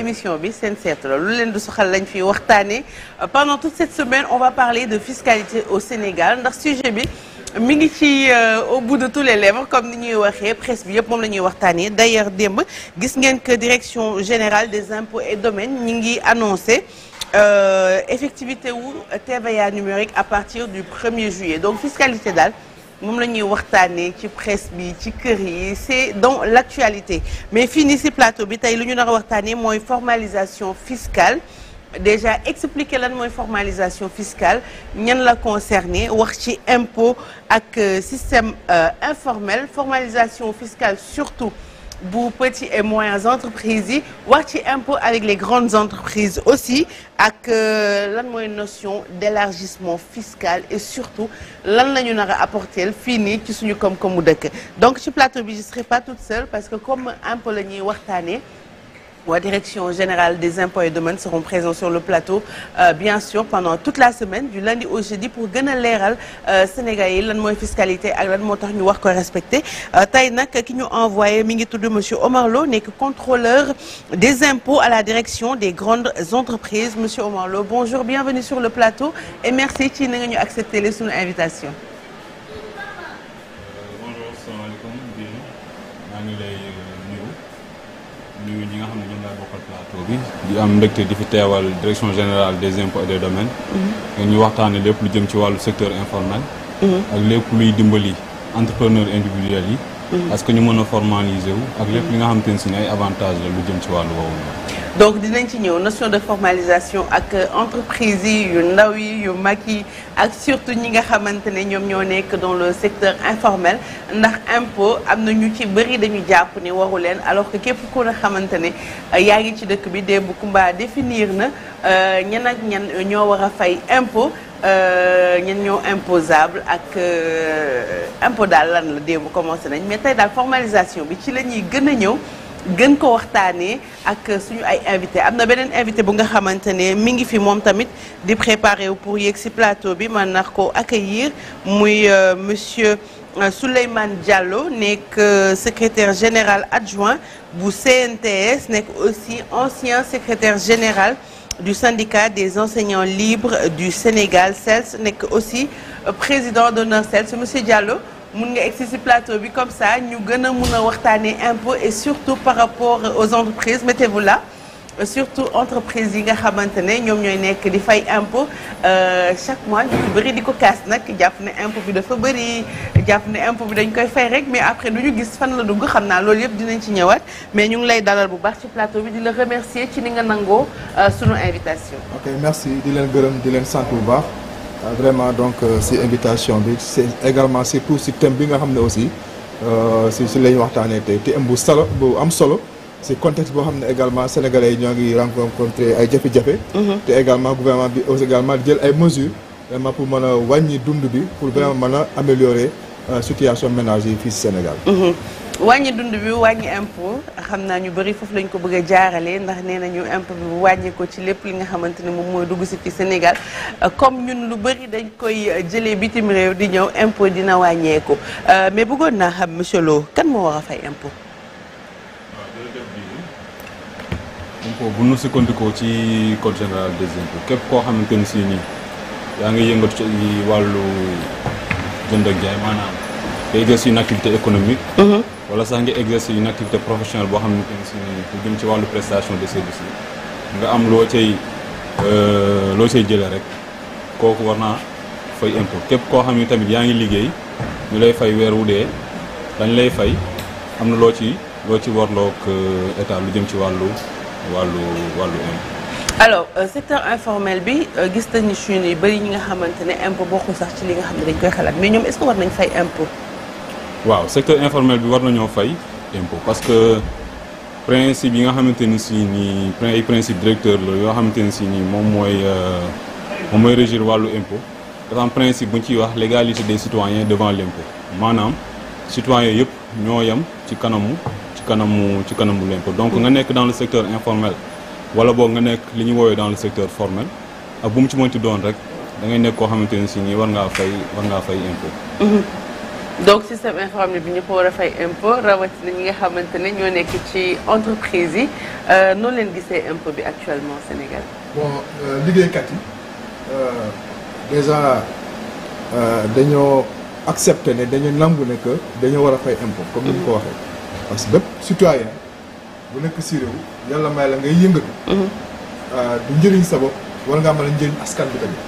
émission bi seen seetu la leen du soxal lañ fi waxtaanee pendant toute cette semaine on va parler de fiscalité au Sénégal ndax sujet bi mi ngi ci euh, au bout de tous les lèvres comme ni ñuy waxee presse bi yëpp moom la ñuy waxtaanee d'ailleurs démb gis ngeen que direction générale des impôts et domaines ñi ngi annoncé euh, effectivité wu TVA numérique à partir du 1er juillet donc fiscalité daal. moom la ñuy waxtaanee ci presse bi ci kër yi c'est dans l'actualité mais fii nii si plateau bi tey lu ñu nar a waxtaanee mooy formalisation fiscale déjà expliquer lan mooy formalisation fiscale ñan la concerné wax ci impo ak euh, système euh, informel formalisation fiscale surtout. bu petit et moyens entreprises yi wax ci impôt avec les grandes entreprises aussi ak euh, lan mooy notion d'élargissement fiscal et surtout lan la ñu nar a apporter fii nii ci suñu koom-koomu dëkk donc ci plateau bi je pas toute seule parce que comme impôt la ñuy waxtaanee la direction générale des impôts et domaines seront présents sur le plateau euh, bien sûr pendant toute la semaine du lundi au jeudi pour gën a leeral euh, Sénégal yi lan mooy fiscalité ak lan moo tax ñu war ko respecter euh, tey nag ki ñu envoyé mi ngi tudd monsieur Omar Lo nekk contrôleur des impôts à la direction des grandes entreprises monsieur Omar Lo bonjour bienvenue sur le plateau et merci ci na nga ñu accepter les sunu invitation di am mbégte di fi teewal direction générale des impôts et des domaines. Mhm. ñu waxtaanee lépp lu jëm ci wàllu secteur informel. Mhm. ak lépp luy dimbali entrepreneur individuel yi. parce mm-hmm. que ñu mën a formaliser wu ak lépp li nga xamante ne si ne ay avantage la lu jëm ci wàllu woowu donc dinañ ci ñëw notion de formalisation ak euh, entreprise yi yu ndaw yi yu mag yi ak surtout ñi nga xamante ne ñoom ñoo nekk dans le secteur informel ndax impôt am na ñu ci bëri dañu jàpp ni waru leen alors que képp ku nga xamante ne euh, yaa ngi ci dëkk bi démb Kumba définir na euh, ñan ak ñan ñoo war a fay impo ñen euh, ñoo imposable ak euh, impôt daal lan la démb commencé nañ mais tey daal formalisation bi ci la ñuy gën a ñëw gën ko waxtaanee ak suñu ay invité am na beneen invité bu nga xamante ne mi ngi fi moom tamit di préparé wu pour yéeg si plateau bi man nax ko ak accueillir muy euh, monsieur Souleymane Diallo nekk secretaire général adjoint bu CNTS nekk aussi ancien secretaire général du syndicat des enseignants libres du Sénégal SELS nekk aussi euh, président d'honneur SELS monsieur Diallo mun nga egsi plateau bi comme ça ñu gën a mun a waxtaanee impôt et surtout par rapport aux entreprises mettez-vous là. surtout entreprise yi nga xamante ne ñoom ñooy nekk di fay impôt euh, chaque mois ñu bëri di ko kaas nag jàpp ne impôt bi dafa bëri jàpp ne impôt bi dañ koy fay rek mais après du ñu gis fan la dugg xam naa loolu yëpp dinañ ci ñëwaat mais ñu ngi lay dalal bu baax ci plateau bi di la remercier ci ni nga nangoo euh, sunu invitation. ok merci di leen gërëm di leen sant bu baax euh, vraiment donc si invitation bi c'est également surtout si thème bi nga xam ne aussi si si la ñu waxtaanee tey te bu solo bu am solo. si contexte boo xam ne également sénégalais yi ñoo ngi rencontré ay jafe-jafe. Mhm. te également gouvernement bi aussi également jël ay mesures vraiment pour mën a wàññi dund bi pour vraiment mën a améliorer euh, situation ménage yi fii si Sénégal. Mhm. wàññi dund bi wàññi impôt xam naa ñu bëri foofu lañ ko bëgg a jaarale ndax nee nañu impôt bi wàññi ko ci lépp li nga xamante ne moom mooy dugg si fi Sénégal comme ñun lu bëri dañ koy jëlee bitim réew di ñëw impôt dina wàññeeku euh, mais bëggoon naa xam monsieur Lo kan moo war a bu nu sukkandikoo ci code général des impôts képp koo xamante ni si nii yaa ngi yëngatu ci wàllu jënd ak jaay maanaam nga exercer une activité économique. Mhm. wala sax nga exercer une activité professionnelle boo xamante ni si nii bu jëm ci wàllu prestation de services yi nga am loo cay euh, loo cay jëlee rek kooku war naa fay impôt képp koo xam ni tamit yaa ngi liggéey ñu lay fay weer wu dee dañ lay fay am na loo ci loo ci warloog euh, état lu jëm ci wàllu. wàllu wàllu alors euh, secteur informel bi euh, gis nañu suñu yu bëri ñi nga xamante ne impôt bokkul sax ci li nga xam ne dañ koy xalaat mais ñoom est-ce que war nañ fay impôt. waaw secteur informel bi war nañoo fay impôt parce que principe yi nga xamante ni si nii ay principe directeur la yoo xamante ni si nii moom mooy euh, moom mooy régir wàllu impôt dafa am principe bu ñu ciy wax légalité des citoyens devant l'impôt maanaam citoyens yëpp ñoo yem ci kanamu. ci kanamu ci kanamu l'impôt donc nga nekk dans le secteur informel wala boog nga nekk li ñu woowee dans le secteur formel ak bu mu ci mënti doon rek da ngay nekk koo xamante ne si nii war ngaa fay war ngaa fay impôt. Mhm. donc système informel bi ñu ko war a fay impôt rawatina ñi nga xamante ne ñoo nekk ci entreprise yi euh, noonu leen gisee impôt bi actuellement Sénégal. bon euh, liggéeykat yi euh, déjà dañoo accepté ne dañoo nambu nekk dañoo war a fay impo comme ni ñu ko waxee. parce que bépp citoyen bu nekk si réew yàlla may la ngay yëngatu. Mhm. Euh, du njëriñ sa bopp war ngaa mën a njëriñ askan bi tamit.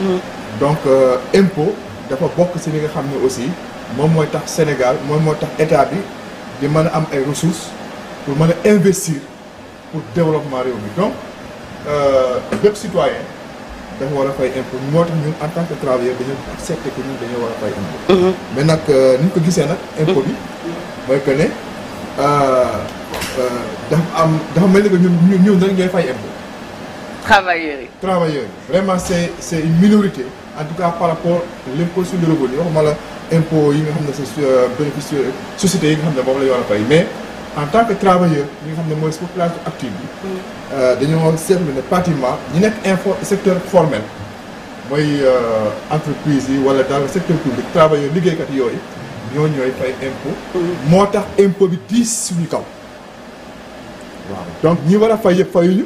Mhm. donc euh, impôt dafa bokk si li nga xam ne aussi moom mooy tax Sénégal moom mooy tax état bi di mën a am ay ressources pour mën a investir pour développement réew bi donc euh, bépp citoyen dafa war a fay impôt moo tax ñun en tant que travailleur dañoo accepté que ñun dañoo war a fay impôt. Mhm. mais nag ni ñu ko gisee nag. impôt bi mooy que ne. Euh, euh, dafa am dafa mel ni que ñun ñun ñun ñooy fay impôt. travailleurs yi. travailleurs yi vraiment c' est est une minorité en tout par rapport l' impôt sur le revenu waxuma la impôt yi nga xam ne c' est euh, bénéfice société yi nga xam ne moom la ñu war a fay mais en tant que travailleur yi nga xam ne mooy population active bi. Mm. dañoo seetlu ne pratiquement ñi nekk info secteur formel mooy entreprise yi wala daal le secteur public travailleur liggéeykat yooyu. ñoo ñooy fay impôt. moo tax impôt bi diis suñu kaw. waaw donc ñi war a fay yëpp fayuñu.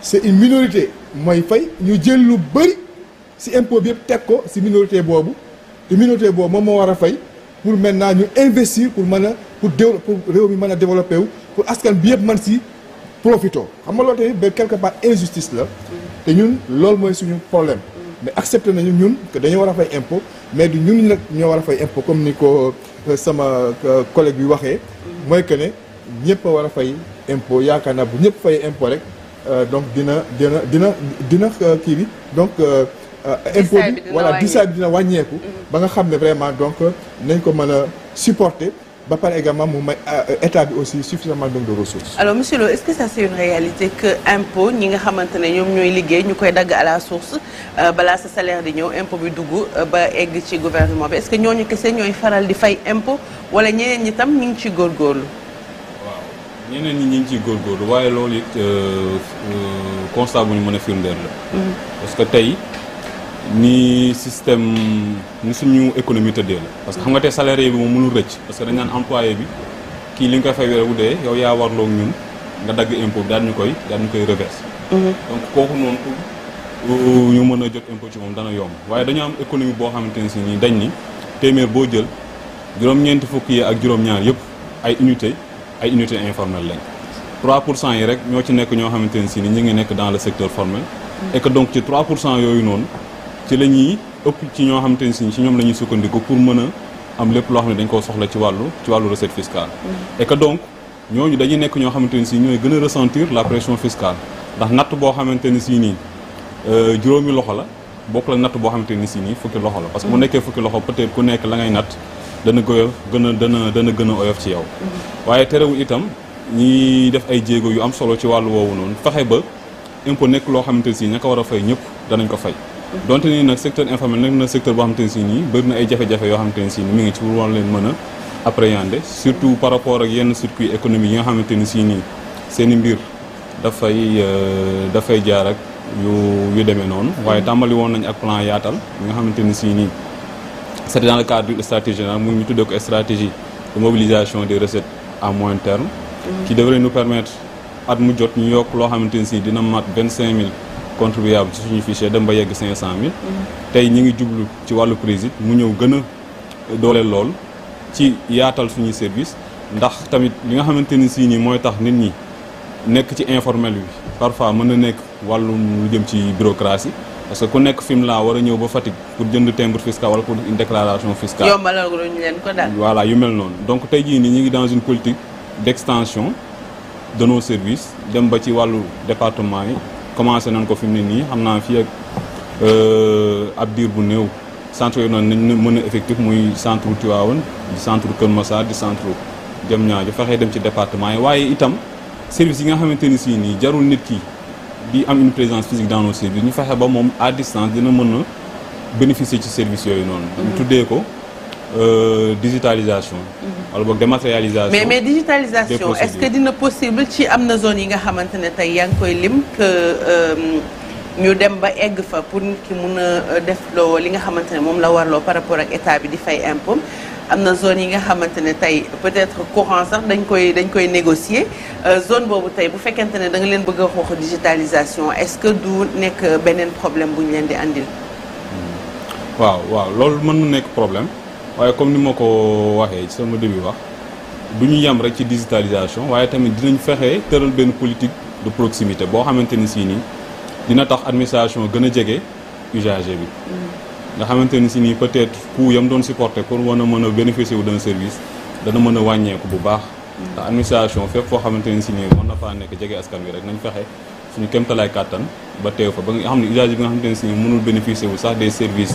c'est une minorité mooy fay ñu jël lu bëri si impôt bi yëpp teg ko si minorité boobu te minorité boobu moom moo war a fay pour maintenant ñu investir pour mën a pour déw pour réew mi mën a développer wu pour askan bi yëpp man si profito xam nga loolu tamit ba quelque part injustice la te ñun loolu mooy suñu problème. mais accepté nañu ñun que dañu war a fay impôt mais du ñun nag ñoo war a fay impôt comme ni ko euh, sama euh, collègue bi waxee mooy que ne ñëpp a war a fay impôt yaakaar naa bu ñëpp fay impôt rek euh, donc dina dina dina dina kii bi donc impôt bi voilà dina wàññeeku mm-hmm. ba nga xam ne vraiment donc nañ ko mën a supporter ba pare également mu may euh, état bi aussi suffisamment donc de ressources. alors monsieur Lo est-ce que ça c'est une réalité que impôt ñi nga xamante ne ñoom ñooy liggéey ñu koy dagg à la source euh, balaa sa salaire di ñëw impôt bi dugg euh, ba egg ci gouvernement bi est-ce que ñooñu kese ñooy faral di fay impôt wala ñeneen ñi tam ñu ngi ciy góorgóorlu. waaw ñeneen ñi ñu ngi góor góorgóorlu waaye loolu it constat bu ñu mën a firndeel la. Mm-hmm. parce que tey. ni système ni suñu économie tëddee la. parce que xam nga tey salarié bi moom mënul rëcc. parce que dañ naan employé bi kii li nga koy fay weer dee yow yaa warloo ñun nga dagg impôt daal ñu koy daal ñu koy reverse. Mhm. donc kooku noonu pour ñu mën a jot impôt ci moom dana yomb waaye dañoo am économie boo xamante ne si nii dañ ni téeméer boo jël juróom-ñeenti fukk yi ak juróom-ñaar yëpp ay unité ay unité informelle lañ. 3 pour cent yi rek ñoo ci nekk ñoo xamante ne si ni ñu ngi nekk dans le secteur formel. Mhm. et ci 3 pour cent yooyu ci la ñuy ëpp ci ñoo xamante ni si ñoom la ñuy sukkandiku pour mën a am lépp loo xam ne dañ koo soxla ci wàllu ci wàllu recette fiscale. Mm-hmm. et que donc ñooñu dañuy nekk ñoo xamante ni si ñooy gën a recentir la pression fiscale ndax natt boo xamante ni si nii euh, juróomi loxo la bokk la natt boo xamante ni si nii fukki loxo la. parce que bu mm-hmm. nekkee fukki loxo peut ku nekk la ngay natt dana koy gën a dana dana gën a oyof ci yow. Mm-hmm. waaye terewul itam ñi def ay jéego yu am solo ci wàllu woowu noonu fexe ba impôt nekk loo xamante ni si ña ko war a fay ñëpp danañ ko fay donte nii nag secteur informel nag na secteur boo xamante ne si nii bëri ay jafe-jafe yoo xamante ne si nii ngi ci pour war leen mën a appréhender surtout par rapport ak yenn circuit économique yi nga xamante ne si nii seen i mbir dafay euh, dafay jaar ak yu yu demee noonu. waaye tàmbali woon nañ ak plan yaatal yi nga xamante ne si nii c'est dans le cadre d'une stratégie nag mu ñu tuddee ko stratégie de mobilisation de recettes à moins terme. ki devrait nous permettre at mu jot ñu yokk loo xamante ne si dina mat vingt cinq mille. contribuable ci suñu fichier dem ba yegg cinq cent mille tey ñi ngi jublu ci wàllu président mu ñëw gën a dooleel lool ci yaatal suñuy service ndax tamit li nga xamante ni si nii mooy tax nit ñi nekk ci informel bi parfois mën na nekk wàllu mu jëm ci bureaucratie parce que ku nekk fi mu laa war a ñëw ba Fatick pour jënd timbre fiscal wala pour une déclaration fiscale yombalal voilà yu mel noonu donc tey jii nii ñu ngi dans une politique d' extension de nos services dem ba ci wàllu département yi commencé nañ ko fi mu ne nii xam naa fii ak euh, ab diir bu néew centre yooyu noonu nañ mën a effectif muy centre Tivaouane di centre Kër Massar di centre Diamniadio fexee dem ci département yi waaye itam service yi nga xamante ni si nii jarul nit ki di am une présence physique dans nos ñu faxe ba moom à distance dina mën a bénéficier ci service yooyu noonu. ñu tuddee ko. Euh, digitalisation. Mhm. wala boog dématérialisation. mais mais digitalisation est-ce que dina possible ci am na zone yi nga xamante ne tey yaa ngi koy lim que euh, ñu dem ba egg fa pour nit ki mun a euh, def loo li nga xamante ne moom la warloo par rapport ak état bi di fay impôt am na zone yi nga xamante ne tey peut-être courant sax dañ koy dañ koy négocier euh, zone boobu tey bu fekkente ne danga leen bëgg a xoox digitalisation est-ce que du nekk beneen problème bu ñu leen di andil. Hmm. waaw waaw loolu problème. waaye comme ni ma ko waxee ci sama début wax du ñu yem rek ci digitalisation waaye tamit dinañ fexe tëral benn politique de proximité boo xamante ni si nii dina tax administration gën a jege usager bi. nga xamante ni si nii peut-être coût yam doon supporter pour war a mën a bénéficier wu d'un service dana mën a wàññeeku bu baax. ndax administration fépp foo xamante ni si nii mën na faa nekk jege askan wi rek nañ fexe suñu kéemtalaay kàttan ba teew fa ba nga xam ne usager bi nga xamante ni si nii wu sax des services.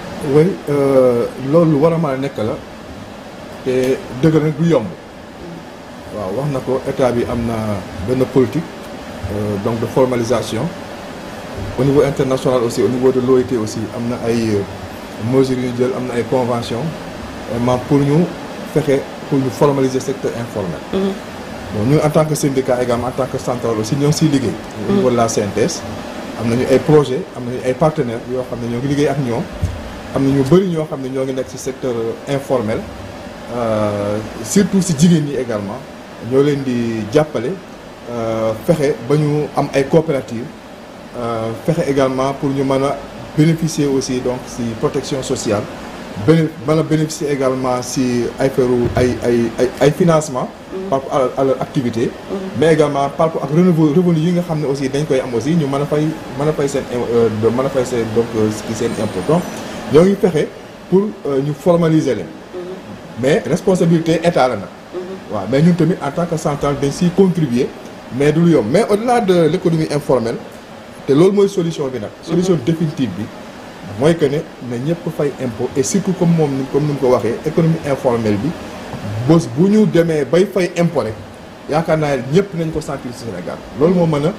oui euh, loolu war a nekk la te dëgg nag yomb waaw wax na ko état bi am na benn politique euh, donc de formalisation au niveau international aussi au niveau de l'OIT aussi am na ay euh, mesures yu ñu jël am na ay convention vraiment pour ñu fexe pour ñu formaliser secteur informel mhm. bon ñu en tant que syndicat également en tant que central aussi ñoo ngi siy liggéey au mhm. la CNTS am nañu ay projet am nañu ay partenaires yoo xam ne ñoo ngi liggéey ak ñoom am na ñu bëri ñoo xam ne ñoo ngi nekk ci secteur informel euh, surtout ci jigéen ñi également ñoo leen di jàppale euh, fexe ba ñu am ay coopératives euh, fexe également pour ñu mën a bénéficier aussi donc ci protection sociale béné man a bénéficier également ci ay feru ay ay ay ay financement mm-hmm. par rapport à leur activité mm-hmm. mais également par rapport ak renouveau revenu yi nga xam ne aussi dañ koy am aussi ñu mën a fay mën a fay seen mën a fay seen donc seen impôt ñoo ngi fexe pour euh, ñu formaliser leen mm-hmm. mais responsabilité état la nag mm-hmm. waaw mais ñun tamit en tant que central dañ siy contribuer mais du lu yomb mais au-delà de l'économie informelle te loolu mooy solution bi nag solution mm-hmm. définitive bi mooy que ne na ñëpp fay impôt et surtout comme moom ni comme ni mu ko waxee économie informelle bi bés bu ñu demee bay fay impôt rek yaakaar naa ñëpp nañ ko sentir Sénégal loolu moo mën a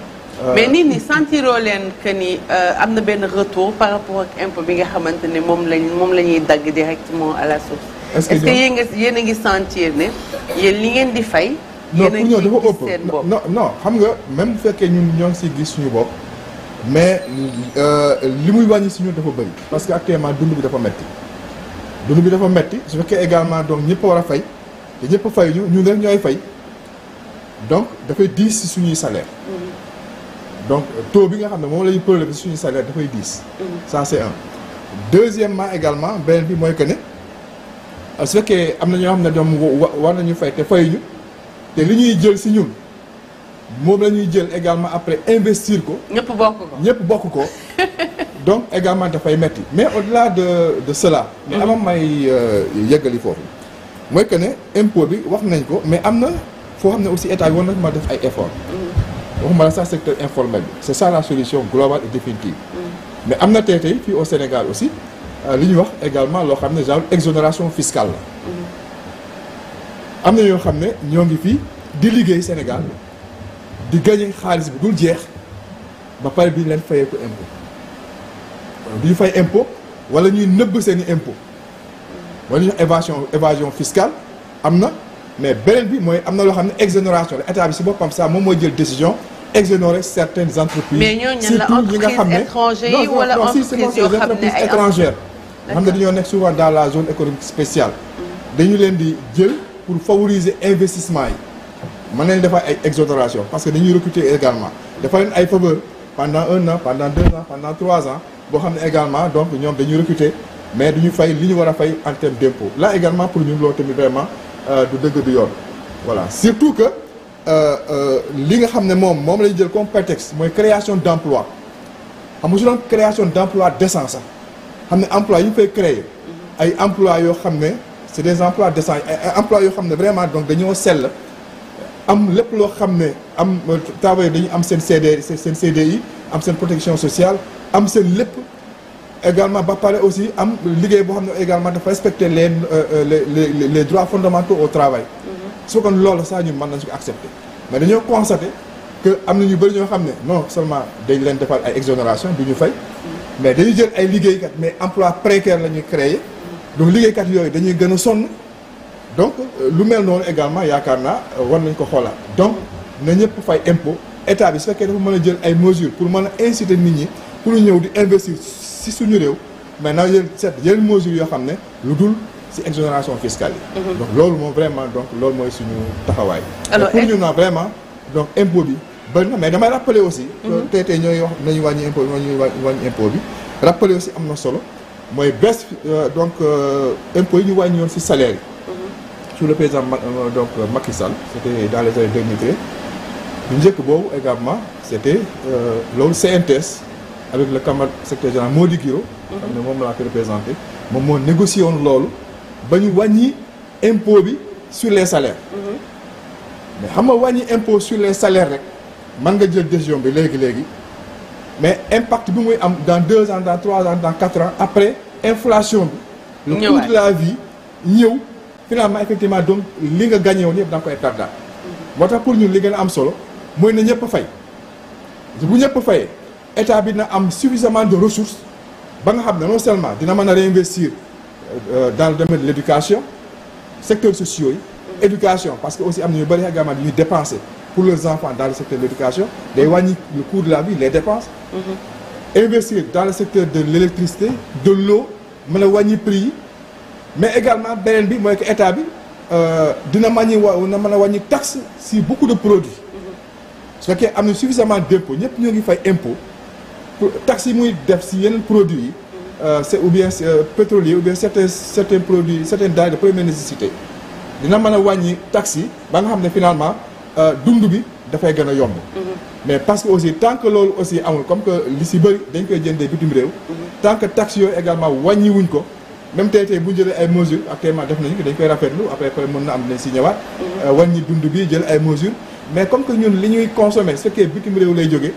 mais nit ñi sentiroo leen que ni euh, am na benn retour par rapport ak impôt bi nga xamante ne moom lañ moom la ñuy dagg directement à la source. est-ce que yéen nga yéen a ngi sentir ne yéen li ngeen di fay. yéen a ngi ci gis seen bopp non non xam nga même bu fekkee ñun ñoo ngi siy gis suñu bopp. mais euh, li muy wàññi si ñun dafa bëri. parce que actuellement dund bi dafa metti dund bi dafa metti su fekkee également donc ñëpp war a fay te ñëpp fay ñu ñun rek ñooy fay donc dafay diis si suñuy salaire. Mm-hmm. donc taux bi nga xam ne moom la ñuy prélever suñu salaire dafay diis. Mm-hmm. ça c'est un. deuxièmement également beneen bi mooy que ne su fekkee am na ñoo xam ne ñoom war nañu fay te ñu te li ñuy jël si ñun moom la ñuy jël également après investir ko. ñëpp bokk ko ñëpp bokk ko donc également dafay metti mais au-delà de de cela. mais mm-hmm. ama may euh, yëggali foofu. mooy que ne impôt bi wax nañ ko mais am na foo xam ne aussi état yi war na ma def ay efforts. Mm-hmm. waxuma la sax secteur informel bi c'est ça la solution globale et définitive mais am na tey tey fii au Sénégal aussi euh, li ñuy wax également loo xam ne genre exonération fiscale la am na ñoo xam ne ñoo ngi fii di liggéey Sénégal di gagné xaalis bi dul jeex ba pare bi leen fayee ko impôt ñu fay impôt wala ñuy nëbb seeni impôt wala ñuy évasion évasion fiscale am na mais beneen bi mooy am na loo xam ne exonération la état bi si boppam ça moom moo jël décision exonérer certaines entreprises. mais ñooñu la entreprises étrangères yi wala xam ne ay entreprises xam ne dañoo nekk souvent dans la zone économique spéciale. dañu leen di jël pour favoriser investissement yi mën nañu defar ay exonération parce que dañuy recruter également dafa leen ay faveur pendant un an pendant deux ans pendant trois ans boo xam ne également donc ñoom dañuy recruter mais duñu fay li ñu war a fay en terme d'impôt là également pour ñun loolu tamit vraiment euh, du dëgg du yoon Euh, euh, li nga xam ne moom moom lañu jël comme prétexte mooy création d' emploi xam nga su doon création d' emploi décent sax xam ne emploi yu ñu ay emploi yoo xam ne c' est des emplois décents ay emploi yoo xam ne vraiment donc dañoo sell am lépp loo xam ne am euh, travailleurs dañuy am seen CD seen CDI am seen protection sociale am seen lépp également ba pare aussi am liggéey boo xam ne également dafa respecter les les les droits fondamentaux au travail su kon loolu saa ñu mën nañ ko accepter mais dañoo constater que am na ñu bëri ñoo xam ne non seulement dañ leen defar ay exonération du ñu fay mais dañu jël ay liggéeykat mais emploi précaire la ñuy créer donc liggéeykat yooyu dañuy gën a sonn donc euh, lu mel noonu également yaakaar naa euh, war nañ ko xoolaat donc na ñëpp fay impôt état bi su fekkee dafa mën a jël ay mesures pour mën a inciter nit ñi pour ñëw di investir si suñu réew mais na jël seet yeneen mesures xam ne lu dul si exonération fiscale yi. Mhm. loolu moom vraiment donc loolu mooy suñu taxawaay. alors pour ñu vraiment donc impôt bi bëri mais damay rappeler aussi. Mhm. tey tey ñooy wax nañu wàññi impôt bi nañu wàññi impôt bi. rappeler aussi am na solo mooy baisse euh, donc euh, impôt yi ñu wàññi si salaire yi. Mhm. sous euh, donc Macky Sall c'était dans les années 2013 bu njëkk boobu également c'était loolu CNTS avec le camarade secrétaire général Mody Guiro. ne moom laa ko représenté moom moo négocié woon loolu. ba ñu wàññi impôt bi sur les salaires. Mhm. mais xam nga wàññi impôt sur les salaires rek mën nga jël décision bi léegi léegi mais impact bi muy am dans deux ans dans trois ans dans quatre ans après inflation bi. le coût de la vie ñëw. finalement effectivement donc li nga gagné yëpp da nga koy perdre mhm. moo tax pour ñun li gën a am solo mooy na ñëpp fay bu ñëpp fayee état bi na am suffisamment de ressources ba nga xam ne non seulement dina mën a réinvestir. Euh, dans le domaine de l'éducation secteur sociaux yi éducation parce que aussi am na ñu bëri gamat yi ñuy dépenser pour leurs enfants dans le secteur de l'éducation day wàññi le coût de la vie les dépenses mm-hmm. investir dans le secteur de l'électricité de l'eau mën a wàññi prix yi mais également beneen bi mooy que état bi euh, dina màññi wa na mën a wàññi taxe si beaucoup de produits mm-hmm. su fekkee am na suffisamment d'impôt ñëpp ñoo ngi fay impôt tax taxe yi muy def si yeneen produits yi Euh, c'est ou bien euh, pétrolier ou bien certains certains produits certains denrées de première dina mën a wàññi taxes yi ba nga xam ne finalement euh, dund bi dafay gën a yomb. Mhm. mais parce que aussi tant que loolu aussi amul comme que li si bëri dañ koy jëndee bitim réew. Mhm. tant que taxes yooyu également wàññi wuñ ko. même tey tey bu jëlee ay mesures actuellement def nañu ko dañ koy rafetlu après après mën na am nañ si ñëwaat. Mhm. wàññi dund bi jël ay mesures. mais comme que ñun li ñuy consommer ce qui bitim réew lay jógee.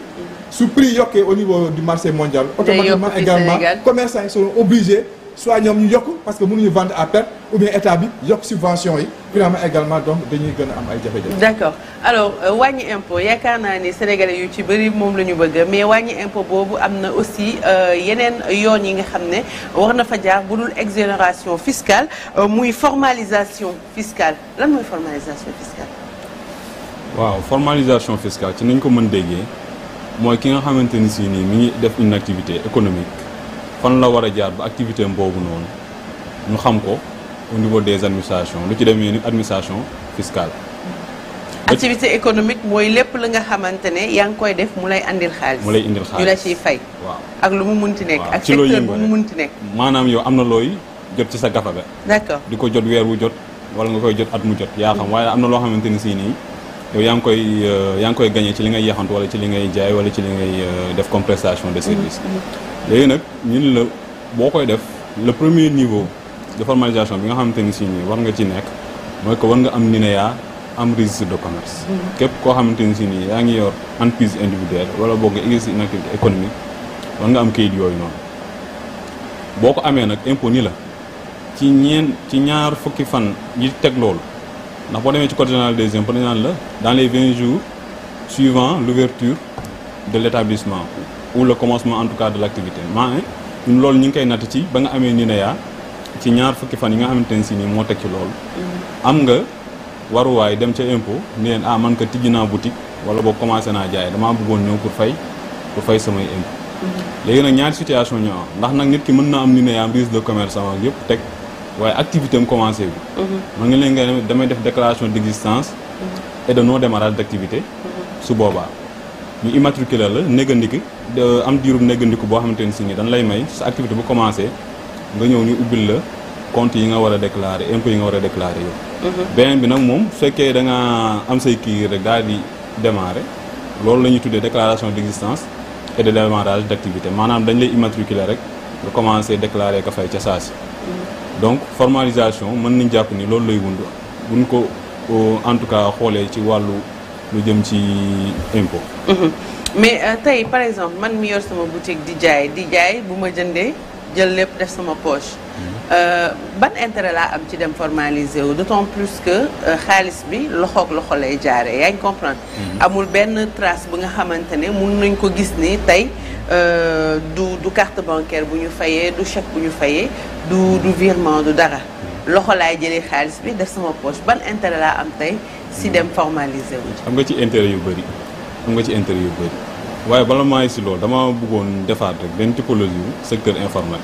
su prix yokkee au niveau du marché mondial automatiquement également commerçants yi seront obligés soit ñoom ñu yokk parce que mënuñu vendre à perte ou bien état bi yokk subvention yi finalement également donc dañuy gën am ay jafe-jafe d'accord alors euh, wàññi impôt yaakaar naa ne sénégalais yu ci bëri moom la ñu bëgg mais wàññi impo boobu am na aussi euh, yeneen yoon yi nga xam ne wax na fa jaar bu dul exonération fiscale euh, muy formalisation fiscale lan mooy formalisation fiscale formalisation fiscale ci nañ ko mën déggee mooy ki nga xamante ni si nii mi ngi def une activité économique fan la war a jaar ba activité am boobu noonu ñu xam ko au niveau des administrations lu ci demee ni administration fiscale. Mm-hmm. activité économique mooy lépp la nga xamante ne yaa ngi koy def mu lay andil xaalis. mu lay indil xaalis ñu la ciy fay. waaw ak lu mu munti nekk. ak secteur bu mu munti nekk. maanaam yow am na looy jot ci sa gafa ga. di ko jot weer wu jot wala nga koy jot at mu jot. yaa xam mm-hmm. waaye am na loo xamante ni si nii. yaa ngi koy euh, yaa ngi koy gagné ci li ngay yaxantu wala ci li ngay jaay wala ci li ngay euh, def comme de service mm-hmm. léegi nag ñu ñun la boo koy def le premier niveau de formalisation bi nga xamante ni si nii war nga ci nekk mooy que war nga am NINEA am registre de commerce mm-hmm. képp koo xamante ni si nii yaa ngi yor entreprise individuelle wala boog nga exercer nag activité économique war nga am kayit yooyu noonu boo ko amee nag impôt ni la ci ñeen ci ñaar fukki fan yi teg loolu ndax boo demee ci code général des impôts dañ naan la dans les vingt jours suivant l'ouverture de l'établissement ou le commencement en tout cas de l'activité maanaam ñun loolu ñu ngi koy natt ci ba nga amee NINEA ci ñaar fukki fan yi nga xamante ne si nii moo teg ci loolu mm-hmm. am nga waruwaay dem ca impôt ni leen ah man ko tijji naa boutique wala boo commencé naa jaaye damaa bëggoon ñëw pour fay pour fay samay impôt mm-hmm. léegi nag ñaari situation ñoo am ndax nag nit ki mën na am NINEA am registre de commerce yëpp teg waaye activité am commencé bi mhm. ma ngi leen nga damay def déclaration d'existence mhm. et de non démarrage d'activité mhm. su boobaa ñu immatriculé la négandiku am diirub négandiku boo xamante ne si nii dañ lay may sa activité bu commencé nga ñëw ñu ubbil la compte yi nga war a déclarer impôt yi nga war a déclarer yëpp beneen bi nag moom fekkee da nga am say kii rek daal di démarrer loolu la ñuy tuddee déclaration d'existence et de démarrage d'activité maanaam dañ lay immatriculé rek nga commencé déclarer ka fay ca si donc formalisation mën nañ jàpp ni loolu lay wund buñ ko euh, en tout cas xoolee ci wàllu lu jëm ci impôt. Mhm. mais euh, tey par exemple man mi yor sama boutique di jaay di jaay bu ma jëndee jël lépp def sama poche. Mhm. Euh, ban intere laa am ci dem formaliser wu d'autant plus que xaalis bi loxoog loxo lay jaare yaa ngi comprendre. Mhm. amul benn trace bu nga xamante ne mun nañ ko gis ni tey du du carte bancaire bu ñu fayee du chèque bu ñu fayee du du virement du dara loxo laay jëlee xaalis bi def sama poche ban intérêt laa am tey si dem formaliser wu. am nga ci intérêt yu bëri xam nga ci intérêt yu bëri waaye bala maa si loolu dama bëggoon defaat rek benn typologie wu secteur informel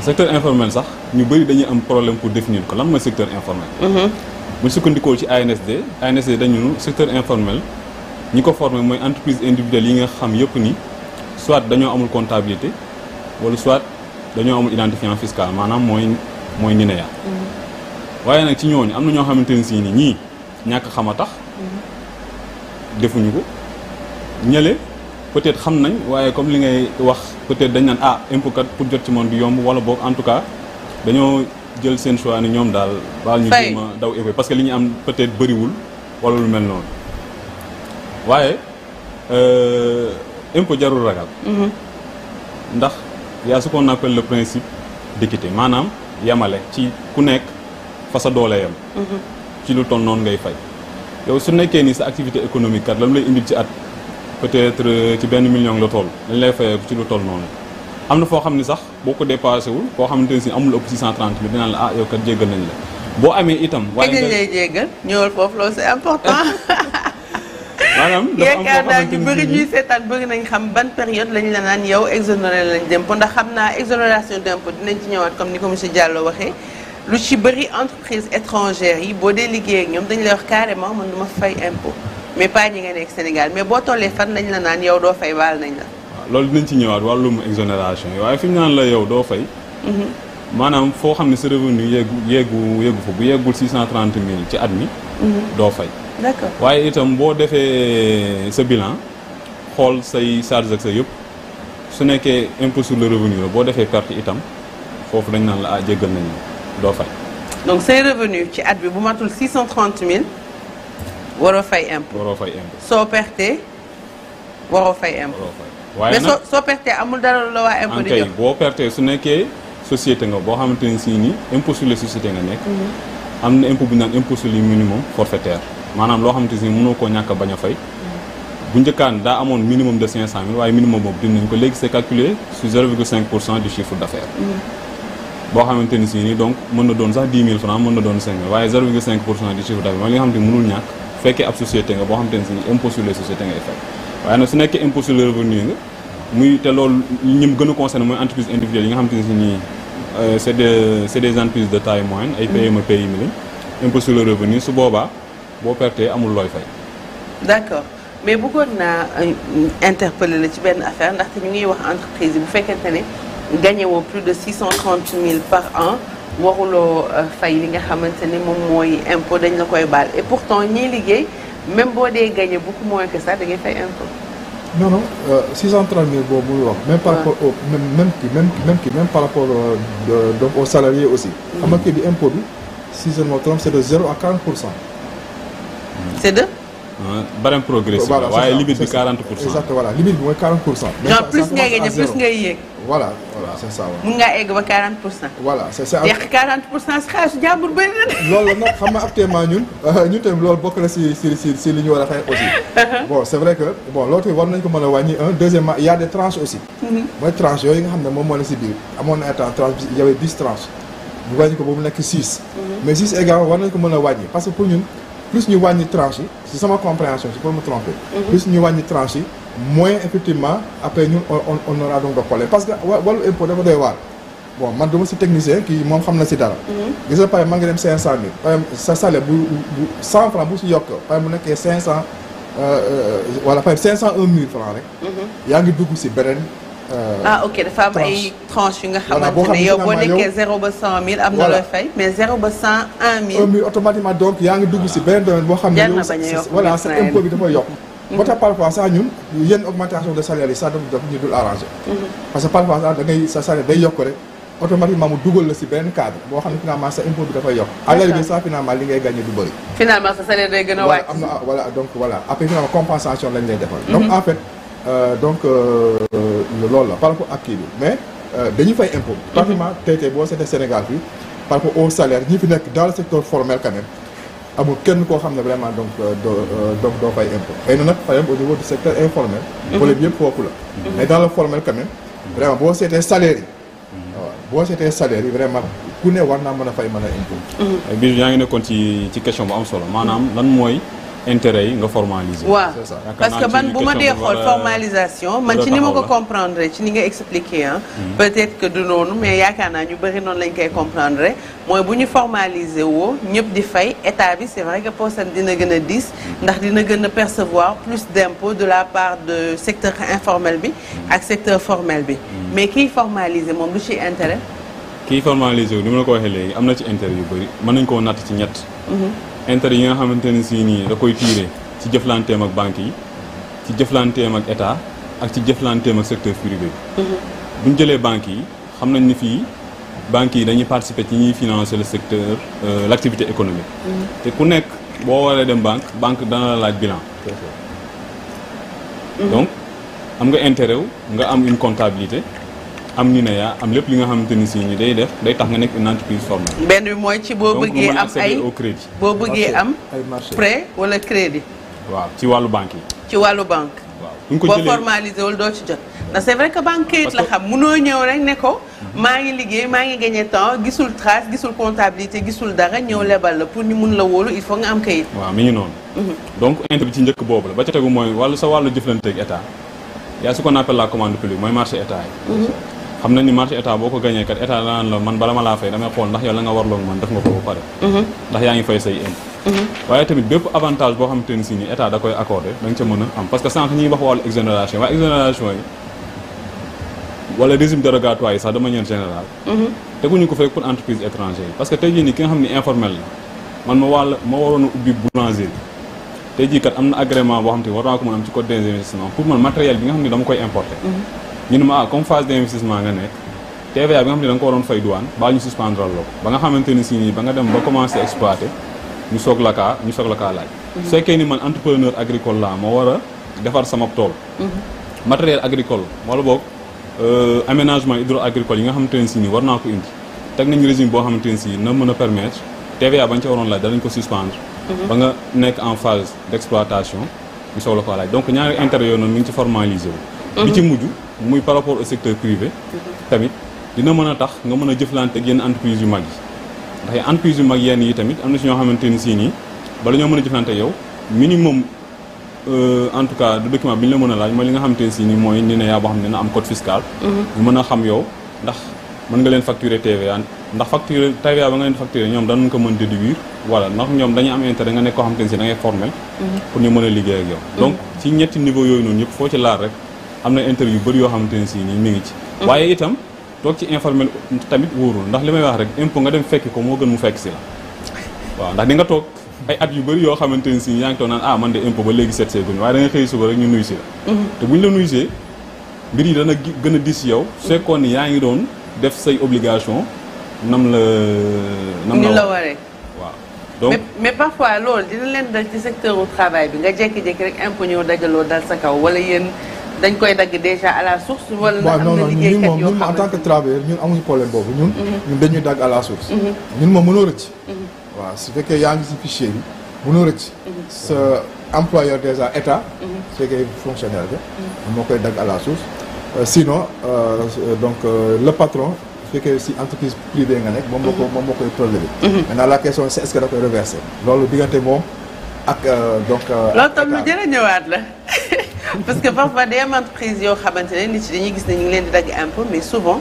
secteur informel sax ñu bëri dañuy am problème pour définir ko lan mooy secteur informel. Mhm. bu ñu sukkandikoo ci ANSD ANSD dañu secteur informel ñi ko formé mooy entreprise individuelle yi nga xam yëpp ni soit dañoo amul comptabilité wala dañoo amul identifiant fiscal maanaam mooy mooy NINEA mm-hmm. waaye nag ci ñooñu am na ñoo xamante ne sii ni ñii ñàkk xam a tax mm-hmm. defuñu ko ñële peut-être xam nañ waaye comme li ngay wax peut-être dañ naan ah impôt kat pour jot ci moom du yomb wala boog en tout cas dañoo jël seen choix ni ñoom daal baal ñu jéem a daw épo parce que li ñu am peut-être bëriwul wala lu mel noonu waaye euh, impôt jarul ragal mm-hmm. ndax y a ce qu'on appelle le principe d'équité maanaam yemale ci ku nekk fa sa doole yam mm-hmm. ci lu toll noonu ngay fay yow su nekkee ni sa activité économique kat lam lay indi ci at peut-être euh, ci benn million la tool dañ lay fayeeku ci lu toll noonu am na foo xam ne sax boo ko dépassé wul koo xamante ne si amul ëpp 630 bi dinaan la ah yow kat jéggal nañ la boo amee itam. waaye lay jéggal ñëwal foofu loolu c'est important. maanaam yaakaar naa ñu bëri ñuy seetaan bëgg nañ xam ban période lañ la naan yow exonéré lañ d'impôt ndax xam naa exonération d'impôt dinañ ci ñëwaat comme ni ko monsieur Diallo waxee lu ci bëri entreprise étrangère yi boo dee liggéeyee ñoom dañu lay wax carrément man du ma fay impôt mais pas ñi nga Sénégal mais boo tollee fan lañ la naan yow doo fay baal nañ la loolu ci ñëwaat wàllum exonération yi waaye fi mu naan la yow doo fay mhm. maanaam foo xam ne sa revenu yeggu yeggu yeggu fa bu yeggul 630 000 ci at mi mhm. doo fay d'accord waaye itam boo defee sa bilan xool say charge ak sa yëpp su nekkee impôt sur la boo defee perte itam foofu dañ naan la ah jéggal nañu doo fay. donc say revenu ci at bi bu matul 630 000 waroo fay impôt. waroo fay impôt soo pertee waroo fay impôt. nag mais soo soo amul dara la waa impôt di boo pertee su nekkee société nga boo xamante ne si nii impôt sur les sociétés nga nekk. Mhm. am na impôt bu ñu naan impôt sur le minimum forfaitaire. maanaam loo xamante ni mënoo koo ñàkk a bañ a fay bu njëkkaan daa amoon minimum de 500000 waaye minimum boobu dinañ ko léegi c'est calculé sur 0,5 pour cent du chiffre d'affaires mm. boo xamante ni si nii donc mën na doon sax 10 000 francs mën na doon 5000 waaye 0,5 pour cent du chiffre d'affaires mooy li nga xamante ni mënul ñàkk fekkee ab société nga boo xamante ni si nii impôt sur ngay fay waaye nag a concerné mooy entreprise individuelle yi nga ni si boobaa boo pertee amul looy fay. d'accord mais bëggoon naa euh, interpeller la ci benn affaire ndaxte ñu ngiy wax entreprise yi bu fekkente ne gagné woo plus de six cent trente mille par an waruloo euh, fay li nga xamante ne moom mooy impôt dañ la koy baal et pourtant ñiy liggéey même boo dee gagné beaucoup moins que ça da ngay fay impôt. non euh, six cent trente mille boobu muy wax. même par rapport au même même kii même même par rapport donc aux salariés aussi. Mm-hmm. xam nga bi impôt bi si je ne pour cent. c'est de. barème progressif la waaye limite bi 40 mooy 40 pour cent. genre plus ngay yéeg. voilà voilà c'est ça mun ngaa egg ba 40 pour cent. voilà c'est ça yàq 40 pour cent si xaalisu jàmbur bëri na. loolu nag xam nga actuellement ñun euh, ñun tamit si li ñu war a xeex aussi. bon c'est vrai que bon loolu tamit war nañu ko mën a wàññi un deuxièmement il y aussi. Mhm. mooy tranche yooyu nga xam ne moom moo la si biir amoon na ay tranche bi il y ñu plus ñu wàññi tranche yi si sama compréhension si pour me tromper. plus ñu wàññi tranche yi moins effectivement après ñun on on aura parce que wàllu impôt dafa doy waar. bon man du si technicien kii moom xam na si dara. gis nga pare maa ngi dem 500000. pare sa salaire bu bu 100 francs bu si yokk pare mu nekkee 500 wala euh, euh, pare 501000 francs rek. Mhm. yaa ngi dugg si beneen. Euh, ah ok dafa am ay tranche yu nga xamante ne yow boo nekkee zéro na looy fay mais automatiquement donc yaa ngi dugg si beneen domaine boo xam ne yow voilà sa bi dafa yokk ba tax parfois mm-hmm. sa salaire day yokk rek automatiquement mu dugal la si benn cadre boo xam ne finalement sa impôt bi dafay yokk à la rigueur sax li ngay gagné du bëri finalement sa salaire day gën a wàcc am donc mm-hmm. en fait Euh, donc euh, euh, loolu la par rapport ak kii mais dañu fay impôt. Mhm. pratiquement tey tey boo seetee Sénégal fii par rapport au salaire ñi fi nekk dans le secteur formel quand amul kenn koo xam ne vraiment donc doo donc doo fay impôt. xëy na nag par exemple au niveau du secteur informel. problème mhm. yëpp foofu la. Mhm. mais dans le formel quand boo seetee salaire boo seetee salaire bi vraiment ku ne war naa mën a fay mën a impôt. biir yaa ngi nekkoon ci ci question bu am solo maanaam lan mooy. intérêt yi nga formaliser. waaw parce que man bu ma dee xool formalisation man ci ni ma ko comprendre ci ni nga expliquer ah. Mhm. peut-être que du noonu mais yaakaar naa ñu bëri noonu lañ koy comprendre mooy bu ñu formaliser woo ñëpp di fay état bi c'est vrai que poosam dina gën a diis mhm. ndax dina gën a percevoir plus d'impôts de la part de secteur informel bi mhm. ak secteur formel bi mais kiy formaliser moom du ci intérêt. kiy formaliser wu ni ma la ko waxee léegi am na ci intérêt yu bëri mën nañ koo natt ci ñett. intérêt yi nga xamante ne si nii da koy tiire ci jëflanteem ak banques yi ci jëflanteem ak état ak ci jëflanteem ak secteur privé bi. bu jëlee banque yi xam nañ ni fii banques yi dañuy participer ci ñuy financer le secteur euh, l' activité économique. Mm-hmm. te ku nekk boo waree dem banque banque dana la laaj bilan. donc am nga intérêt wu nga am une comptabilité. am NINEA am lépp li nga xamante ni si ñu day def day tax nga nekk une entreprise formelle. benn bi mooy ci boo bëggee am ay au crédit boo bëggee am prêt wala crédit. waaw ci wàllu banque yi. ci wàllu banque. waaw bu ko jëlee boo wul doo ci jot. ndax que banque kayit la xam munoo ñëw rek ne ko. Mhm. maa ngi liggéey maa ngi gagné temps gisul trace gisul comptabilité gisul dara ñëw mhm. lebal la pour ñu mun la wóolu il faut nga am kayit. waaw mi ngi noonu. Mhm. donc inter ci njëkk boobu la ba ca tegu mooy wàllu sa wàllu jëflanteeg état yaa su ko appelle la mooy marché état xam na ni marché état boo ko gañee kat état danaan la man bala ma laa fay damay xool ndax yow nga warloog man def nga ko pare mhm. ndax yaa ngi fay say in mhm. waaye tamit bépp avantage boo xamante ne si ni état a am parce que sànq ñi ngi wax wàllu waaye exonération yi wala régime dérogatoire yi sax de manière générale mhm. teguñu ko fekk pour entreprise étrangère yi parce que tey jii nii ki nga xam ne informel la man ma wàll ma waroon a ubbi boulangerie tey jii kat am na agrément boo xam te war matériel bi nga xam ne dama koy importer ñu ne ma ah comme phase d' nga nekk TVA bi nga xam ne da nga ko waroon fay douane baal ñu suspendre la ko ba nga xamante ni si nii ba nga dem ba commencé exploiter ñu soog la kaa ñu soog la kaa laaj. Mhm. su ni man entrepreneur agricole laa ma war a defar sama tool. Mhm. matériel agricole wala boog euh, aménagement hydro agricole yi nga xamante ne si nii war naa ko indi teg nañ régime boo xamante ne si na mën a permettre TVA bañ ca waroon laaj danañ ko suspendre. Mhm. ba nga nekk en phase d' ñu soog la ko laaj donc ñaari intérêt yooyu noonu mi ngi ci formalisé wu. bi ci mujj. muy par rapport au secteur privé tamit dina mën a tax nga mën a jëflante ak yenn entreprise yu mag yi ndax entreprise yu mag yenn yi tamit am na si ñoo xamante ni si nii bala mën a jëflante yow minimum euh, en tout cas du document bi ñu la a laaj ma li nga xamante ni si nii mooy ni ne yaa boo xam ne na am code fiscal ñu mm-hmm. mën a xam yow ndax mën nga leen facturer TVA ndax facture TVA ba nga leen facturer ñoom danañ ko mën déduire voilà ndax ñoom dañuy am intérêt nga nekk koo xamante ni si ngay formel mm-hmm. pour ñu mën a liggéey ak yow mm-hmm. donc ci ñetti niveau yooyu noonu yëpp ci laal rek am na interview bëri yoo xamante ne si nii mu ngi ci mhm. waaye itam toog ci informel tamit wóorul ndax li may wax rek impôt nga dem fekki ko moo gën mu fekk si la waaw ndax di nga toog ay at yu bari yoo xamante ne si yaa ngi toog naan ah man de impôt ba léegi seet see guñ waaye da nga suba rek ñu nuyu si la mhm. te buñ la nuyu see mbir yi dana gën a dis yow mhm. fekkoon ni yaa ngi doon def say obligation nam la nam la ni la waree waaw donc mais parfois loolu dina leen dal ci secteur u travail bi nga jékki sa kaw wala dañ koy dagg déjà à la source. wala am na liggéeykat yoo xam ne ñun moom ñun amuñu problème boobu mhm. ñun. dañuy dagg à la source. Mhm. ñun moom mënoo rëcc. Mhm. waaw su fekkee yaa ngi si fichier bi mënoo rëcc. sa employeur déjà état. su fekkee fonctionnaire bi. moo koy dagg à la source. Euh, sinon euh, donc euh, le patron. su fekkee si entreprise privée nga nekk. moom moo ko moom moo koy prélevé. maintenant la question c'est est da koy reversé. loolu diggante moom ak donc. loolu tam lu jërë ñëwaat la. parce que parfois day am entreprise yoo xamante ne nit yi dañuy gis ne ñu ngi leen di dagg impôt mais souvent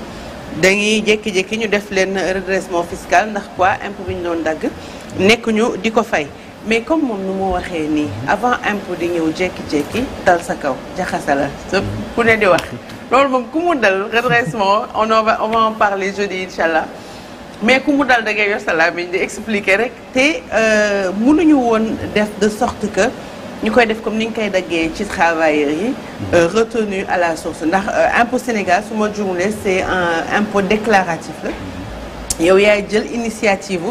dañuy jékki-jékki ñu def leen redressement fiscal ndax quoi impôt bi ñu doon dagg nekk ñu di ko fay mais comme moom nu mu waxee nii avant impôt di ñëw jékki-jékki dal sa kaw jaxasa la ku ne di wax loolu moom ku mu dal redressement on va on va en parler jeudi incha allah mais ku mu dal da ngay yor sa làmmiñ di expliquer rek te euh, ñu woon def de sorte que ñu koy def comme ni ñu koy daggee ci travailleurs yi mhm. euh, retenu à la source ndax euh, impôt Sénégal su ma juumlee c'est un impôt déclaratif la mhm. yow yaay jël initiative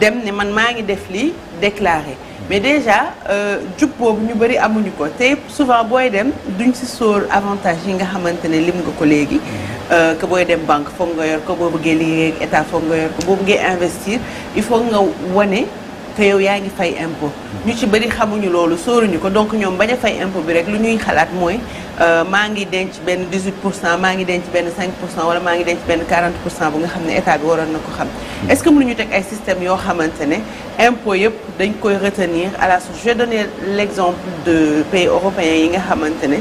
dem ne man maa ngi def lii déclaré mhm. mais déjà euh, jub boobu ñu bëri amuñu ko te souvent booy dem duñ si sóor avantage yi nga xamante ne lim nga ko léegi que booy dem banque foog nga yor ko boo bëggee liggéey ak état foog nga yor boo bëggee investir il faut nga wane te yow yaa ngi fay impôt ñu ci bëri xamuñu loolu sóoruñu ko donc ñoom bañ a fay impôt bi rek lu ñuy xalaat mooy euh, maa ngi denc benn 18 pour cent maa ngi denc benn 5 pour cent wala maa ngi denc benn 40 pour cent bu nga xam ne état bi waroon na ko xam est-ce que ñu teg ay système yoo xamante ne impôt yëpp dañ koy retenir à la source je vais donner l'exemple de pays européens yi nga xamante ne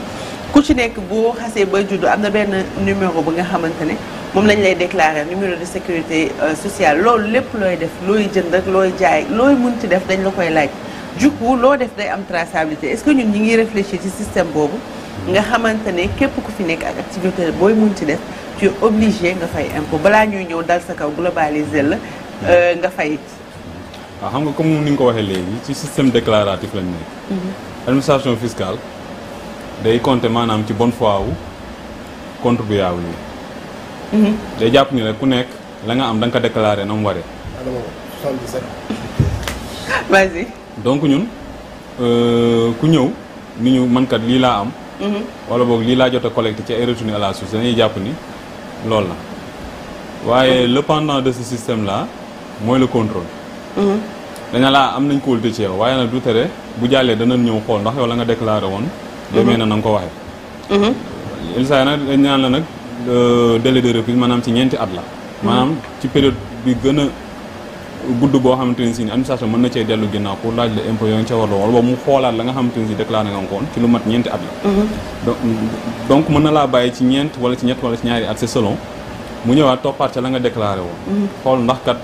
ku ci nekk boo xasee ba juddu am na benn numéro bu nga xamante ne moom lañ lay déclarer numéro de sécurité euh, sociale loolu lépp looy def looy jënd ak looy jaay looy mun munti def dañ la koy laaj du coup loo def day am trasabilité est-ce que ñun ñi ngi réfléchir ci système boobu nga xamante ne képp ku fi nekk ak activité booy ti def ci es obligé nga fay impôt balaa ñuy ñëw dal sa kaw globaliser la euh, nga fay it ah, xam nga comme ni nga ko waxee léegi ci système déclaratif lañ nekk mhm. administration fiscale day compter maanaam ci bonne foi wu contribuable yi. Mhm. day jàpp ni rek ku nekk la nga am da nga ko déclaré na mu waree. vas donc ñun euh, ku ñëw ni ñu man kat lii laa am. Mhm. wala boog lii laa jote a ci ay retourné à la source dañuy jàpp ni loolu la. waaye mhm. le pendant de ce système là mooy le contrôle. daña laa am nañ ko wóolu ci yow waaye nag du tere bu jàllee danañ ñëw xool ndax yow la nga déclaré woon. demee na na nga ko waxee ilsaay mhm. na dañ naan la nag euh, délai de reprise maanaam ci ñeenti at la maanaam ci période bi gën a gudd boo xamante ne si ni administration mën na cee dellu ginnaaw pour laaj la impôt yo ngi ca warloo wala boobu mu xoolaat la nga xamante ne si déclaré nga ko woon ci lu mat ñeenti at la mhm. donc mën na laa bàyyi ci ñeent wala ci ñett wala ñaari at c'est selon mu ñëwaat toppaat ca la nga déclaré woon mhm. xool ndax kat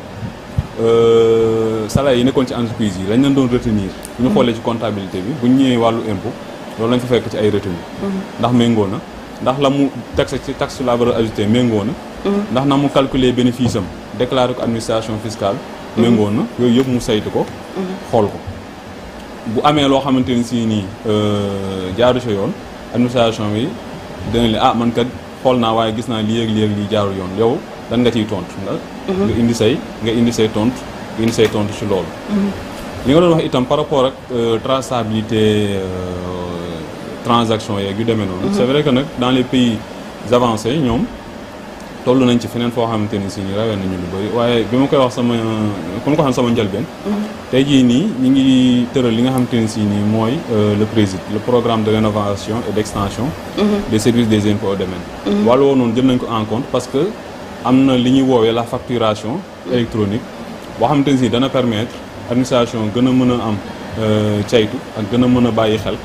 euh, salaire yi nekkoon ci entreprise yi lañ leen doon retenir bu ñu xoolee ci comptabilité bi bu ñu ñëwee wàllu impôt loolu lañ fa fekk ci ay retenues. Mm-hmm. ndax méngoo na ndax la mu taxe ci taxe sur la valeur ajoutée mm-hmm. ndax na mu calculer bénéfice am ko administration fiscale. méngoo na yooyu yëpp mu saytu ko. Mm-hmm. xool ko bu amee loo xamante ni si nii euh, jaaru sa yoon administration bi dana leen ah man kat xool naa waaye gis naa lii yéeg lii ak lii jaarul yoon yow dan nga ciy tontu nga. indi say nga indi say tontu nga indi say tontu ci loolu. li nga doon wax itam par rapport euh, transaction yeeg yu demee noonu. c'est vrai que nag dans les pays avancés ñoom toll nañ ci feneen foo xamante ni si ñu rawee nañu waaye ma koy wax sama kon xam sama njëlbeen. Mm-hmm. tey jii nii ñu ngi tëral li nga xamante ni si nii mooy euh, le président le programme de rénovation et d'extension. Mm-hmm. des services des impôts au domaine. Mm-hmm. wàllu woowu noonu jël nañ ko en parce que am na li ñuy woowee la facturation électronique boo xamante ni si dana permettre administration gën a mën a am euh, caytu ak gën a mën a bàyyi xel.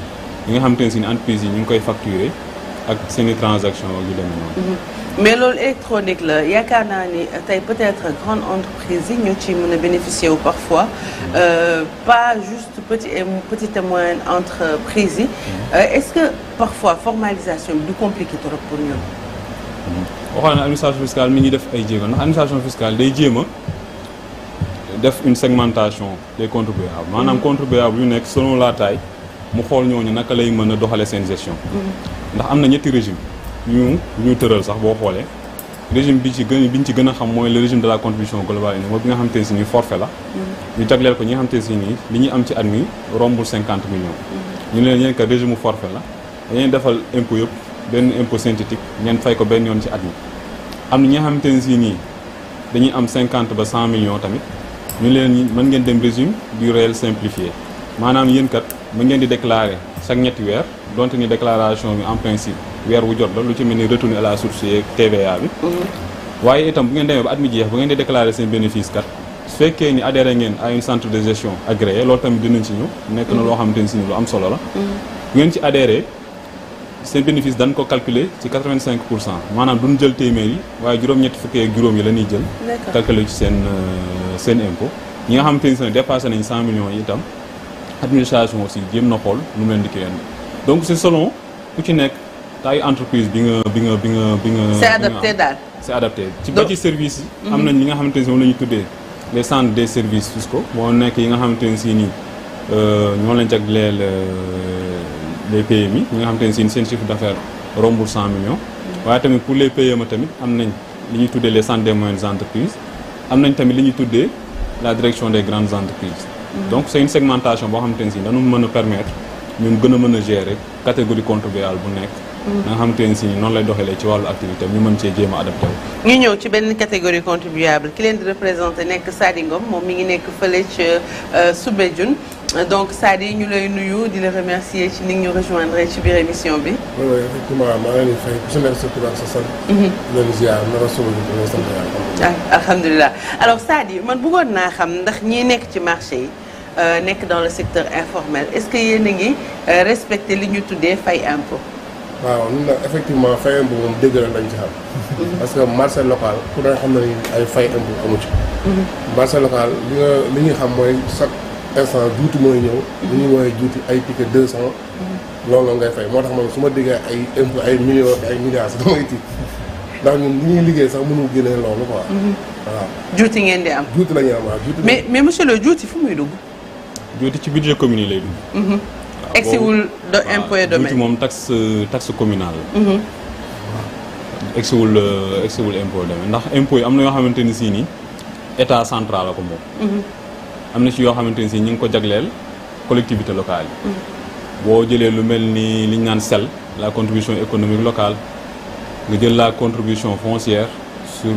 yi nga xam te ne si entreprise yi ñu ngi koy facturer ak seen i transaction yu demee noonu. Mhm. mais loolu électronique la yaakaar naa ni tey peut-être grande entreprise yi ñoo ci mën a bénéficier wu parfois mhm. euh, pas juste petit et petite et moyenne entreprise yi mhm. euh, est-ce que parfois formalisation bi du compliqué trop pour ñoom. waxoon na administration fiscale mi ngi def ay jéego ndax administration fiscale day jéema def une segmentation des contribuables maanaam contribuables yu nekk selon la taille. mu xool ñooñu naka lay mën a doxale seen gestion ndax am na ñetti régime ñu ñu tëral sax boo xoolee régime bi ci gën bi ñu ci gën a xam mooy le régime de la contribution globale unie mooy bi nga xamante ne si nii la ñu jagleel ko ñi nga xamante ne nii li ñuy am ci at mi rombul cinquante millions ñu leen yéen kat régime forfait la dañuy defal impôt yëpp benn impôt synthétique ngeen fay ko benn yoon ci at mi am na xamante ne si nii dañuy am cinquante ba cent millions tamit ñu leen mën ngeen dem régime du réel simplifié maanaam yéen kat mën ngeen di déclarer chaque ñetti weer donte ni déclaration bi en principe weer wu jot la lu ci mel ni retourné à la source yeeg TVA bi. Mm-hmm. waaye itam bu ngeen demee ba at mi jeex bu ngeen di déclarer seen bénéfice kat. su fekkee ni adhéré ngeen à une centre de gestion agréé loolu tamit dinañ ci ñëw. nekk na loo xamante ni si lu am solo la. bu mm-hmm. ngeen ci adhéré seen bénéfice dañ ko calculer ci 85 pour cent maanaam duñ jël téeméer yi waaye juróom-ñetti fukki ak la ñuy jël. calculer ci seen euh, seen impôt ñi nga xamante ni si ne nañ 100 millions itam. administration aussi jéem na xool nu mel ni ki leen donc c'est selon ku ci nekk taayu entreprise bi nga bi nga bi nga bi nga. c'est adapté daal c'est ci ba ci service mhm. am nañ li nga xamante ne moom la ñu tuddee les centres des services fiscaux moo nekk yi nga xamante ne si nii euh, ñoo lañ leen jagleel euh, les PMI yi nga xamante ne si seen chiffre d'affaires rombul 100 millions. Mhm. waaye tamit pour les PME tamit am nañ li ñuy tuddee les centres des moyennes entreprises am nañ tamit li ñuy tuddee la direction des grandes entreprises. donc c' est une segmentation boo xamante ne si dañu mën a permettre ñun gën a mën a gérer catégorie contribuable bu nekk. da mm. nga xamante ne noonu lay doxalee ci wàllu activité ñu mën cee jéem a adapté wu. ñu ñëw ci benn catégorie contribuable ki leen di représenté nekk Sadi Ngom moom mi ngi nekk fële ca euh, Soumbédioune donc Sadi ñu lay nuyu dina la remercier ci ni ñu rejoindre ci biir émission bi. oui oui effectivement maa ngi leen fay ku si sa tur ak na Rasulullah man bëggoon naa xam ndax ñi nekk ci marché yi. Euh, nekk dans le secteur informel est-ce que yéen a ngi euh, respecté li ñu tuddee fay impôt. waaw ñun nag effectivement fay impôt moom dëgg la dañ ci mhm. parce que marché local ku ne xam na ay fay impôt amu ci. Mhm. marché local li nga li ñuy xam mooy chaque instant juuti mooy ñëw. Mhm. li ñuy woowee juuti ay ticket 200. loolu la ngay fay moo tax man su ma déggee ay impôt ay millions ay milliards damay tiit ndax ñun ñuy liggéey sax mënul génne loolu quoi. voilà juuti ngeen di am. juuti la ñuy am waaw juuti. mais mais monsieur le juuti fu muy dugg. juuti ci budget commune yi lay mhm. dugg. waaw egsiwul de impôt et domaine moom taxe taxe communale la. Mhm. egsiwul egsiwul euh, impôt ndax impôt yi am na yoo xamante ni si nii état central la ko moom. Mhm. am na ci yoo xamante ni si ñu ngi ko jagleel collectivité locale yi. boo jëlee lu mel ni li naan sel la contribution économique locale nga jël la contribution foncière sur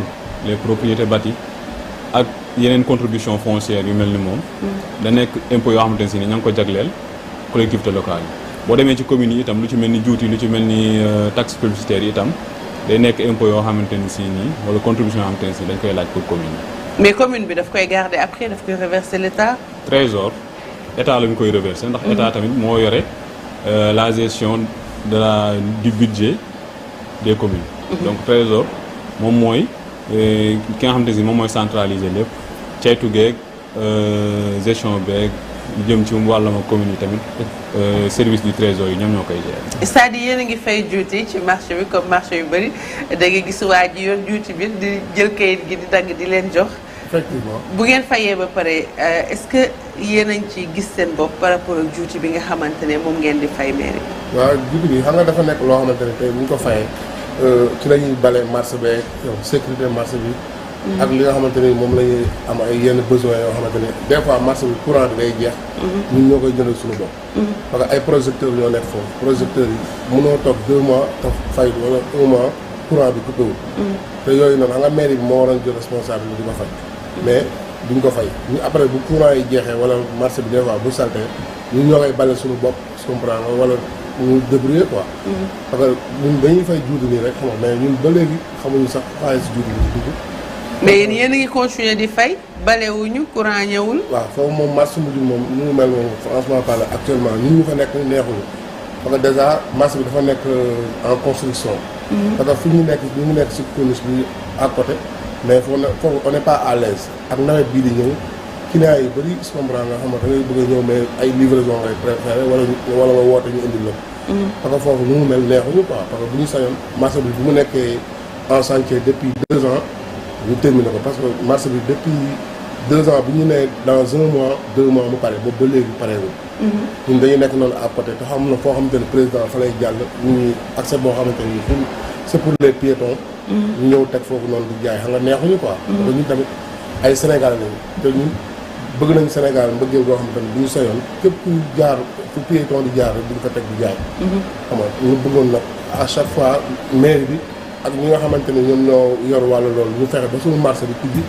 les propriétés bâties ak. yeneen contribution foncière yu mel ni moom mm. da nekk impôt yoo xamante ne si ni ña ngi ko jagleel collectivité locale yi boo demee ci commune yi itam lu ci mel ni juuti lu ci mel ni euh, taxe publicitaire yi itam day nekk impôt yoo xamante ni si nii wala contribution yoo xamante ne si dañ koy laaj pour commune mais commune bi daf koy garder après daf koy reverser l'état trésor état la ñu koy reverser ndax état mm-hmm. tamit moo yore euh, la gestion de la du budget des communes mm-hmm. donc trésor moom mooy euh, ki nga xamante ne si moom mooy centraliser lépp ceytu geeg euh, gestion beeg jëm ci wàllum commune bi tamit euh, service du trésor yi ñoom ñoo koy gérer. c'est-à-dire yéen a ngi fay juuti ci marché bi comme marché yu bëri da ngay gis waa ji yoon juuti bi di jël kayit gi di dagg di leen jox. effectivement bu ngeen fayee ba pare euh, est-ce que yéen a ngi ciy gis seen bopp par rapport ak juuti bi nga xamante ne moom ngeen di fay mairie. waaw juuti bi xam nga dafa nekk loo xamante ne tey bu ñu ko fayee ci la ñuy bale marché beeg sécurité marché bi. ak li nga xamante ni moom la am ay yenn besoins yoo xamante ni des fois marché bi courant bi day jeex. Mhm. ñun ñoo koy jëndal suñu bopp. Mhm. parce que ay projecteurs ñoo nekk foofu projecteurs yi mënoo toog deux mois te fay wala un mois courant bi coupé wul. Mhm. yooyu noonu xam nga mairie moo waroon jël responsable bi di ko mais duñ ko fay ñu après bu courant yi jeexee wala marché bi des fois bu salté ñu ñoo koy bale suñu bopp comprendre wala. ñu débrouiller quoi. parce que ñun dañuy fay juutu nii rek xam mais ñun ba léegi xamuñu sax xaalis juutu bi di mais yéen yéen a ngi continuer di fay balewuñu courant ñëwul. waa foofu moom mars mujj moom nu mu mel moom franchement parlant actuellement ñun ñu fa nekk neexul parce que déjà marché bi dafa nekk euh, en construction. Mm-hmm. parce que fu ñu nekk ñu nekk si corniche bi à mais foo na foofu on n'est pas à l'aise ak nawet bii di ñëw client yi bëri iscombrant bëgg ñëw mais ay livraison ngay préféré wala wala nga woote ñu mm-hmm. foofu nu mu mel neexuñu quoi parce que bu ñu sañoon marché bi bu mu nekkee en chantier depuis deux ans. ñu terminé ko parce que marché bi depuis deux ans bu ñu nee dans un mois deux mois mu pare boobu ba léegi pareewul. Mhm. ñun dañuy nekk noonu à côté te xam na foo xamante ne président fa lay jàll ñu boo xamante ni pour c'est pour les piétons. Mhm. ñu ñëw teg foofu noonu di jaay xam nga neexuñu quoi. Mhm. parce que ñu tamit ay Sénégalais lañu te ñu bëgg nañu Sénégal mbëggeel goo xam ne bu ñu sayoon képp ku jaar fu piéton di jaar rek duñ fa teg di jaay. xam nga ñu bëggoon nag à chaque fois mairie bi. ak bi nga xamante ne ñoom ñoo yor wàllu loolu ñu fexe ba suñu marché bi tijji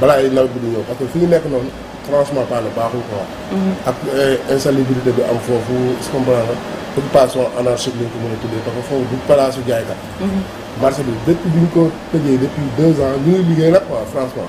balaa ay nawet bi di ñëw parce que fi ñu nekk noonu franchement parle baaxul quoi. Mhm. ak euh, insalubrité bi am foofu comprendre occupation anarchique lañ mën a tuddee parce que foofu du palaasu jaaykat. Mhm. marché bi depuis bi ñu ko tëjee depuis deux ans ñu ngi liggéey nag quoi franchement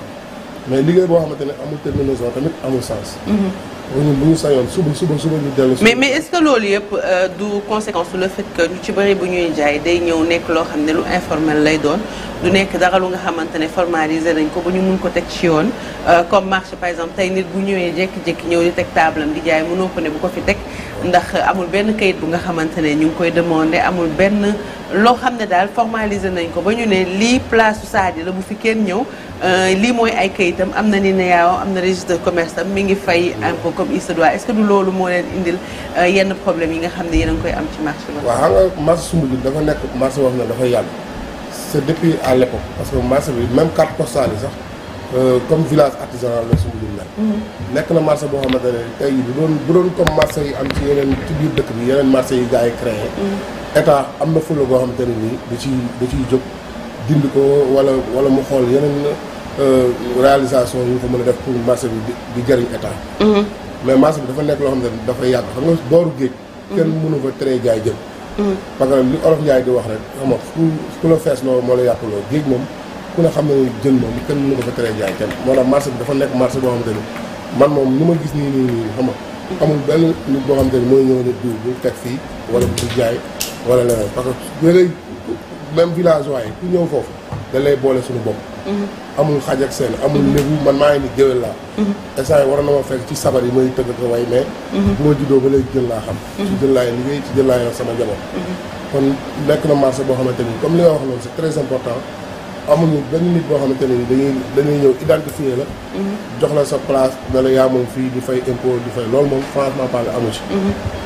mais liggéey boo xamante ne amul terminaison tamit amul sens. Mhm. ñu bu ñu sañoon suba suba suba ñu mais mais est-ce que loolu yëpp euh, du conséquence su le fait que ñu ci bëri bu ñuy jaay day ñëw nekk loo xam ne lu informel lay doon du nekk dara lu nga xamante ne formalisé nañ ko ba ñu mun ko teg ci yoon euh, comme marché par exemple tey nit bu ñëwee jékki-jékki ñëw di teg table am di jaay mënoo ko ne bu ko fi teg ndax amul benn kayit bu nga xamante ne ñu ngi koy demandé amul benn loo xam ne daal formalisé nañ ko ba ñu ne lii place su Sadio la bu fi kenn ñëw euh, lii mooy ay kayitam am na ni ne am na registre de commerce am mi ngi fay impôt comme il se loolu moo leen euh, yenn problème yi nga xam ne yéen a koy am ci marché ba. waaw nekk marché boo xam ne dafa yàgg c'est depuis parce que marché bi même carte postale yi sax euh, comme village artisanal la Soumbédioune la. Mhm. na marché boo xamante ne tey bu doon bu doon comme am ci yeneen ci biir dëkk bi yeneen marché yi gars yi créé. Mhm. état am na goo xamante ne nii da ci da ciy jóg dindi ko wala wala mu xool yeneen euh, réalisation yu ko mën a def pour marché bi di jëriñ état. Mhm. mais marché bi dafa nekk loo xam ne dafa yàgg xam nga booru géej. kenn mënu fa tere jaay jën. Mm. parce que li olof Njaay di wax rek xam nga ku la fees loo moo la yàq loo géej moom ku ne xam ne jën moom kenn mënu ko fa tere jaay kenn. moo tax marché bi dafa nekk marché boo xam te ni man moom ni ma gis nii nii nii xam nga. amul benn nit boo xam te ni mooy ñëw ne bu teg fii wala bu jaay wala leneen parce que su même villageois yi ku ñëw foofu da lay boole suñu bopp. Mm-hmm. amul xaj ak seen amul lébu man maa ngi ni géwél laa mm-hmm. instant yi war na ma fekk ci sabar yi may tëgg ko way mais mm-hmm. bu ma juddoo ba léegi laa xam ci ci jël sama jaboot kon nekk na marché boo xamante ni comme li nga wax noonu c'est très important amuñu benn boo xamante ni dañuy dañuy ñëw identifier la jox la sa place ne la yaa moom fii di fay impôt di fay loolu moom franchement parlé amu ci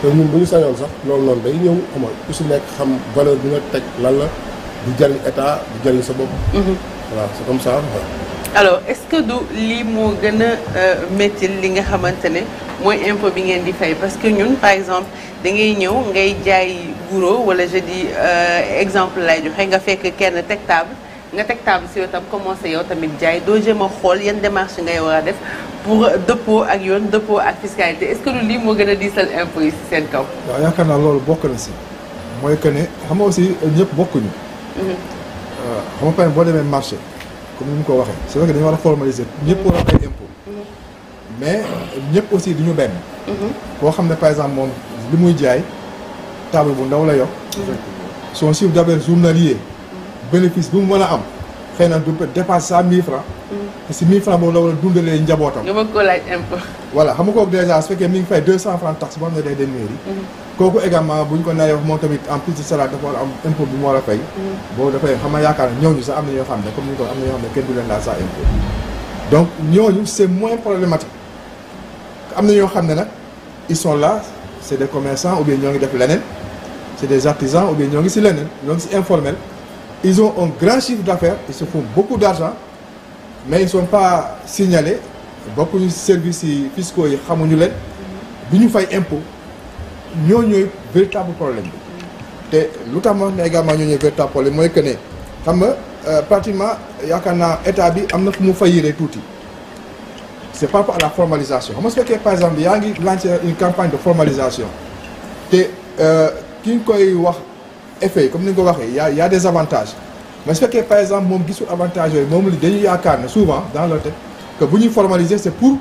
te ñun bu ñu sañoon sax loolu noonu day ñëw xama ku si nekk xam valeur bi nga teg lan la di jariñ état di jariñ sa bopp voilà c'est comme ça alors est-ce que du lii moo gën a euh, métti li nga xamante ne mooy impôt bi ngeen di fay parce que ñun par exemple da ngay ñëw ngay jaay guro wala je dis euh, exemple lay joxe nga fekk kenn teg table nga teg table si yow tam commencé yow tamit jaay doo jëm a xool yan démarche ngay war a def pour dëppoo ak yoon dëppoo ak fiscalité est du lii moo gën a diisal impôt yi si seen kaw. waaw yaakaar naa loolu bokk na si mooy que ne xam nga aussi ñëpp xam nga boo demee marché comme ni mu ko waxee c'est vrai dañu war a formaliser ñëpp war a fay impôt mais ñëpp aussi du ñu benn koo xam ne par exemple moom li muy jaay table bu ndaw la yokk son chiffre d'affaires journalier bénéfice bu mu mën a am xëy na du dépasse cent mille francs mm. te si mille francs boobu la war a dundalee njabootam nga bëgg ko laaj impôt voilà xam nga kooku su fekkee mi ngi fay deux cent francs taxe boo xam ne day dem mairie mm. kooku également buñ ko naree wax moom tamit en plus de cela dafa war a am impôt bi mu war a fay. Mm. boobu dafay xam nga yaakaar ne ñooñu sax am na ñoo xam ne na ñoo xam ne kenn du leen daal sax impôt. donc ñooñu c' est moins problématique am na ñoo xam ne nag ils sont là c' est des ou bien ñoo ngi def leneen c' est des artisans ou bien ñoo ngi si leneen ñoo ngi si informel ils ont un grand chiffre d' affaires ils se font argent mais ils ne sont pas signalés bokkuñu yi fiscaux yi xamuñu leen mm. du ñu fay impôt. ñoo ñooy véritable problème bi te lu tax ma wax ne ñoo ñooy véritable problème mooy que ne xam nga euh, pratiquement yaakaar naa état bi am na fu mu fayiree tuuti c' est par rapport à la formalisation xam nga su fekkee par exemple yaa ngi lancé une campagne de formalisation te euh, ki nga koy wax effet comme ni nga ko waxee yaa a des avantages mais su fekkee par exemple moom gisu avantage yooyu moom li dañu yaakaar ne souvent dans le tête que bu ñuy formaliser c' est pour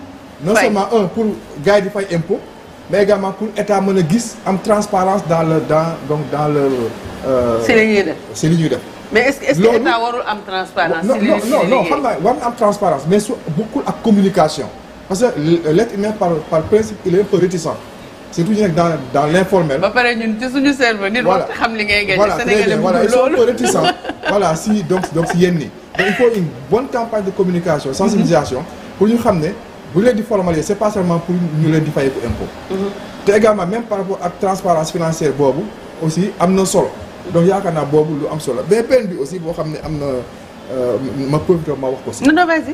non seulement un pour gars yi di fay mais également pour état mën a gis am transparence dans le dans donc dans le. Euh, si li ñuy def si li ñuy def. mais est-ce que est-ce que état warul am transparence. si li non xam naa war na am transparence mais su bokkul ak communication. parce que l'être humain par par principe il est un peu réticent. surtout ñu nekk dans dans l'informel. ba pare ñun ci suñu cerveau. nit wax xam li ngay gagner. Sénégalais voilà ils sont un si donc donc si yenn nii. donc il faut une bonne campagne de communication sensibilisation pour xam ne. bu ñu leen di formaler c'est pas seulement pour ñu leen di fayeku impôt mm-hmm. te également même par rapport ak transparence financière boobu aussi am na solo donc yaakaar naa boobu lu am solo BPN bi aussi boo xam ne am na euh, ma profité ma wax ko si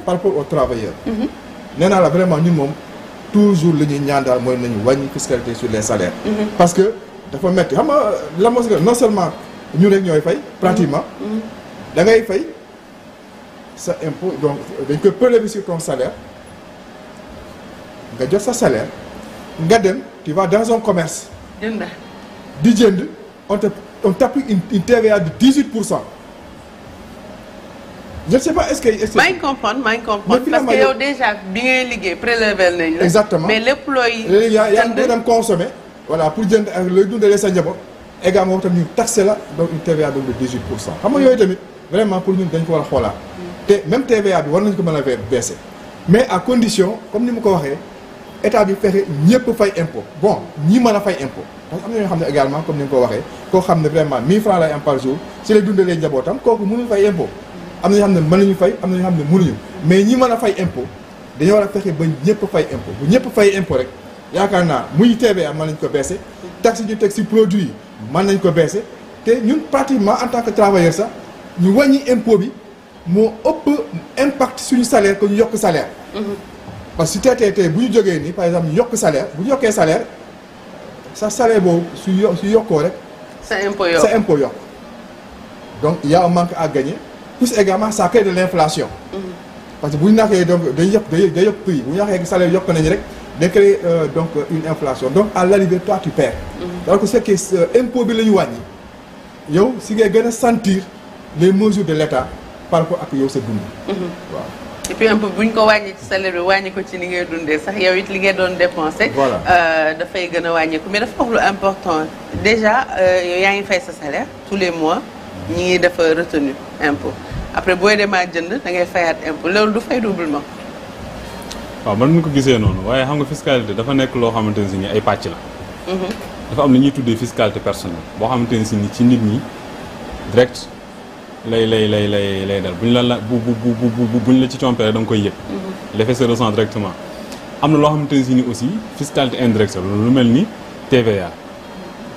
par rapport aux travailleurs mm-hmm. nee naa la vraiment ñun moom toujours li ñuy ñaan daal mooy nañu wàññi fiscalité sur les salaires mm-hmm. parce que dafa metti xam nga euh, la mos non seulement ñu rek ñooy fay pratiquement da ngay fay sa impôt don dañ koy prélever sur nga jot sa salaire nga dem tu vas dans un commerce. jënd di jënd on te on t'applique une une TVA de 18 pour cent. je ne sais que. est-ce parce que yow déjà bi ngay liggéey prélevé nañ la. lépp looy. jënd yaa yaa ngi dem consommé. voilà pour jënd ak looy dundalee sa njaboot. également moom tamit ñu la donc une TVA pour cent. xam nga yooyu tamit vraiment pour ñun dañ ko a mm. même TVA bi war nañ ko mën a baisser. mais à condition comme ni mu ko waxee. état bi fexe ñëpp fay impo bon ñii mën a fay impôt parce que am na ñoo xam ne également comme ni nga ko waxee koo xam ne vraiment 1000 francs lay am par jour si lay dundalee njabootam kooku mënul fay impôt am na ñoo xam ne mën nañu fay am na xam ne mënuñu mais ñi mën a fay impôt dañoo war a fexe ba ñëpp fay impôt bu ñëpp fay impôt rek yaakaar naa muy TVA mën nañ ko baisse taxe ñu teg si produit man mën nañ ko baisse te ñun pratiquement en tant que travailleur sax ñu wàññi bi moo ëpp impact suñu salaire que ñu yokk parce que si tey tey bu ñu jógee ni par exemple yokk salaire bu ñu yokkee salaire sa salaire boobu su yokkoo rek. sa impôt yokk sa donc y a un manque à gagner plus également ça crée de l'inflation. Mm-hmm. parce que bu ñu nakkee donc day yokk day day yokk prix bu ñu waxee salaire yokk nañu rek day créer euh, donc inflation donc à l'arrivée toi tu perds. alors mm-hmm. que ce qui euh, bi la ñu wàññi yow si ngay gën a sentir les mesures de l'État par rapport ak yow sa dund. Mm-hmm. et puis bu ñu ko wàññi ci salaire bi wàññi ko ci li ngay dundee sax yow it li ngay doon dépensé. voilà euh, dafay gën a wàññeeku mais dafa wax lu important déjà euh, yow yaa ngi fay sa salaire tous les mois ñi ngi def euh, retenu impôt après booy demaa jënd da ngay fayaat loolu du fay doublement. waaw man mi ko gisee noonu waaye xam nga fiscalité dafa nekk loo xamante ne si ay pàcc la. Mhm. dafa am lu ñuy tuddee fiscalité personnelle boo xamante ne si ci nit ñi direct. lay lay lay lay lay dal buñ la la bu bu bu buñ la ci compéré da nga koy yëg. Mhm. l'effet se ressent directement. am na loo xamante ne si ni aussi fiscalité indirecte lu mel ni TVA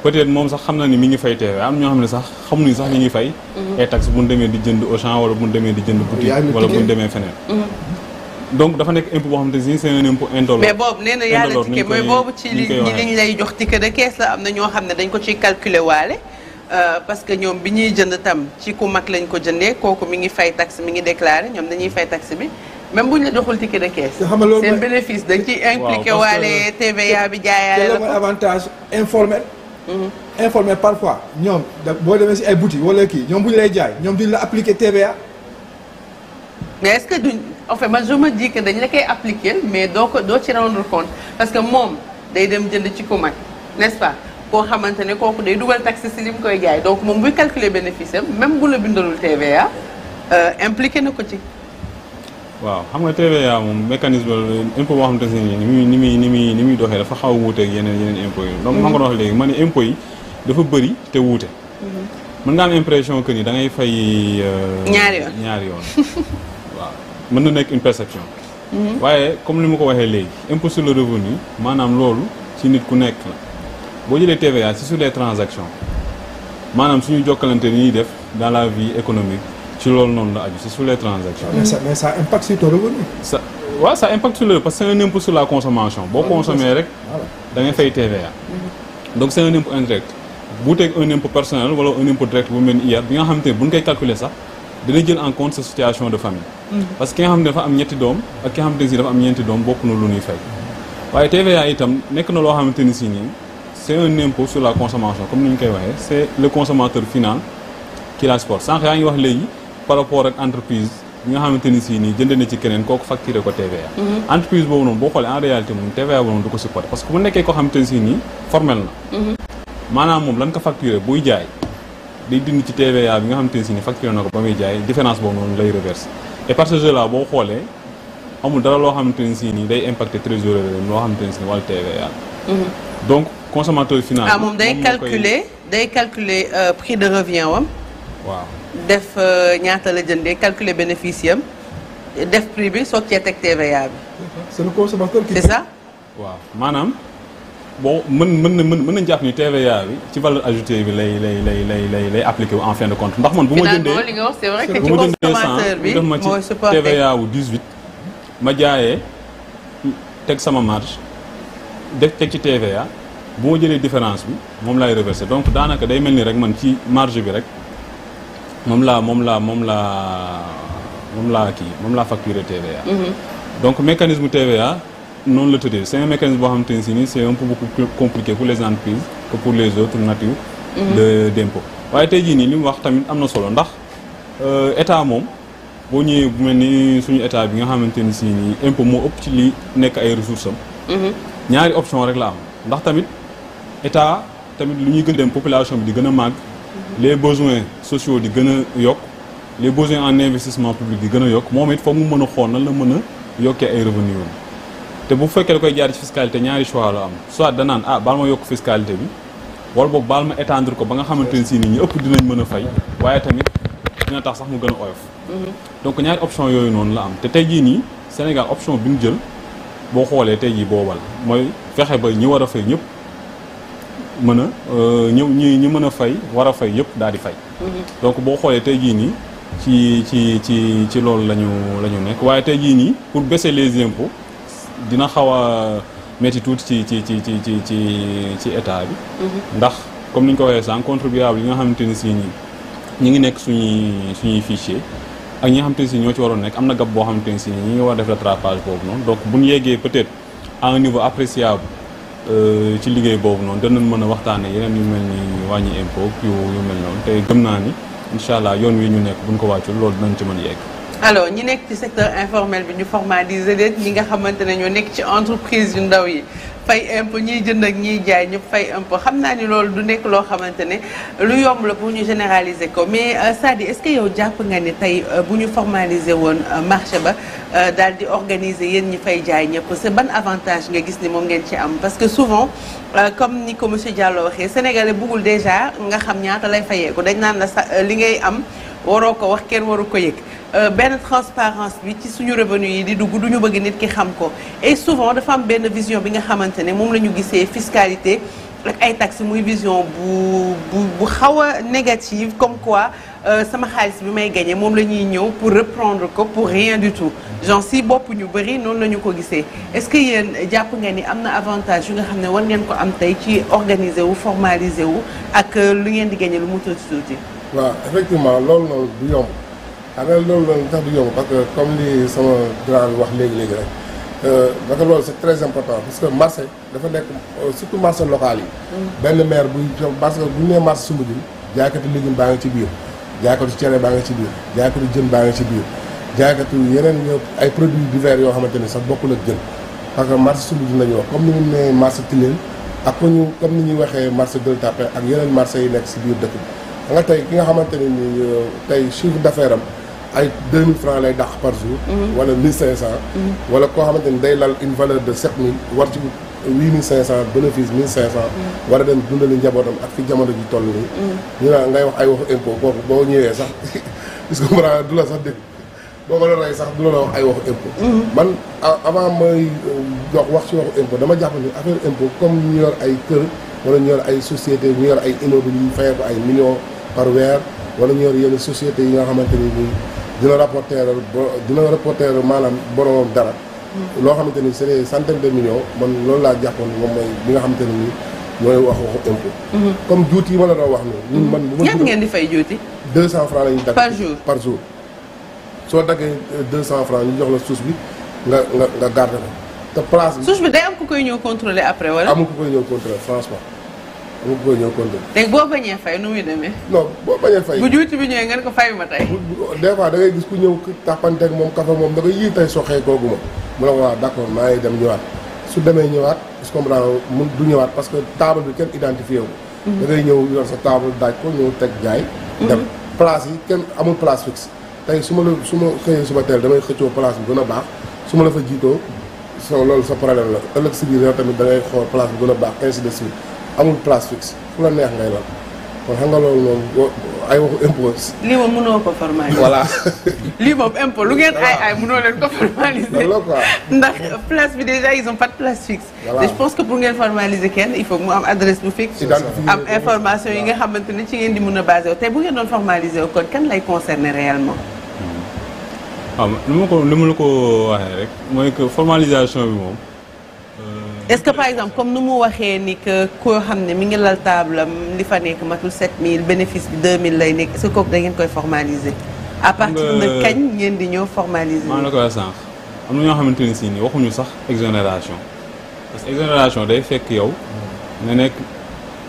peut-être moom sax xam na ni mi ngi fay TVA am ñoo xam ne sax xamuñu sax li ñuy fay. ay mhm. taxes bu ñu demee di jënd Auchan wala bu ñu demee di jënd boutique wala bu ñu demee feneen. Mhm. donc dafa nekk impôt boo xamante ne c'est un impôt indolore. mais boobu nee na yaa la boobu ci ñu lay ñoo xam ne dañ ko ciy calculer waale. Euh, parce que ñoom bi ñuy jënd tam ci ku mag lañ ko jëndee kooku mi ngi fay tax mi ngi déclaré ñoom dañuy fay taxe bi même bu ñu la joxul ticket de caisse. seen bénéfice dañ ciy impliqué waale TVA bi jaayaale la ko avantage informel. Mhm. informel parfois ñoom da boo demee si ay boutique wala kii ñoom bu ñu lay jaay ñoom duñ la appliqué TVA. mais est-ce que duñ en ma man je me dañ la koy appliqué mais doo ko doo ci rendre compte parce que moom day dem jënd ci ku mag n'est-ce koo xamante ne kooku day dugal taxe si li mu koy jaay donc moom buy calculer bénéfice am même bu la bindalul TVA euh, impliqué na ko ci. waaw xam nga TVA moom mécanisme impôt boo xamante ne nii ni muy ni muy ni muy doxee dafa xaw a wuuteeg yeneen yeneen impôts yi. donc man ma ne impôts yi dafa bëri te wuute. Mm-hmm. mën nga am impression que ni da ngay fay. Euh, ñaari yoon ñaari waaw mën na nekk une perception. Mm-hmm. comme ni ma ko waxee léegi impôt sur le revenu maanaam loolu si nit ku nekk la. boo jëlee TVA c'est sur les transactions maanaam suñu jokkalante ni ñuy def dans la vie économique ci loolu noonu la aju c'est sur les transactions. mais ça mais ça impacte sur ton revenu. ça waaw ouais, ça impacte sur le parce que c'est un impôt sur la consommation. boo consommé rek da ngay fay TVA. donc c'est un impôt indirect. bu teg un impôt personnel wala un impôt direct bu mel ni IR bi nga xamante ne bu ñu koy calculer sax dina jël en compte sa situation de famille. Mm. parce que ki nga xam ne dafa am ñetti doom ak ki nga xamante ne si dafa am ñeenti doom bokk na lu ñuy fay. waaye TVA itam nekk na loo xamante ni si nii. c'est un impôt sur la consommation comme ni ñu koy waxee c'est le consommateur final qui la supporte sànq yaa ngi wax léegi par rapport ak entreprise bi nga xamante ni si nii jënd na ci keneen kooku facturé ko TVA. Mm-hmm. entreprise boobu noonu boo xoolee en réalité moom TVA boobu noonu du ko supporté parce que bu nekkee koo xamante ni nii formel na. Mm-hmm. maanaam moom lan ko facturé buy jaay day dindi ci TVA bi nga xam ni si nii facturé na ko ba muy jaay différence boobu noonu lay reversé et par ce jeu là amul dara loo xamante ni si nii day impacté trésorier loo xamante ni si nii wàllu TVA. Mm-hmm. donc consommateur final. ah moom day calculer day calculer euh, prix de revient wam. waaw def euh, ñaata la jëndee calculer bénéfice am def prix bi soo kee teg TVA bi. c'est le consommateur qui. ça. waaw maanaam bon mën mën na mën nañu jàpp ni TVA bi ci valeur ajoutée bi lay lay lay lay lay lay appliqué wu en fin de compte ndax man. bu ma jëndee finalement li nga wax c'est vrai que ci consommateur bi mooy supporté bu ma jëndee 100 def ma ci TVA wu 18 ma jaayee teg sama marge def teg ci TVA. boo jëlee différence bi moom laay reversé donc daanaka day mel ni rek man ci marge bi rek moom laa moom laa moom laa moom laa kii moom laa facturé TVA. Mhm. donc mécanisme TVA noonu la tëddee c'est un mécanisme boo xamante ne si nii c'est un peu beaucoup plus pour les entreprises que pour les autres natures mhm. de waaye tey jii nii li mu wax tamit am na solo ndax euh, état moom boo ñëwee bu mel ni suñu état bi nga xamante ni si nii impôt moo ëpp ci li nekk ay ressources am. Mhm. ñaari option rek la am ndax tamit. état tamit lu ñuy gën dem population bi di gën a màgg les besoins sociaux di gën a yokk les besoins en investissement public di gën a yokk moom it fa mu mën a xool nan la mën a yokkee ay revenus yoon te bu fekkee da koy jaar ci fiscalité ñaari choix la am soit danaan ah baal ma yokk fiscalité bi wala boobu baal ma étendre ko ba nga xamante ne si nit ñi ëpp dinañ mën a fay waaye tamit dina tax sax mu gën a oyof mm-hmm. donc ñaari option yooyu noonu la am te tey jii nii Sénégal option bi mu jël boo xoolee tey jii boobal mooy fexe ba ñi war a fay ñëpp mën a euh, ñëw ñi ñi mën a fay war a fay yëpp daal di fay. Mhm. donc boo xoolee tey jii nii ci ci ci ci loolu la la ñu nekk waaye tey jii nii pour baisser les impôts dina xaw a métti tuuti ci ci ci ci ci ci ci état bi. Mhm. ndax comme ni ñu ko waxee sànq contribuable yi nga xamante ni si nii ñu ngi nekk suñuy suñuy fichier ak ñi nga xamante ne si ñoo ci waroon nekk am na gab boo xamante ne si ñi ngi war a def rattrapage boobu noonu donc bu ñu yéegee peut-être à un niveau appréciable. Euh, ci liggéey boobu noonu danañ mën a waxtaane yeneen yu mel nii wàññi impôt yu yu mel noonu te gëm naa ni incha allah yoon wi ñu nekk buñ ko wàccul loolu dinañ ci mën yegg. alors ñi nekk ci secteur informel bi ñu formaliser leen ñi nga xamante ne ñoo nekk ci entreprise yu ndaw yi. fay impôt ñiy jënd ak ñiy jaay ñëpp fay impôt xam naa ni loolu du nekk loo xamante ne lu yomb la pour ñu généraliser ko mais euh, Sadi est-ce que jàpp nga ne tey euh, bu ñu formaliser woon euh, marché ba daal di organiser yéen ñi fay jaay ñëpp c'est ban avantage nga gis ni moom ngeen ci am parce que souvent comme ni ko monsieur Diallo waxee sénégalais bëggul déjà nga xam ñaata lay fayeeku dañ naan la sa li ngay am waroo ko wax kenn waru ko yëg Euh, benn transparence bi ci suñu revenu yi di dugg duñu bëgg nit ki xam ko et souvent dafa am benn vision bi nga xamante ne moom lañu gisee fiscalité ak ay taxes muy vision bu bu bu xaw a négative comme quoi euh, sama xaalis bi may gagné moom la ñuy ñëw pour reprendre ko pour rien du tout genre si bopp ñu bëri noonu la ñu ko gisee est-ce que yéen jàpp nga ni am na avantage yu nga xam ne war ngeen ko am tey ci organiser wu formaliser wu ak euh, lu ngeen di gagné lu mu tuuti tuuti. waaw loolu noonu xam ah, nga loolu loolu tax du yomb parce que comme li sama grand wax léegi léegi rek euh, parce que loolu c'est très important parce que marché dafa nekk euh, surtout marché local yi. Mm. benn maire buy parce que bu ñu nee marché Soumbédioune jaaykatu légume baa ngi ci biir jaaykatu cere baa ngi ci biir jaaykatu jën baa ngi ci biir jaaykatu yeneen ay produits divers yoo xamante ni sax bokkul ak jën parce que marché Soumbédioune la ñuy wax comme ni mu nee marché Tilène ak ku ñu comme ni ñuy waxee marché Gueule Tapée ak yeneen marché yi nekk si biir dëkk bi. nga tey ki nga xamante ni euh, tey chiffre d'affaires am. ay 2000 francs lay dàq par jour. Mhm. wala 1500. Mhm. wala koo xamante ni day lal une valeur de 7000 war ci 8500 bénéfice 1500. Mhm. war a dem dundali njabootam ak fi jamono ji toll nii. ñu naan ngay wax ay waxu impôt kooku boo ñëwee sax est-ce du la sax dégg boo ko doon rey sax du la la wax ay waxu impôt. man avant may jox euh, wax ci waxu impôt dama jàpp ni affaire impôt comme ñu yor ay kër wala ñu yor ay société ñu yor ay immeuble yu fayee ko ay millions par weer wala ñu yor yenn sociétés yi nga xamante ni nii. dina rapporter bo dina rapporter maanaam boromam dara. Hmm. loo xamante ni c'est des centaines de millions man loolu laa jàppoon moom mooy bi nga xamante ne nii ñooy wax waxu impôt. Hmm. comme juuti yi ma la doon wax nii. ñun man bu ma. ñaata ngeen di fay juuti. 200 francs lañu dagg. par jour par jour. soo daggee 200 francs ñu jox la suus bi nga nga nga garder la te place bi. suuf bi day am ku koy ñëw contrôler après wala. amul ku koy ñëw contrôler franchement. bu bëñoo compter. léegi boo bañee fay nu muy demee. non boo bañee fay. bu juuti bi ñëwee ngeen ko fay ma tey. des fois gis ku ñëw tàppanteeg moom kafa moom da koy yii tey soxee kooku ma mu la ko waaw d' accord maa ngi dem ñëwaat su demee ñëwaat su comprendre mun du ñëwaat parce que taabal bi kenn identifié wu. Mhm. da ngay ñëw yor sa table daaj ko ñëw teg jaay. Mhm. dem place yi kenn amul place fixe tey su ma la su ma xëyee suma teel damay xëccoo place gën a baax su ma la fa jiitoo so loolu sa problème la ëllëg si biir da ngay xool place bi gën a baax ainsi de amul place fixe fu la neex ngay lal kon xam nga loolu moom ay waxu impose lii moom mënoo ko formaliser. voilà lii moom impôt lu ngeen ay ay mënoo leen ko formaliser. ndax place bi déjà ils ont pas de place fixe. voilà je pense que pour ngeen formaliser kenn il faut mu am adresse bu fixe. am information yi nga xamante ne ci ngeen di mën a basé wu tey bu ngeen doon formaliser kon kan lay concerner réellement. waaw hmm. ah, ma ko ni ma la ko waxee rek mooy que formalisation bi moom. est-ce que par exemple comme nu mu waxee ni que koo xam ne mi ngi lal table am li fa nekk matul mille bénéfice bi mille lay nekk est-ce que kooku da koy formaliser. à partir de kañ ngeen di ñëw formaliser. maa la koy sànq am na ñoo xamante ne si ni waxuñu sax exonération parce que exonération day fekk yow nga nekk.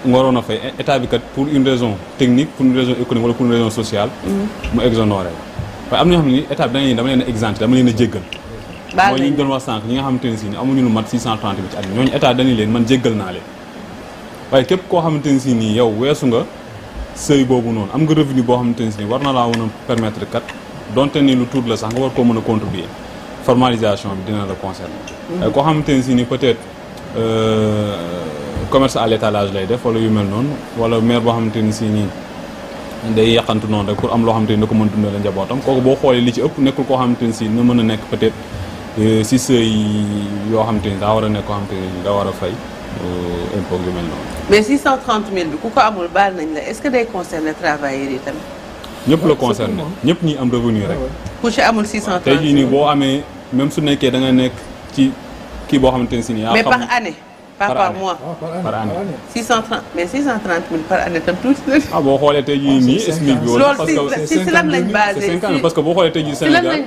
nga a fay état bi kat pour une raison technique pour une raison économique wala pour une raison sociale. Mm. mu exonéré waaye am leen dama baal mooy li ñu doon wax sànq ñi nga xamante ne si ni amuñu lu mat 630 bi ci at ñooñu état dañu leen man jéggal naa leen waaye képp koo xamante ne sii nii yow weesu nga sëy boobu noonu am nga revenu boo xamante ne sii nii war na laa mën a permettre kat donte ni lu tuut la sax nga war koo mën a contribuer formalisation bi dina la concerner. Hmm. koo xamante ne si ni peut-être euh, commerce à l'étalage lay def wala yu mel noonu wala maire boo xamante ne si nii. day yàqantu noonu rek pour am loo xamante ni da ko mën dundale koo xamante ni si na mën a nekk peut Euh, si sëy yoo xam te ni daa war a nekk koo xam te ni daa war a fay euh, impôt mel noonu. mais 630 000 bi ku ko amul baal nañ la est-ce que day concerner travailleurs yi tamit. ñëpp la concerner ñëpp ñi am revenu rek. ku ci amul 630 000 tey nii boo amee même su nekkee da nekk ci kii boo xamante ne si nii. yaa ah, xam par par mois par année. 630 mais 630 000 par année tam tuuti na. ah boo xoolee tey jii ah, nii SMIC bi. loolu si si lan lañ basé parce que boo xoolee tey jii Sénégal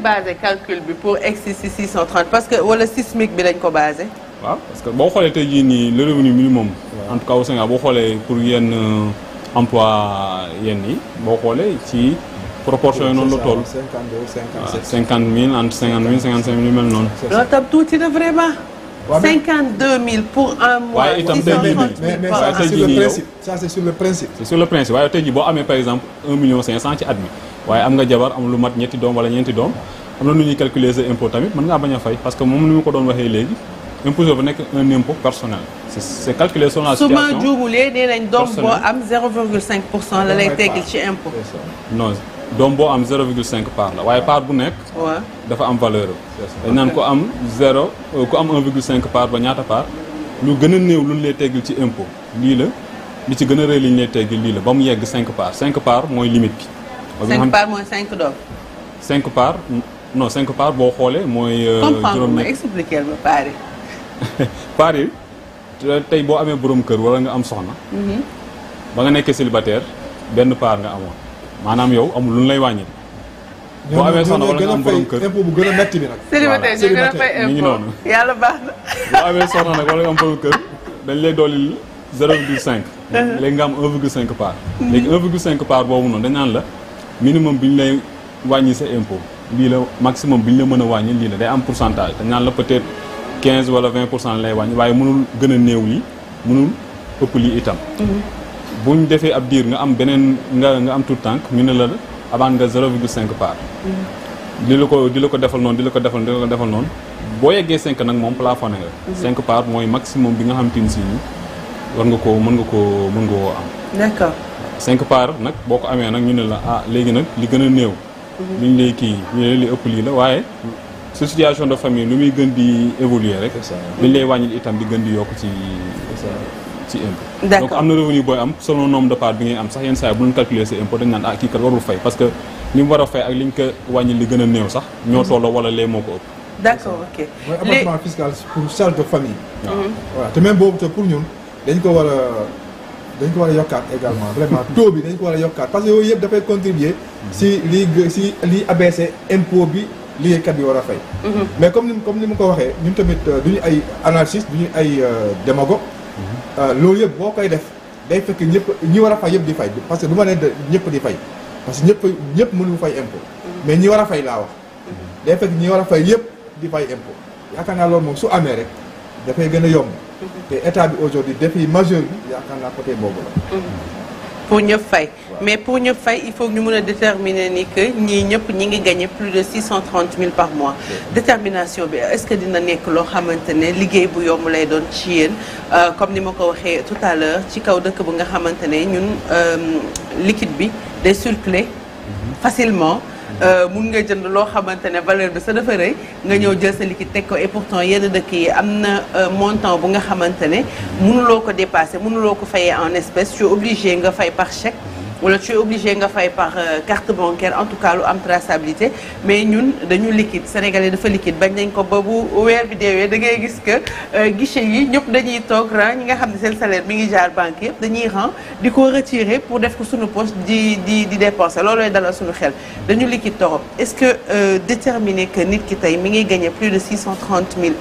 parce que boo xoolee te jii nii le revenu minimum. en tout cas au Sénégal boo xoolee pour yenn euh, emploi yenn yi boo xoolee ci. proportion yi noonu la toll. 52 57 50 000 entre 50 000 55 000 noonu. loolu tuuti na vraiment. 52000 pour un mois. waaye itam tey jii mais mais ça c'est sur le principe ça c'est sur boo amee par exemple ci at waaye am nga jabar am lu mat ñetti doom wala ñeenti doom am na nu ñuy calculer sa tamit mën ngaa bañ fay parce que moom ni mu ko doon waxee léegi. impôt ba nekk un impôt personnel. c' est c' est calculé selon la su ma juumulee nee nañ doom boo am 0,5 pour ci impôt. non. doom boo am cinq part la waaye part bu nekk. dafa am valeur am. dañ naan ko am 0 ku am 1,5 euh, part ba ñaata part lu gën a néew lu ñu lay teggil ci impôt lii la li ci gën a rëy li ñu lay teggil lii la ba mu yegg 5 part 5 part mooy limite bi. ba nga xam 5 part mooy 5 part boo xoolee mooy. Euh, juróom ma expliquer ba part yi. tey boo amee boroom kër wala nga am soxna. Mhm. ba nga nekkee célibataire benn part nga amoon. maanaam yow amul lu ñu lay wàññi. boo amee soxna wala nga am borom bu gën a bi nag. célibataire ñu gën a fay impôt ñu ngi noonu. yàlla baax na. boo amee soxna nag wala nga am borom kër dañ lay dolli uh-huh. léegi nga am 1,5 part. Uh-huh. léegi 1,5 part boobu noonu dañ naan la minimum bi ñu lay wàññi sa impôt lii la maximum bu ñu la mën a wàññi lii la day am pourcentage dañ naan la peut-être 15 wala 20 pour cent lay wàññi waaye mënul gën a néew lii mënul ëpp lii itam. Uh-huh. bu ñu defee ab diir nga am beneen nga nga am tout tànk ñu ne la amaat nga 0,5 part. Mm-hmm. di la ko di la ko defal noonu di la ko defal di la ko defal noonu boo yeggee 5 nag moom plafonné nga. Mm-hmm. cinq part mooy maximum bi nga xam te si war nga koo mën nga koo mën nga koo am. d'accord. 5 part nag boo ko amee nag ñu ne la ah léegi nag li gën a néew. Mm-hmm. li ñu lay kii li ëpp lii la waaye. su situation de famille lu muy gën di évoluer rek. li ñu lay wàññil itam di gën di yokk ci. ci impôt. d'accord donc am na revenu booy am selon nombre de parts bi ngay am sax yenn saa yi bu ñu calculer sa impôt dañ naan ah kii kat warul fay parce que li mu war a fay ak li ñu ko a néew sax. ñoo mhm. tolloo wala lee moo ko ëpp. d'accord mhm. boobu te pour ñun dañ ko war a. dañ ko war a yokkaat également vraiment taux bi dañ ko war a yokkaat parce que yooyu yëpp dafay contribuer si lii si lii abaissé impôt bi liggéeykat bi war a fay mhm. mais comme ni comme ni mu ko waxee ñun tamit euh, du ñu ay anarchistes du ñu ay euh, démagogues Euh, loolu yëpp boo koy def day fekk ñëpp ñi war a fay yëpp di fay parce que du ma ne ñëpp di fay parce que ñëpp ñëpp mënu fay impôt mais ñi war a fay laa wax day fekk ñi war a fay yëpp di fay impôt yaakaar naa loolu moom su amee rek dafay gën a yomb mhm. te état bi aujourd'hui défi majeur bi yaakaar naa côté boobu la mhm. pour ñëpp fay mais pour ñëpp fay il faut ñu mën a déterminer ni que ñii ñëpp ñi ngi gagné plus de six mille par mois détermination bi est-ce que dina nekk loo xamante ne liggéey bu yomb lay doon ci yéen euh, comme ni ma ko waxee tout à ci kaw dëkk bu nga xamante ne ñun euh, liquide bi day circuler mhm. facilement mhm. Euh, mun nga jënd loo xamante ne valeur bi sa dafa rëy nga ñëw jël sa liquide teg ko et pourtant yenn dëkk yi am na montant bu nga xamante ne mhm. mënuloo ko dépasser mënuloo ko fayee en espèce tu es obligé nga wala tu es obligé nga fay par euh, carte bancaire en tout cas lu am traçabilité mais ñun dañu liquide sénégalais dafa liquide bañ nañ ko ba bu weer bi deewee da ngay gis que euh, guichet yi ñëpp dañuy toog ran ñi nga xam ne seen salaire mi ngi jaar banque yëpp dañuy ran di ko retirer pour def ko suñu poche di di di dépenser loolooy dalal suñu xel dañu liquide torop est-ce que euh, déterminer que nit ki tey mi ngi gagné plus de 630 000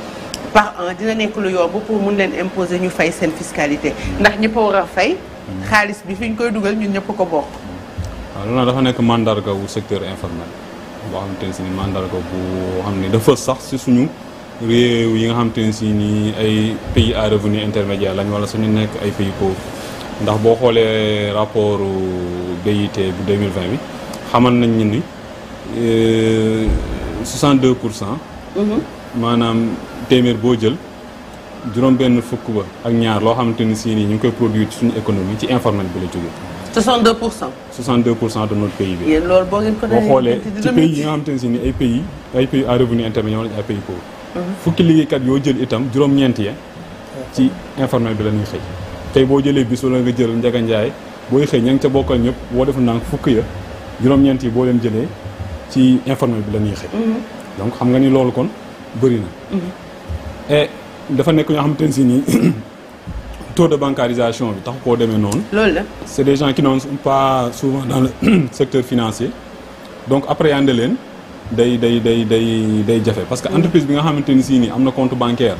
par an dina nekk lu yomb pour mun leen imposer ñu fay seen fiscalité ndax ñëpp war a fay Mm-hmm. xaalis bi fi ñu koy dugal ñun ñëpp ko bokk. Mm-hmm. waaw loolu dafa nekk mandarga wu secteur informel boo xam te ne si ni mandarga boo xam ni dafa sax si suñu réew yi nga xam te si ni ay pays à revenu intermédiaire lañ wala suñu nekk ay pays pauvres ndax boo xoolee rapport BIT bu mille 2020 bi xamal nañ ñu ni 62 euh, pour cent. Mm-hmm. maanaam téeméer boo jël. juróom-benn fukk ba ak ñaar loo xamante ni si nii ñu ngi koy produire ci suñu économie ci informel bi la jógee. pour cent. 62 pour cent de notre PIB. yéen loolu boo ngeen ko boo xoolee ci pays yi nga xamante ne si ay pays ay pays à revenu intermédiaire ay pays pauvres. Mhm. fukki liggéeykat yoo jël itam juróom-ñeent ya ci informel bi la ñuy xëy. tey boo jëlee bis wala nga jël Ndiaga Ndiaye booy xëy ña ngi ca bokkal ñëpp boo def ndànk fukk ya juróom ñeenti yi boo leen jëlee ci informel bi la ñuy xëy. Mhm. donc xam nga ni loolu kon bëri na. Mhm. dafa nekk ñoo xam ne si nii taux de bancarisation bi tax koo demee noonu. loolu la c' est des gens qui pas souvent dans le secteur financier donc appréhender leen day day day day day jafe parce que mm. entreprise bi nga xamante ne sii nii am na compte bancaire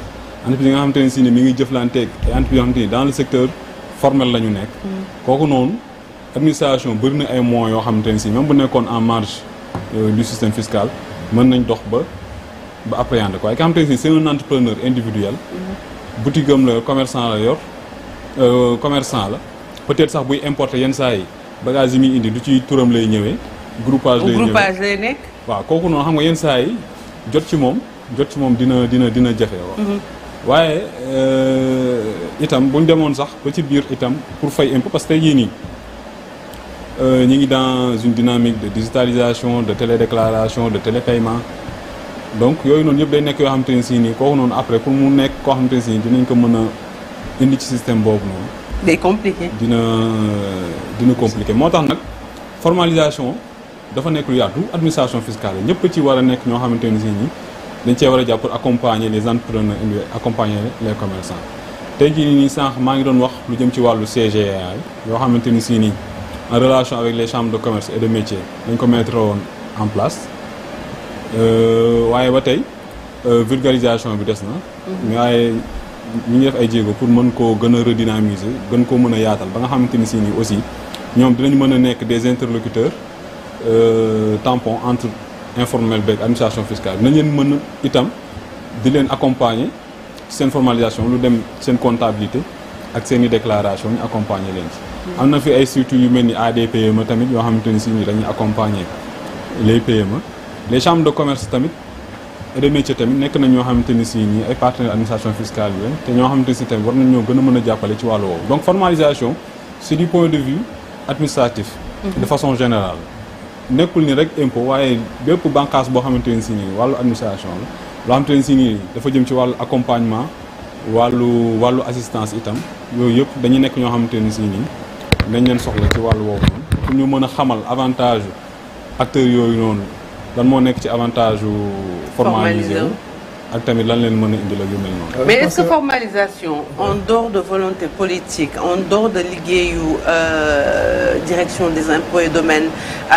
entreprise bi nga xamante ne si nii mi ngi jëflanteeg ay entreprise yoo xamante ni dans le secteur formel la ñu nekk. Mm. kooku noonu administration bëri na ay moyens yoo xamante ne sii même bu nekkoon en marge euh, du système fiscal mën nañ dox ba. ba appréhender ko waaye ki xam te si c'est un entrepreneur individuel boutique am la commerçant la yor euh, commerçant la peut-être sax buy importer yenn saa yi bagage yi muy indi du ci turam lay ñëwee groupage lay groupage lay nekk waaw kooku noonu xam nga yenn saa yi jot ci moom jot ci moom dina dina dina jafe mhm. waaye euh, itam bu ñu demoon sax ba ci biir itam pour fay impôt parce que tey jii nii euh, ñu ngi dans une dynamique de digitalisation de télédéclaration de télépaiement donc yooyu noonu yëpp day nekk yoo xamante ne si nii kooku noonu après pour mu nekk koo xamante ne si nii dinañ ko mën a indi ci système boobu noonu. day dina dina compliqué moo tax nag formalisation dafa nekk lu yaatu administration fiscale yi ñëpp ci war a nekk ñoo xamante ne si nii dañ cee war a jàpp pour accompagner les entrepreneurs indi accompagner les commerçants. tey jii nii sànq maa ngi doon wax lu jëm ci wàllu CGA yoo xamante ni si nii en relation avec les chambres de commerce et de métier ko mettre woon en place. Euh, waaye ba tey euh, vulgarisation bi des na. waaye mhm. ñu ngi def ay jéego pour mën koo gën a redynamiser gën koo mën a yaatal ba nga xamante ni si nii aussi ñoom dinañ mën a nekk des interlocuteurs euh, tampon entre informel beeg administration fiscale nañ leen mën a itam di leen accompagner seen formalisation lu dem seen comptabilité ak seen i déclaration ñu leen ci. Mhm. am na fi ay structures yu mel ni ADPME tamit yoo xamante ni si nii dañuy accompagner les PME. les chambres de commerce tamit et de tamit nekk nañ ñoo xamante ni si ñi ay partenaires administration fiscale yi te ñoo xamante ni si tamit war nañ ñoo gën a mën a jàppale ci wàllu woowu donc formalisation c'est du point de vue administratif mhm. de façon générale nekkul ni rek impôt waaye bépp bànqaas boo xamante ne si nii wàllu administration la loo xamante ne si dafa jëm ci wàllu accompagnement wàllu wàllu assistance itam yooyu yëpp dañuy nekk ñoo xamante ne si nii dañ leen soxla ci wàllu woowu noonu pour ñu mën a xamal avantage acteurs yooyu noonu lan moo nekk ci avantage yu formalisé wu ak tamit lan leen mën a indil ak yu mel noonu mais est-ce que formalisation en dehors de volonté politique en dehors de liggéeyu euh, direction des impôts et domaines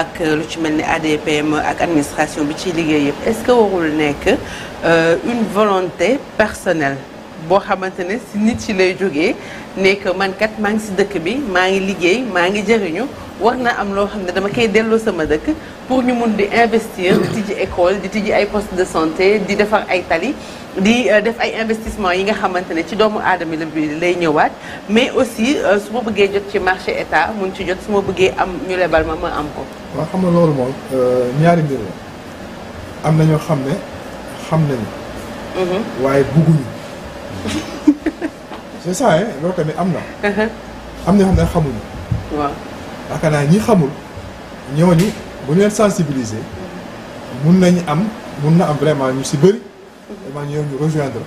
ak euh, lu ci mel ni ADPM ak administration bi ciy liggéey est-ce que warul nekk euh, une volonté personnelle boo xamante ne si nit yi lay jógee nekk man kat maa ngi si dëkk bi maa ngi liggéey maa ngi jëriñu war na am loo xam ne dama koy delloo sama dëkk pour ñu mun di investir di tijji école di tijji ay poste de santé di defar ay tali di euh, def ay investissement yi nga xamante ne ci doomu aadama la bi lay ñëwaat mais aussi euh, su ma bëggee jot ci marché état mun ci jot su ma bëggee am ñu lebal ma ma am ko waaw xam nga loolu moom euh, ñaari mbir la am na ñoo xam ne xam nañu mm-hmm. waaye c'est ça hein loolu tamit am na. Uh-huh. am na yoo xam ne xamuñu. ñi xamul ñooñu bu ñu sensibiliser mun nañu am mun na am vraiment ñu si bëri. vraiment ñoo ñu rejoindre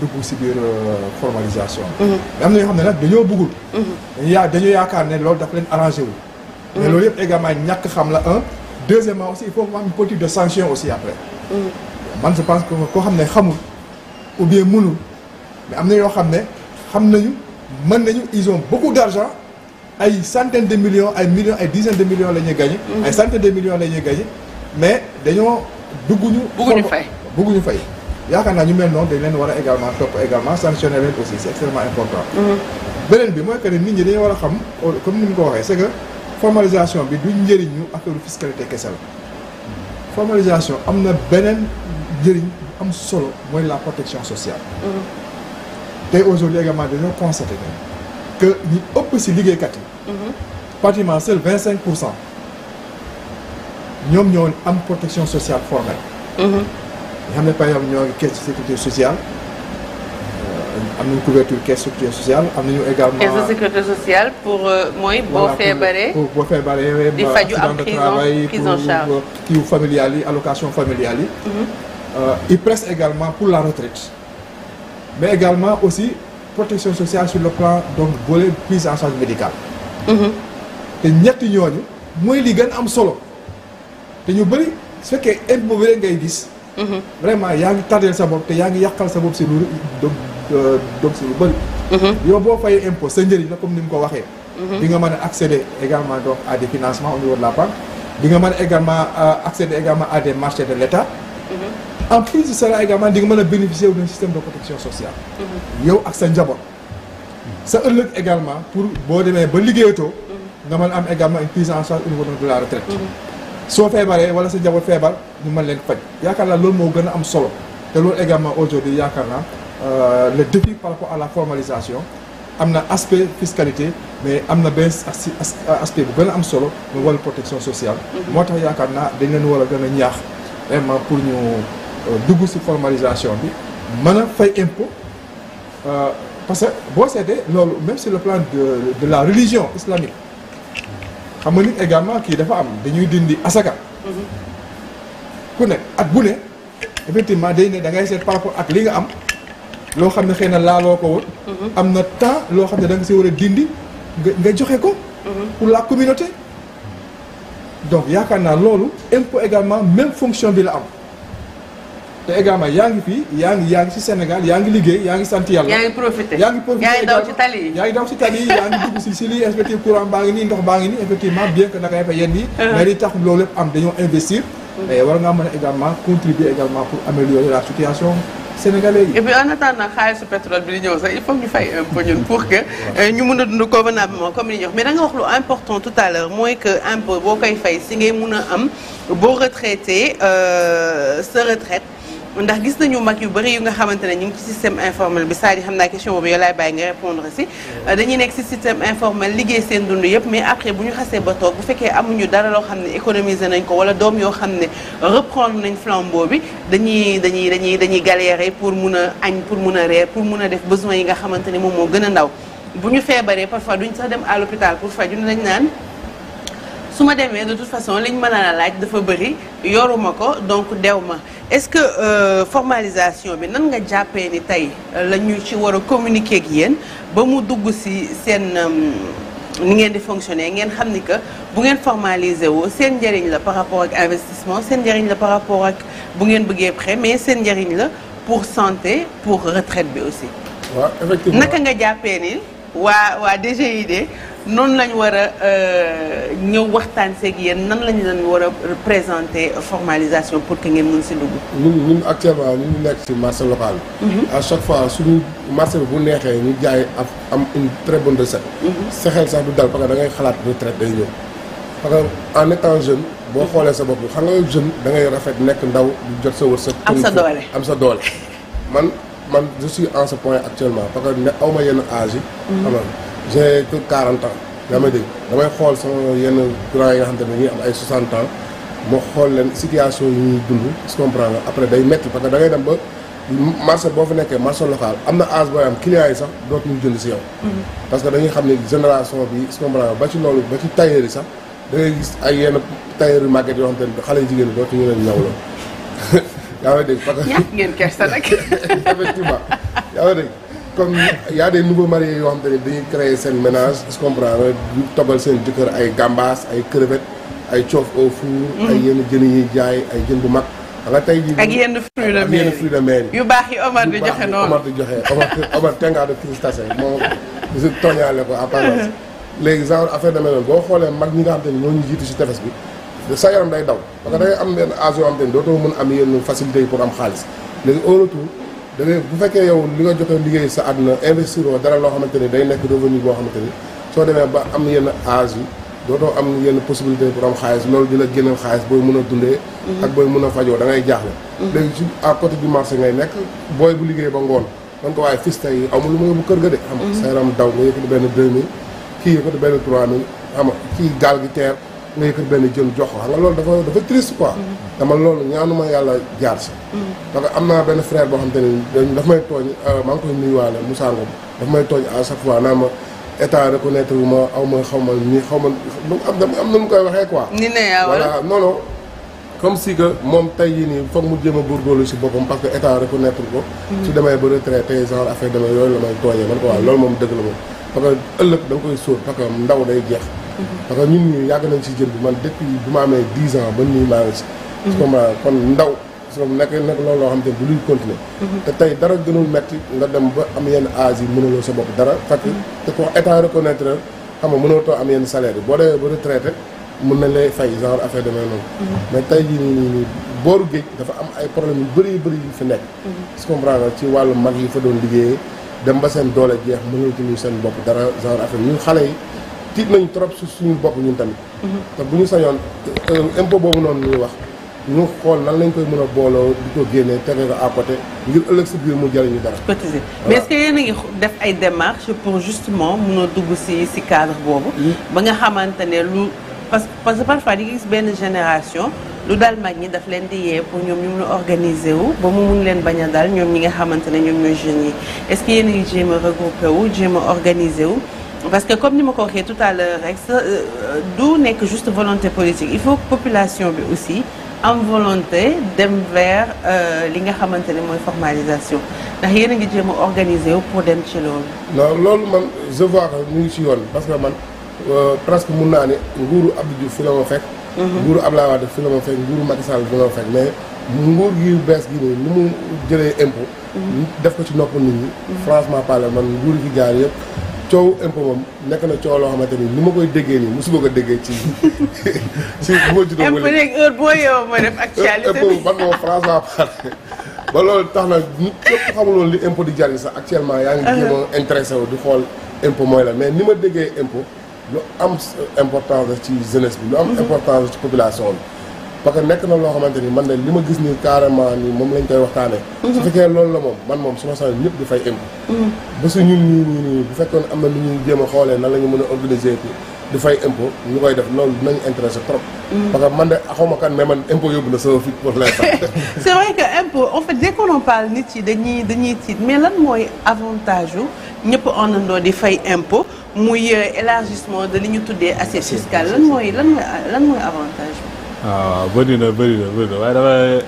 dugg si biir euh, formalisation bi. Uh-huh. am na yoo xam ne nag dañoo bëggul. Uh-huh. dañu yaa dañoo yaakaar ne loolu dafa leen arrangé wul. mais loolu yëpp également ñàkk xam la un. deuxièmement aussi il faut de sanction aussi après. man je pense que koo xam ne xamul ou bien mënul. mais am na yoo xam ne xam nañu mën nañu ils ont beaucoup d' ay centaines de millions ay millions ay dizaines de millions la ñuy gagné. Mhm. ay centaines de millions la ñuy mais dañoo dugguñu. bugguñu fay bugguñu fay. yaakaar naa ñu mel noonu dañ leen war a également topp également sanctionner leen aussi c' est extrêmement important. Mhm. beneen bi mooy que nit ñi dañu war a xam comme ni mu ko waxee c' est que formalisation bi du njëriñu affaire fiscalité kese la formalisation am na beneen njëriñ am solo mooy la protection sociale. Mhm. tey aujourd'hui également dañoo constaté que ñi ëpp si liggéeykat yi. Mhm. pratiquement seul vingt cinq pour cent ñoom ñoo am protection sociale formelle. Mhm. nga xam ne par exemple ñoo ngi caisse de sécurité sociale. Euh, am nañu couverture caisse sécurité sociale am nañu également. caisse de sécurité sociale pour euh, mooy boo feebaree. pour boo feebaree. di faju am prise en charge pour euh, kii familiale yi allocation familiale yi. Mhm. IPRES également pour la retraite. mais également aussi protection sociale sur le plan donc volet prise en charge médicale. Mhm. te ñett ñooñu mooy li gën am solo te ñu bëri su fekkee impôt bi rek ngay gis. Mhm. vraiment yaa ngi tardeel sa bopp te yaa ngi yàqal sa bopp si lu donc euh, donc si lu bëri. Mhm. yow boo fayee impôt sa njëriñ la comme ni mu ko waxee. di nga mën a accéder également donc à des financements au niveau de la banque di nga mën a également euh, accéder également à des de l' en plus de cela également di nga mën a bénéficier d'un système de protection sociale. Mhm. yow ak sa njaboot. sa ëllëg également pour boo demee ba liggéeyatoo. Mhm. nga mën am également une prise en charge au niveau de la retraite. Mhm. soo feebaree wala sa njaboot feebar ñu mën leen faj yaakaar naa loolu moo gën a am solo te loolu également aujourd'hui yaakaar naa euh, le défi par rapport à la formalisation am na aspect fiscalité mais am na benn aspect bu gën a am solo m wàllu protection sociale. moo tax yaakaar naa dañ leen war a gën a ñaax vraiment pour ñu. dugg si formalisation bi mën a fay impôt euh, parce que boo seetee loolu même sur le plan de de la religion islamique xam nga nit également kii dafa am dañuy dindi asaka. ku ne at bu ne effectivement day ne da ngay seet par rapport ak li nga am loo xam ne xëy na laaloo ko woon. Mhm. am na temps loo xam ne da nga si war a dindi nga joxe ko. Mhm. pour la communauté. donc yaakaar naa loolu impôt également même fonction bi la am. te également yaa ngi fii yaa ngi yaa ngi ci Sénégal yaa ngi liggéey yaa ngi sant yàlla. yaa ngi profité yaa ngi profité yaa ngi daw ci tali yaa ngi daw ci tali yaa ngi dugg si si lii effectivement courant baa ngi nii ndox baa ngi nii effectivement bien que naka yaay fa yenn yi. Uh-huh. mais li tax loolu lépp am dañoo investir. Uh-huh. war ngaa mën a contribuer également pour améliorer la situation. Sénégalais yi et puis en attendant xaalisu pétrole bi di ñëw sax il faut ñu fay impôt ñun euh, a dund convenablement comme li ñu wax mais da nga wax lu important tout à l'heure boo koy fay si ngay ndax gis nañu mag yu bëri yu nga xamante ne ñu ngi ci système informel bi Sadio xam naa question boobu yow laay bàyyi nga répondre si dañuy nekk si système informel liggéey seen dund yëpp mais après bu ñu xasee ba toog bu fekkee amuñu dara loo xam ne économiser nañ ko wala doom yoo xam ne reprendre nañ flambeau bi dañuy dañuy dañuy dañuy galérer pour mun a añ pour mun a reer pour mun a def besoin yi nga xamante ne moom moo gën a ndaw bu ñu feebaree parfois duñ dem à l'hôpital pour faju dañ naan su ma demee de toute façon liñ mën a laaj dafa bëri yoruma ko donc dew ma est-ce que euh, formalisation bi nan nga jàppee ni tey euh, la ñu ci war a communiquer ak yéen ba mu dugg ci seen euh, ni ngeen di fonctionner ngeen xam ni que bu ngeen formaliser woo seen njëriñ la par rapport ak investissement seen njëriñ la par rapport ak bu ngeen bëggee prêt mais seen njëriñ la pour santé pour retraite bi aussi. naka nga jàppee ni. waa waa DGID noonu la ñu war a euh, ñëw waxtaan seek yéen nan la ñu leen war a présenter formalisation pour que ngeen mun si dugg. ñun ñun actuellement ñu ngi nekk si marché local bi. Mhm. à chaque fois suñu marché bi bu neexee ñu jaay am une très bonne recette. Mhm. sa xel sax du dal parce que da ngay xalaat retraite day ñëw. parce que en étant jeune. boo mhm. xoolee sa bopp xam nga jeune da ngay rafet nekk ndaw du jot sa sa am sa doole am sa doole man je suis en ce point actuellement parce que ne ma yenn âge yi. Mhm. xam nga j'ai que 40 damay xool sama yenn grand yi nga xam ne dañuy am ay 60 ans ma xool leen situation ñuy dund tu comprends nga day métti parce que dangay dem ba marché boo fa nekkee marché local am na âge booy sax dootuñu jënd si yow. Mhm. parce que dañuy xam ne génération bi tu comprends ba ci loolu ba ci tailleur yi sax da ngay gis ay yenn tailleur yu màgget yoo xam te ne xale jigéen ñi dootuñu leen ñaw la. yaa ngi de parce que ñàkk ngeen kersa nag. effectivement yaa ngi dégg comme y a des nouveaux yoo xam te ne dañuy créer seen ménage je comprends du toggal seen jëkkër ay gambas ay crevettes ay coof au four. Mm. ay yenn jën yi jaay ay jën bu mag. nga tey jii ak yenn fruits de mer fruits de mer yu baax yi Omar di joxe noonu Omar di joxe Omar Omar tengaa moom tooñaale ko apparence léegi genre affaire de mel boo xoolee mag ñi nga xam te ne ñoo ñu jiitu si tefes bi. sa yaram day daw parce que da am benn âge yoo xam te ni dootoo mën am yenn facilité yi pour am xaalis léegi au retour da ngay bu fekkee yow li nga joxe liggéey sa àdduna investir oo loo xamante ni day nekk revenu boo xamante ni soo demee ba am yenn âge yi dootoo am yenn possibilité pour am xaalis loolu di la génneel xaalis booy mën a dundee mhm. ak booy mën a fajoo dangay ngay jaaxle mhm. léegi ci à côté du marché ngay nekk booy bu liggéey ba ngoon man ko waaye fis tey amul lu ma yóbbu kër ga de xam nga mhm. sa yaram daw nga yëkkati benn 2000 kii yëkkati benn 3000 xam nga kii gaal gi teer nga yëkkat benn jën jox ko xam nga loolu dafa dafa triste quoi. dama mm-hmm. loolu ñaanuma yàlla jaar si. Mm-hmm. parce que am naa benn frère boo xam te ne dañ daf may tooñ euh, maa ngi koy nuyuwaale Moussa Ngom daf may tooñ à chaque fois naa ma état reconnaître wu ma xaw ma nii xaw ma am na mu koy waxee quoi. ni ne yaa ah, voilà moom tey yii nii foog mu jéem a góorgóorlu si boppam parce que état reconnaître ko. Mm-hmm. su demee ba retraité genre affaire demee yooyu la may tooñee man ko waaw loolu moom dëgg la moom parce que ëllëg da koy sóor parce ndaw day jeex. parce que ñun ñu yàgg nañ si jën bi man depuis bu ma amee dix ans ba nii maa ngi si. su ko kon ndaw su ko nekk nag loolu loo xam ne bu luy continuer mhm. te tey dara gënul metti nga dem ba am yenn âge yi mënuloo sa bopp dara fekk te ko état reconnaître xam nga mënoo too am yenn salaire boo demee ba retraité mën nañ lay fay genre affaire demee noonu. Mhm. mais tey jii nii nii booru géej dafa am ay problème yu bëri bëri yu fi nekk. su mhm. comprendre nga ci wàllu mag yi fa doon liggéeyee dem ba seen doole jeex mënul ci seen bopp dara genre affaire ñun xale yi. tiit nañ trop su suñu bopp ñun tamit. Mhm. te bu ñu sañoon impôt boobu noonu ñuy wax ñu xool nan lañ koy mën a booloo di ko génnee tege ko à côté ngir ëllëg si biir mu jëriñu dara. cotiser mais est-ce que yéen a ngi def ay démarches pour justement mun a dugg si si cadre boobu. ba nga xamante ne lu parce que parce que parfois di gis benn génération. lu daal mag ñi daf leen di yee pour ñoom ñu mun a organiser wu ba mu mun leen bañ a daal ñoom ñi nga xamante ne ñoom ñooy jeunes yi est-ce que yéen a jéem a regroupé wu parce que comme ni ma ko waxee tout à l'heure rek euh, du nekk juste volonté politique il faut que population bi aussi am volonté dem vers euh, li nga xamante ne mooy formalisation ndax yéen a ngi jéem a organiser wu pour dem ci loolu. non loolu man je vois que ñu ngi ci yoon parce que man euh, presque mun naa ne nguuru Abdou Diouf fi la ma fekk. Mhm. nguuru Abdoulaye Wade fi la ma fekk nguuru Macky Sall fekk mais nguur gi bees gi nii ni mu jëlee impôt. Mhm. def ko ci nopp nit ñi. Mhm. franchement parler gi jaar yëpp. coow impo moom nekk na coow loo xamante ni ni ma koy déggee nii mosuma ko déggee ci ci bu ma juddoo impôt boo yeewoo ma def actualité bi ba loolu tax na ñu képp xamuloon li impôt di jar yi sax actuellement yaa ngi ah. jéem a intéressé wu di xool impôt mooy la mais ni ma déggee impo lu am importance la ci jeunesse bi lu am importance la ci population bi parce que nekk na loo xamante ni man de li ma gis ni carrément ni moom lañ koy waxtaanee. Mhm. su fekkee loolu la moom man moom su ma sañoon ñëpp di mhm. nii bu fekkoon am na lu ñuy jéem a xoolee nan la ñu mën a organiser di fay impôt ñu koy def loolu dinañu intéressé trop. Mhm. parce que man de xawma kan mais man impôt yóbbu na sama fi pour l'instant. nit yi dañuy dañuy tiit mais lan mooy avantage yu ñëpp àndandoo di fay impôt muy euh, élargissement de li ñu tuddee assiette fiscale lan mooy lan mooy lan mooy avantage bi. waaw ah, bëri na bëri na bëri na waaye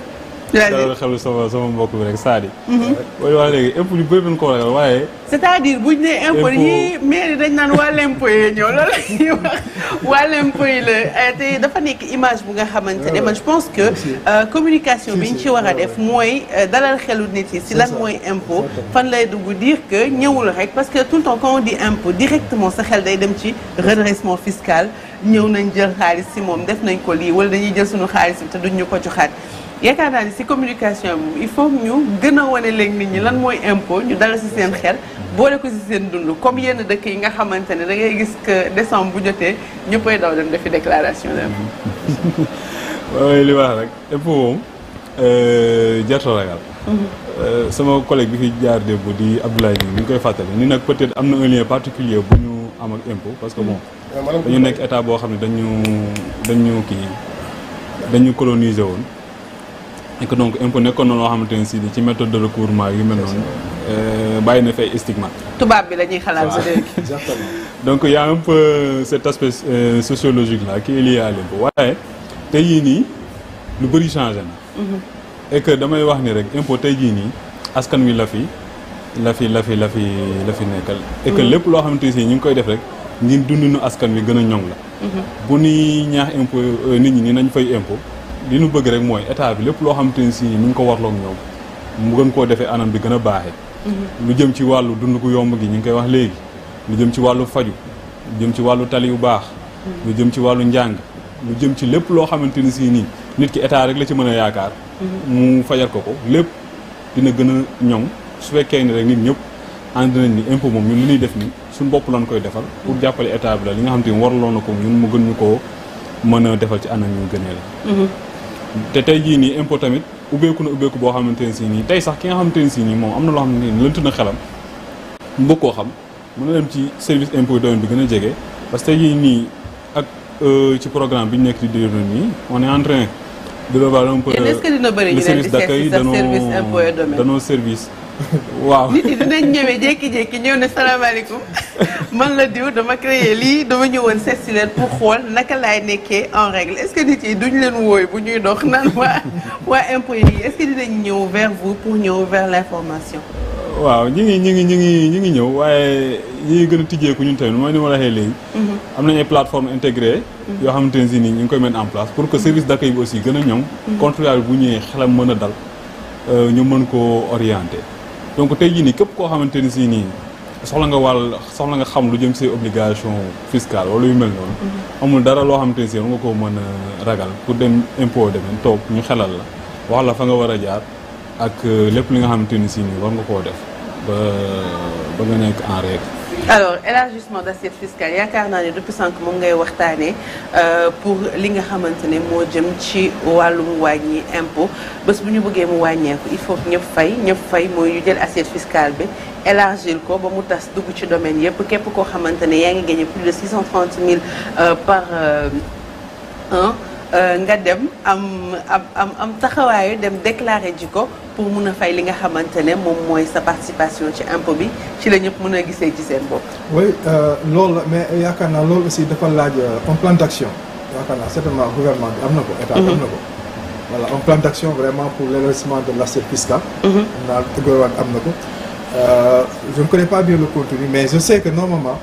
dafay. daal xelu sama sama mbokk bi rek Sadi. Mhm. Ah, booy wax léegi impôt yu bëri nañu ko waaye. c'est-à-dire buñ ne impôt yi mairie dañ naan waa l'impôt yi ñëw loolu la ñuy eh, dafa nekk image bu nga xamante ne ah, ma je pense que euh, communication bi ñu ci war def mooy euh, dalal xelu nit yi si lan mooy impôt fan lay dugg dire que ñëwul rek parce que tout le temps quand on dit impôt directement sa xel day dem ci redressement fiscal ñëw nañ jël xaalis si moom def nañ ko lii wala dañuy jël suñu xaalis bi te duñ ñu ko joxaat yaakaar naa ni si communication bi il faut ñu gën a wane léegi nit ñi lan mooy impôt ñu dala si seen xel boole ko si seen dund comme yenn dëkk yi nga xamante ne da ngay gis que bu jotee ñëppay daw dem defi déclaration d'impôt waaw li wax rek impôt moom euh, jarta ragal mhm. euh, sama collègue bi fi jaar démb di Abdoulaye ñu ngi koy fàttali ni nag peut am na un lien particulier bu ñu am ak parce que bon mhm. dañu nekk état boo xam ne dañu dañu kii dañu coloniser woon et que donc impôt nekkoon na loo xamante ne si ci méthode de recouvrement yu mel noonu euh, bàyyi na fi ay stigmate. tubaab bi la xalaat exactement donc y' a un peu euh, cet aspect euh, sociologique là qui est lié waaye tey yii nii lu bëri changé na. Mhm. et damay wax ni rek impôt tey jii nii askan wi la fi la fi la fi la nekkal. et mhm. lépp loo xamante ne si ñu ngi koy def rek. ngir dundinu askan wi gën a ñoŋ la. Mhm. bu ni ñaax impôt euh, nit ñi ni nañ fay impôt li ñu bëgg rek mooy état bi lépp loo xamante ne si ñu ngi ko warloog ñoom mu gën koo defee anam bi gën a baaxe mhm. lu jëm ci wàllu dund gu yomb gi ñu ngi koy wax léegi. lu jëm ci wàllu faju lu jëm ci wàllu tali yu baax. Mhm. lu jëm ci wàllu njàng. lu jëm ci lépp loo xamante ni si nii nit ki état rek la ci mën a yaakaar. mu fajal ko ko lépp dina gën a ñoŋ su fekkee ni rek nit ñëpp ànd nañ ni impôt moom ñun ñuy def nii. suñu bopp lañ koy defal pour jàppale état la li nga xam te ni warloo na ko ñun mu gën ñu ko mën a defal ci anam ñu gënee la mhm. te tey jii nii impôt tamit ubbeeku na ubbeeku boo xamante ne sii nii tey sax ki nga xamante ne si nii moom am na loo xam ne lënt na xelam mu bëgg koo xam mu na dem ci service impôt domaine bi gën a jege parce que tey jii nii ak euh, ci programme bi ñu nekk di déroulé nii on est en train de revoir un peu service d'accueil de nos de nos services waaw nit yi dinañ ñëwee jékki-jékki ñëw ne salaamaaleykum man la diw dama créer lii dama ñëwoon seet si leen pour xool naka laay nekkee en règle est-ce que nit yi duñ leen wooy bu ñuy dox naan waa waa impôts yi est-ce que dinañ ñëw vers vous pour ñëw vers l'information. waaw ñi ngi ñi ngi ñi ngi ñi ngi ñëw waaye ñi gën a tijjeeku ñun tamit mooy ni ma la waxee léegi. Mhm. am nañu ay plateformes mhm. yoo xamante ne si nii ñu ngi koy mettre en place pour que mhm. service d'accueil bi aussi gën a ñoŋ. contribuable bu ñëwee xelam mën a dal euh, ñu mën koo orienter. donc tey jii ni képp koo xamante ni si nii soxla nga wàll soxla nga xam lu jëm si obligation fiscale wala yu mel noonu. Mm-hmm. amul dara loo xamante ni si war nga koo mën a ragal pour dem impôt demee toog ñu xelal la wax la fa nga war a jaar ak euh, lépp li nga xamante ni si war nga koo def ba ba nga nekk en règle. alors élargissement d'assiette fiscale yaakaar naa ne depuis sànq moom ngay waxtaanee euh, pour li nga xamante ne moo jëm ci wàllum wàññi impôt bés bu ñu bëggee mu wàññeeku il faut ñëpp fay ñëpp fay mooy ñu jël assiette fiscale bi élargir ko ba mu tas dugg ci domaine yëpp képp koo xamante ne yaa ngi gagné plus de 630 000 euh, par euh, an. Euh, nga dem am am am taxawaayu dem déclarer ji ko pour mun a fay li nga xamante ne moom mooy sa participation ci impôt bi ci la ñëpp mën a gisee ci seen bopp. oui euh, loolu la mais yaakaar naa loolu aussi dafa laaj euh, un plan d'action yaakaar naa certainement gouvernement bi am na ko. état am na ko. Mm-hmm. voilà un plan d'action vraiment pour l'élargissement de l'assiette fiscale. am naa gouvernement am na ko. je ne connais pas bien le contenu mais je sais que normalement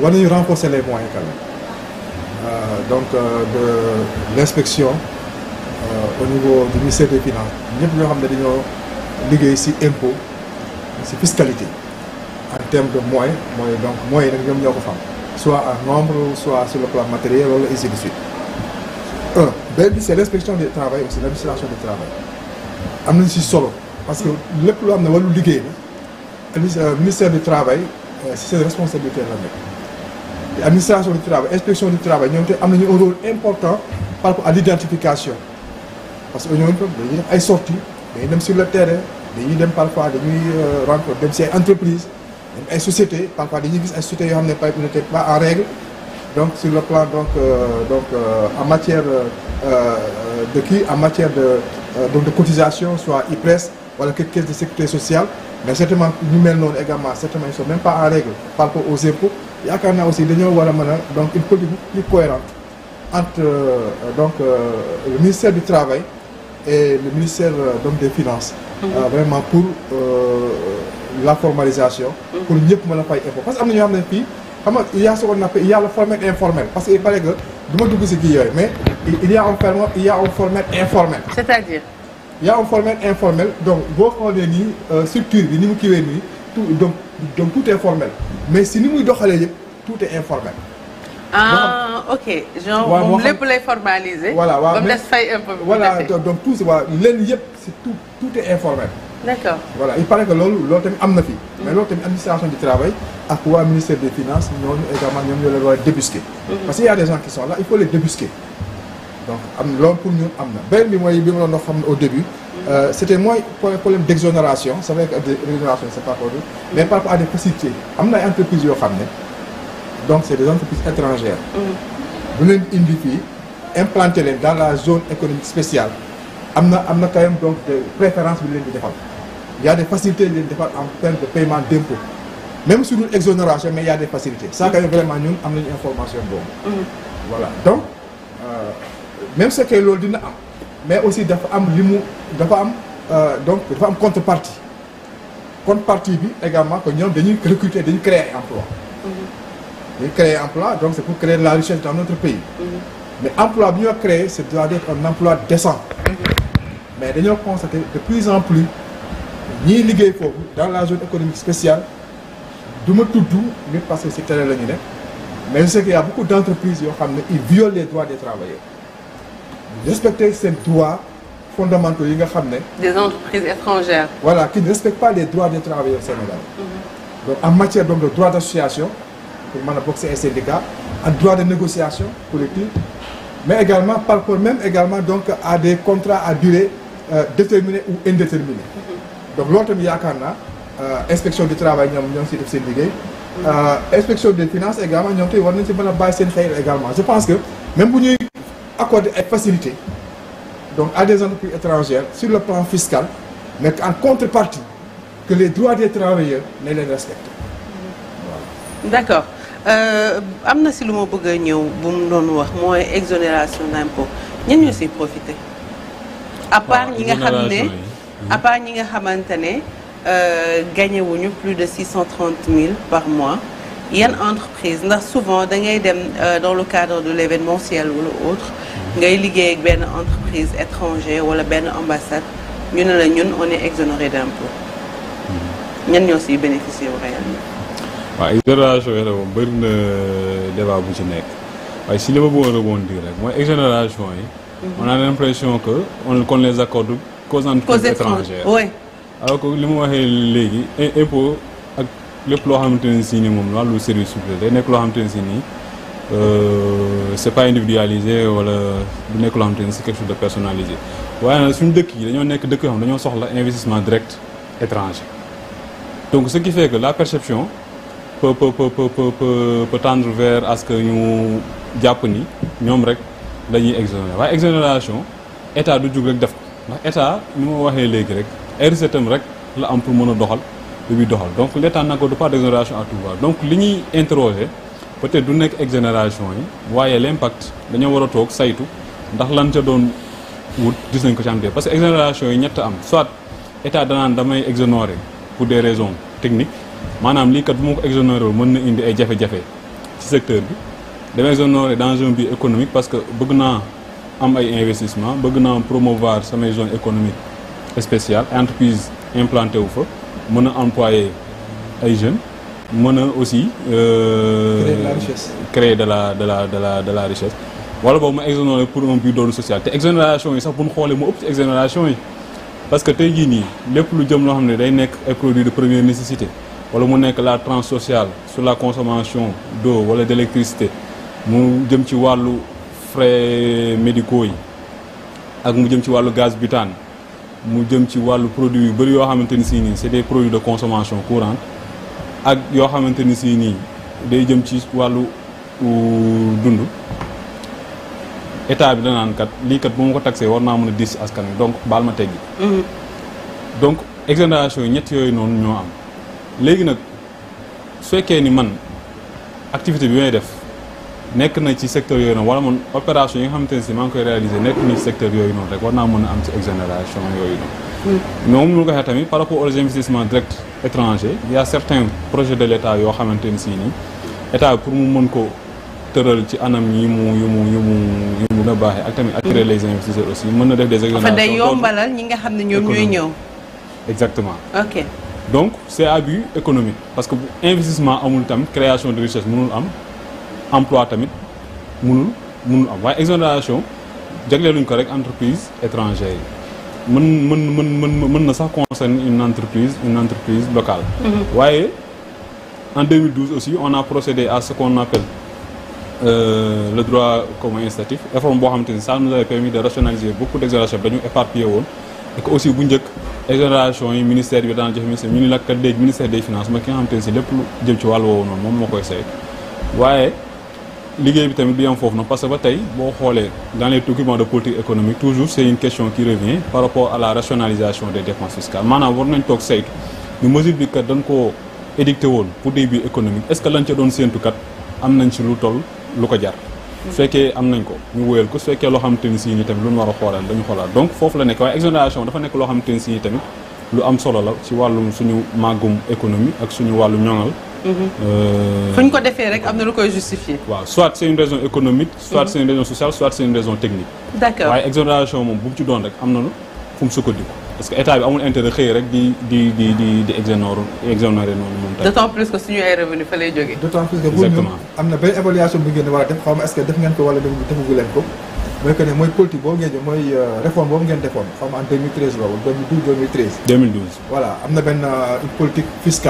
war nañu renforcer les moyens Euh, donc euh, de l'inspection euh, au niveau du ministère des finances ñëpp ñoo xam ne dañoo liggéey ci impôt ci fiscalité en termes de moyens mooy donc moyens nag ñoom ñoo ko fam soit en nombre soit sur le matériel wala ainsi de suite un benn bi c'est l'inspection du travail aussi l'administration am nañ ci solo parce que lépp loo xam ne wàllu liggéey la ministère du travail ci seen responsabilité la nekk administration du travail inspection du travail ñoom te am nañu un rôle important par rapport à l'identification parce que ñoom dañuy def ay sorties dañuy dem sur le terrain dañuy dem parfois dañuy euh, rencontre dem si ay entreprises dem ay sociétés parfois dañuy gis ay sociétés yoo xam ne peut-être pas en règle donc sur le plan donc euh, donc euh, en matière euh, de kii en matière de donc de cotisation soit IPRES wala que caisse de sécurité sociale mais certainement ñu mel noonu également certainement ils sont même pas par rapport aux yaakaar naa aussi dañoo war a mën a donc une politique plus cohérente entre euh, donc euh, le ministère du travail e le ministère euh, donc des finance mmh. euh, vraiment pour la formalisation. Mmh. pour ñëpp mën a fay impôt parce que am na ñoo xam ne fii. xam nga il y a ce qu'on il y a formel informel parce que il paraît que du ma dugg si kii yooyu mais il y a un formel il y a un formel informel. c'est-à-dire. il y a formel informel donc boo xoolee nii structure bi ni mu kiiwee nii. tout donc donc tout est formel mais si ni muy doxalee yëpp tout est informel. ah ok genre moom lépp lay formaliser. voilà waaw mais voilà donc tout ça waaw leen yëpp si tout tout est informel. d'accord voilà il paraît que loolu loolu tamit am na fi. Mm. mais loolu tamit administration du travail ak waa ministère des finances ñooñu également ñoom ñoo leen war a débusquer. Mm. parce que y a des gens qui il faut les débusquer donc am loolu pour ñun am na beneen bi mooy bi ma doon Euh, c'était moins un problème d'exonération c'est vrai que l'exonération c'est pas correct mais par rapport à des facilités am na ay entreprises yoo xam ne donc c'est des entreprises étrangères mm. bu leen indi fii implanté leen dans la zone économique spéciale am na am na quand donc des préférences bi leen di defal y de des facilités leen defal en termes de paiement d'impôt même su nous exonération mais y a des facilités ça quand même vraiment ñun am nañu information boobu mm. voilà donc euh, même loolu dina am mais aussi dafa am li mu dafa am euh, donc dafa am contrepartie contrepartie bi également que ñoom dañuy recruter dañuy créer emploi mhm. dañuy créer emploi donc c'est pour créer de la richesse dans notre pays mhm. mais emploi bi ñoo créer c'est doit être un emploi décent mhm. mais dañoo constater de plus en plus ñiy liggéey foofu dans la zone économique spéciale du ma tudd nit parce que si télé la ñu ne mais je sais qu'il y a beaucoup d'entreprises yoo xam ne ils violent les droits des travailleurs respecter seen droits fondamentaux yi nga xam ne. des entreprises étrangères. voilà qui ne respectent pas les droits des travailleurs sénégalais. Mm donc en matière de droit d' association pour mën a bokk si ay syndicat ak droit de négociation collective mais également par rapport même également donc à des contrats à durée euh, déterminée ou indéterminée. Mm -hmm. donc loolu tamit yaakaar naa euh, inspection du travail ñoom ñoo ngi siy def seen liggéey. Mm-hmm. Euh, inspection des finances également accorder et facilités donc à des entreprises étrangères sur le plan fiscal mais en contrepartie que les droits des travailleurs ne les respectent voilà. d'accord euh, am na si lu ma bëgg a ñëw bu mu doon wax mooy exonération d'impôt ñan ñoo siy profité à part ñi nga xam ne à part ñi nga xamante ne euh, gagné wuñu plus de six cent trente mille par mois yan entreprise ndax souvent da ngay dem euh, dans le cadre de l'événementiel wala autre ngay liggéey benn entreprise étranger wala benn ambassade ñu ne la ñun on est exonéré d'impôt ñan ñoo siy bénéficier wu réellement. waaw exonération yi moom euh, bu ci nekk waaye si li ma bëggoon rebondir rek mooy exonération yi. Mhm. on a l'impression que on qu'on les accorde qu'aux entreprises étrangères. oui alors que li mu waxee léegi impôt. lépp loo xamante ne sii ni moom wàllu service public day nekk loo xamante ne si nii euh, c' pas individualisé wala du nekk loo xamante ne si quelque chose de personnalisé waaye nag suñu dëkk yi dañoo nekk dëkk yoo xam dañoo soxla investissement direct étranger donc ce qui fait que la perception peut peut peut peut peut tendre vers à ce que ñu jàpp ni ñoom rek la ñuy exonéré waaye exonération état du jug rek def waxee léegi rek am rek la am pour mën a doxal. lu muy donc l' état n'accorde pas d' exonération à li ñuy interroger peut du nekk exonération yi waaye l' impact dañoo war a toog saytu ndax lan ca doon wut gis nañ ko ci am dee parce que exonération yi ñett am soit état danaan damay exonérer pour des raisons techniques maanaam lii kat bu ma ko exonéré mën na indi ay jafe-jafe ci secteur bi damay exonérer dans un but économique parce que bëgg naa am ay investissement bëgg naa promouvoir samay zone économique spéciale entreprise implantée wu fa mën a employer ay jeunes mën a aussi. Euh, créer de la richesse créer de la de la de la de la richesse. wala boobu ma exonéré pour un but doon social te exonération yi sax bu ñu xoolee mu ëpp ci exonération yi parce que tey jii nii lépp lu jëm loo xam ne day nekk ay produits de première nécessité wala mu nekk la tranche sociale sur la consommation d'eau wala d'électricité mu jëm ci wàllu frais médicaux yi ak mu jëm ci wàllu gaz butane. mu jëm ci wàllu produit yu bëri yoo xamante ni si nii c'est des produits de consommation courante ak yoo xamante ni si nii day jëm ci wàllu dund état bi danaan kat lii kat bu ma ko taxee war naa mën a diis askan wi donc baal ma teggi mm-hmm. donc exonération yi ñett yooyu noonu ñoo am léegi nag su fekkee ni man activité bi may def nekk na ci secteur yooyu noonu wala man opération yi nga xamante ne si maa ngi koy réaliser nekk na ci secteur yooyu noonu rek war naa mën a am ci exonération yooyu noonu. Hmm. mais moom lu nga waxee tamit par rapport aux investissements directs étrangers il y a certains projets de l' état yoo xamante ne si nii état pour mu mën ko tëral ci anam yi mu yu mu yu mu yu mu na baaxee ak tamit attirer les investisseurs aussi mën na def des exonérations day yombalal ñi nga xam ne ñoom ñooy ñëw. exactement ok donc c' est à but économique parce que bu investissement amul tam création de richesse mënul am. emploi tamit mënul mënul am waaye exonération jagleeluñ ko rek entreprise étrangère yi mën mën mën mën mën na sax concerne une entreprise une entreprise locale mhm. waaye en 2012 aussi on a procédé à ce qu'on appelle euh, le droit commun incitatif réforme boo xamante ni ça nous avait permis de rationaliser beaucoup d'exonérations dañu éparpillé woon et que aussi bu njëkk exonération yi ministère bi daan joxe ministère ñu ni nag kat léegi ministère des finances ma ki nga wàll woowu noonu moom moo koy say waaye liggéey bi tamit du yam foofu na parce que ba tey boo xoolee dans les documents de politique économique toujours c'est une question qui revient par rapport à la rationalisation des dépenses fiscales maanaam war nañ toog saytu ñu mesure bi kat dañ koo édicté woon pour début économique est-ce que lañ ca doon séentu am nañ ci lu toll lu ko jar su fekkee am nañ ko ñu wóyal ko su fekkee loo xamante ni sii ni tamit lu ñu war a xoolal dañu xoolaat donc foofu la nekk waaye dafa nekk loo xamante ni si ni lu am solo la ci wàllum suñu màggum économie ak suñu wàllu ñoŋal Euh, fu ñu ko defee rek am na lu koy justifier waaw soit c'est raison économique. soit c'est raison sociale soit c'est raison technique. waaye exonération moom bu mu ci doon rek am na fu mu sukkandiku. parce que état bi amul intérêt xëy rek di di di di di exonéré exonéré noonu moom tamit. d'autant plus que suñu ay revenu fa lay jógee. d'autant am na benn évaluation bu ngeen mooy que boobu ngeen euh, réforme boobu ngeen defoon xaw ma en 2013 la wala 2012 2013.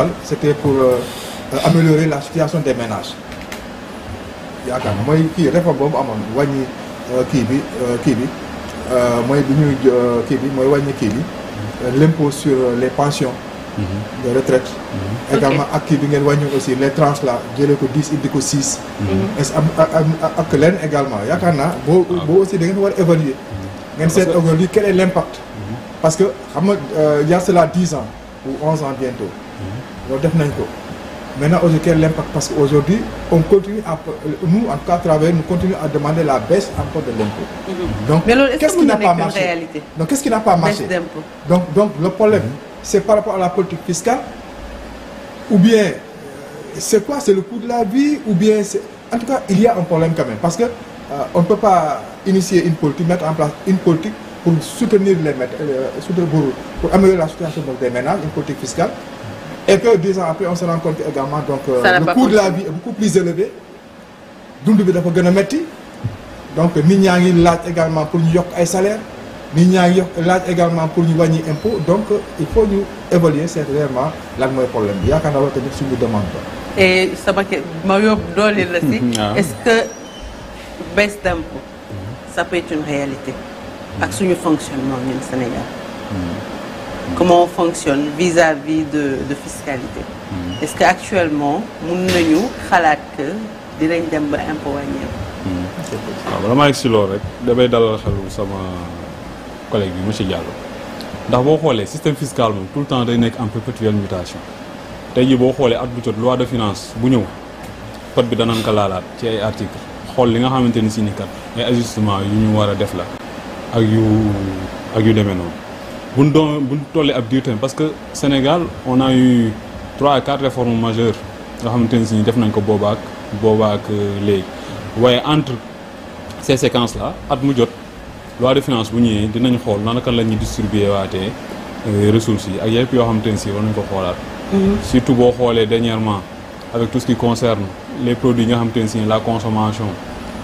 améliorer la situation des ménages yaakaar mooy kii réforme boobu amoon wàññi euh, kii bi euh, kii bi euh, mooy bi ñuy kii bi mooy wàññi kii bi l'impôt sur les pensions mhm. de retraite mhm. également ak kii bi ngeen wàññi aussi les tranches là jëlee ko dix indi ko six mhm. est-ce ak leen également yaakaar naa boo ah. boo aussi da ngeen war a évaluer ngeen seet aujourd'hui quel est l'impact parce que xam nga il y a cela dix ans ou onze ans bientôt loolu def nañ ko Maintenant, aujourd'hui, quel est l'impact Parce qu'aujourd'hui, on continue à, nous, en tout cas, travailler, nous continuons à demander la baisse encore de l'impôt. Mm -hmm. Donc, qu'est-ce qui n'a pas marché réalité? Donc, le problème, mhm. c'est par rapport à la politique fiscale, ou bien, euh, c'est quoi C'est le coût de la vie, ou bien, en il y a un problème quand même. Parce que euh, on ne peut pas initier une politique, pour soutenir les maîtres, euh, pour, pour améliorer la situation des ménages, une politique fiscale, et que deux ans après on se rend compte donc. Euh, le de la vie est beaucoup plus élevé dund bi dafa gën a metti donc nit ñaa ngi laaj également pour ñu yokk ay salaire nit ñaa ngi yokk laaj également pour ñu wàññi impôt donc il faut ñu évaluer c'est réellement lan mooy problème bi yaakaar naa loolu tamit suñu demande la. ma yóbbu doole la si. Ah. est-ce que baisse d'impôt ça peut une réalité. ak suñu fonctionnement ñun Sénégal. Hmm. comment on fonctionne vis-à-vis de de fiscalité. Mm-hmm. est-ce que actuellement mun nañu xalaat que dinañ dem ba impôt wàññeeku. waaw bala maa si loolu rek damay dalal xelu sama collègue bi monsieur Diallo ndax boo xoolee système fiscal moom tout le temps day nekk en perpétuelle mutation tey jii boo xoolee at bu jot loi de finance bu ñëw pot bi danañ ko laalaat ci ay articles xool li nga xamante ni si ni kat ay ajustement yu ñu war a def la ak yu ak yu demee noonu. bu ñu doon bu ñu tollee ab diir tamit parce que Sénégal on a eu trois à quatre réformes majeures yoo xamante ne si def nañ ko boobaak boobaak euh, léegi waaye entre ces séquences là at mu jot loi de finance bu ñuy dinañ xool nanaka la ñuy distribuer waatee euh, ressources yi ak yëpp yoo xamante ne si war nañ ko xoolaat. Mhm. surtout boo xoolee dernièrement avec tout ce qui concerne les produits nga xamante ne si la consommation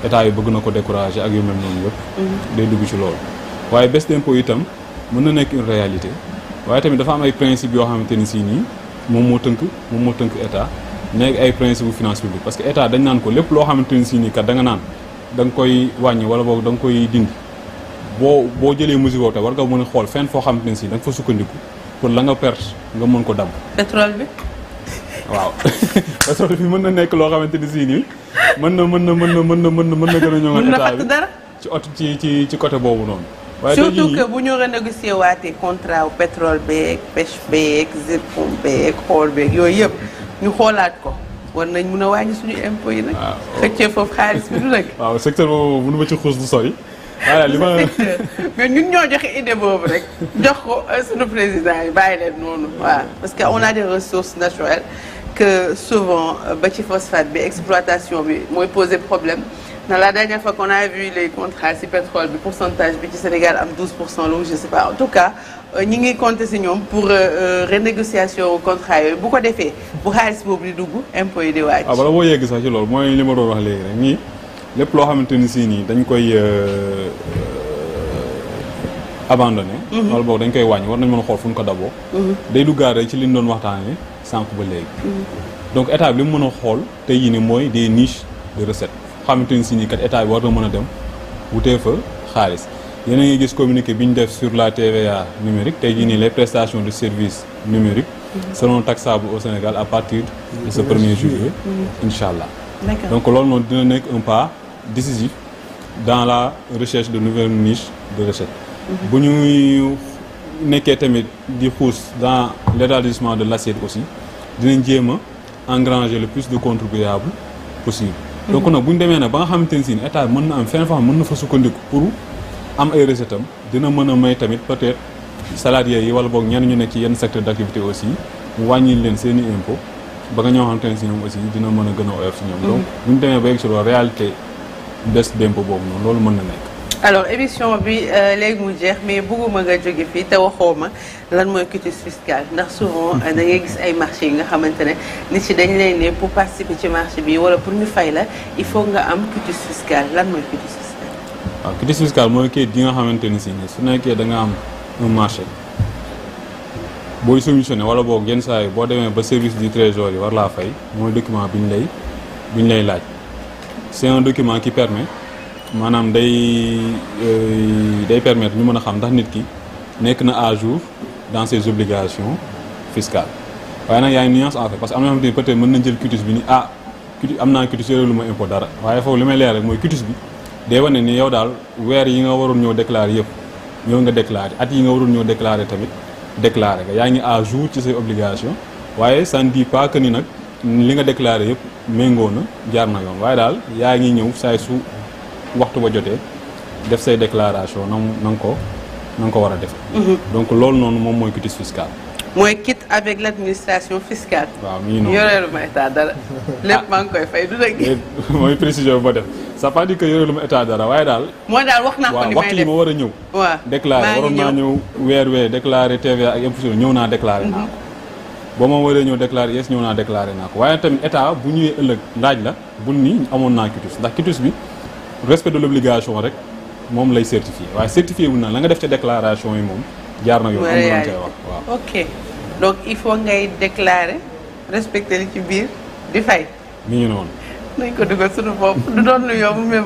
état yi bëgg na ko décourager ak yu mel noonu yëpp. Mhm. dugg ci loolu waaye mën na nekk une réalité waaye tamit dafa am ay principe yoo xamante ni si nii moom moo tënk moom moo tënk état nekk ay principe bu finance publique parce que état dañ naan ko lépp loo xamante ni si kat da nga naan da koy wàññi wala boog da koy dindi boo boo jëlee mesure boobu te war nga mën a xool fenn foo xamante ni si da nga fa sukkandiku pour la nga perte nga mën ko dab. pétrole bi. waaw pétrole bi mën na nekk loo xamante ni si mën na mën na mën na mën na mën na gën a ñëw état bi ci ot ci ci ci côté boobu noonu surtout que bu ñu renégocier waatee contrat wu pétrole beeg pêche beeg zircon beeg xool beeg yooyu yëpp ñu xoolaat ko war nañ mun a wàññi suñu impôts yi nag. waaw ah, secteur oh. foofu xaalis bi du nag. waaw secteur boobu mënu ma ci xuus du sori. voilà li ma mais ñun ñoo joxe idée boobu rek jox ko euh, suñu président yi bàyyi leen noonu waaw parce que on a des ressources naturelles que souvent euh, ba ci phosphate bi exploitation bi mooy poser problème. Dans la dernière fois qu'on a vu bi pourcentage bi ci Sénégal am 12 pour cent je sais pas en euh, ñi ngi compter si ñoom pour euh, euh, renégociation contrat yooyu bu ko defee bu xaalis boobu di dugg impôt yi di wàcc. waaw ah, bala boo yegg sax ci loolu mooy li ma doon wax léegi rek nii lépp loo xamante ni si nii dañ koy abandonné. Mhm. wala boog dañ koy wàññi war nañ mën a xool fu ñu ko daboo. Mhm. day duggaat rek ci li ñu doon waxtaanee sànq ba léegi. Mhm. donc état bi mu mën a xool te yi ni mooy des niches de xamante ni si nii kat état bi war na mën a dem wutee fa xaalis yéen a ngi gis communiqué bi ñu def sur la TVA numérique tey jii nii les prestations de services numériques mhm. seront taxables au Sénégal à partir de ce mhm. premier juillet mhm. incha allah donc loolu noonu dina nekk un pas décisif dans la recherche de nouvelles niches de recherche bu ñuy nekkee tamit di xuus dans l'établissement de l'assiette aussi dinañ jéem a engranger le plus de contribuables possible donc hmm. nag bu ñu demee nag ba nga xamante ne si ne état mën na am fenn fa mën na fa sukkandiku pour am ay recettes dina mën a may tamit peut-être salariés yi wala boog ñenn ñu nekk ci yenn secteur d'activité aussi mu wàññi leen seen i impôt ba nga ñoo xamante ne aussi dina mën a gën a oyof si ñoom. donc hmm. bu ñu demee ba yegg si loolu réalité baisse d'impôt boobu noonu loolu mën na nekk. alors émission bi euh, léegi mu jeex mais bëgguma nga jóge fii te waxoo ma lan mooy quitus fiscal ndax souvent da ngay gis ay marché yi nga xamante ne nit ci dañ lay ne pour participer ci marché bi wala pour ñu fay la il faut nga am quitus fiscal lan mooy quitus fiscal. waaw quitus mooy kayit gi nga xamante ni si su nekkee da nga am un marché booy soumissionné wala boog yenn saa yi boo demee ba service du trésor yi war laa fay mooy document bi ñu lay bi ñu lay laaj c'est un document qui permet. maanaam day euh, day permettre ñu mën a xam ndax nit ki nekk na à jour dans ses obligations fiscales waaye nag yaa ngi nuance en fait parce que na yoo xamante bi ni ah cutis lu ma impôt dara waaye foofu li may leer mooy cutis bi day ni yow daal weer yi nga waroon ñëw déclarer yëpp ñëw nga déclarer at yi nga waroon ñëw déclarer tamit déclarer nga yaa ngi à jour ci say obligations waaye ça ne dit que ni nag li nga déclarer yëpp méngoo na jaar na yoon waaye daal yaa ngi ñëw saay su waxtu ba jotee def say déclaration na nga ko na ko war a def mhm. donc loolu noonu moom mooy quitus fiscal mooy quitte avec l'administration fiscale waaw mi yoreelu ma état dara koy fay du dëgg mooy précision bi ma def ça pas dit waaye daal moo daal wax naa ko ni waxtu yi ma war a ñëw waaw déclaré waroon naa ñëw weer weer déclaré ak imposition ñëw naa déclaré naa mhm. ko ba ma waree ñëw déclaré yes ñëw naa déclaré naa ko waaye tamit état bu ñëwee ëllëg ndaaj la bul ni amoon naa quitus ndax quitus bi respect de l'obligation rek moom lay certifié waaye certifié wu na la nga def ca déclaration yi moom jaar na yoon am na ok donc il faut ngay déclarer respecter li ci biir di fay mi ngi noonu nañ ko dugal suñu bopp du doon lu yomb mais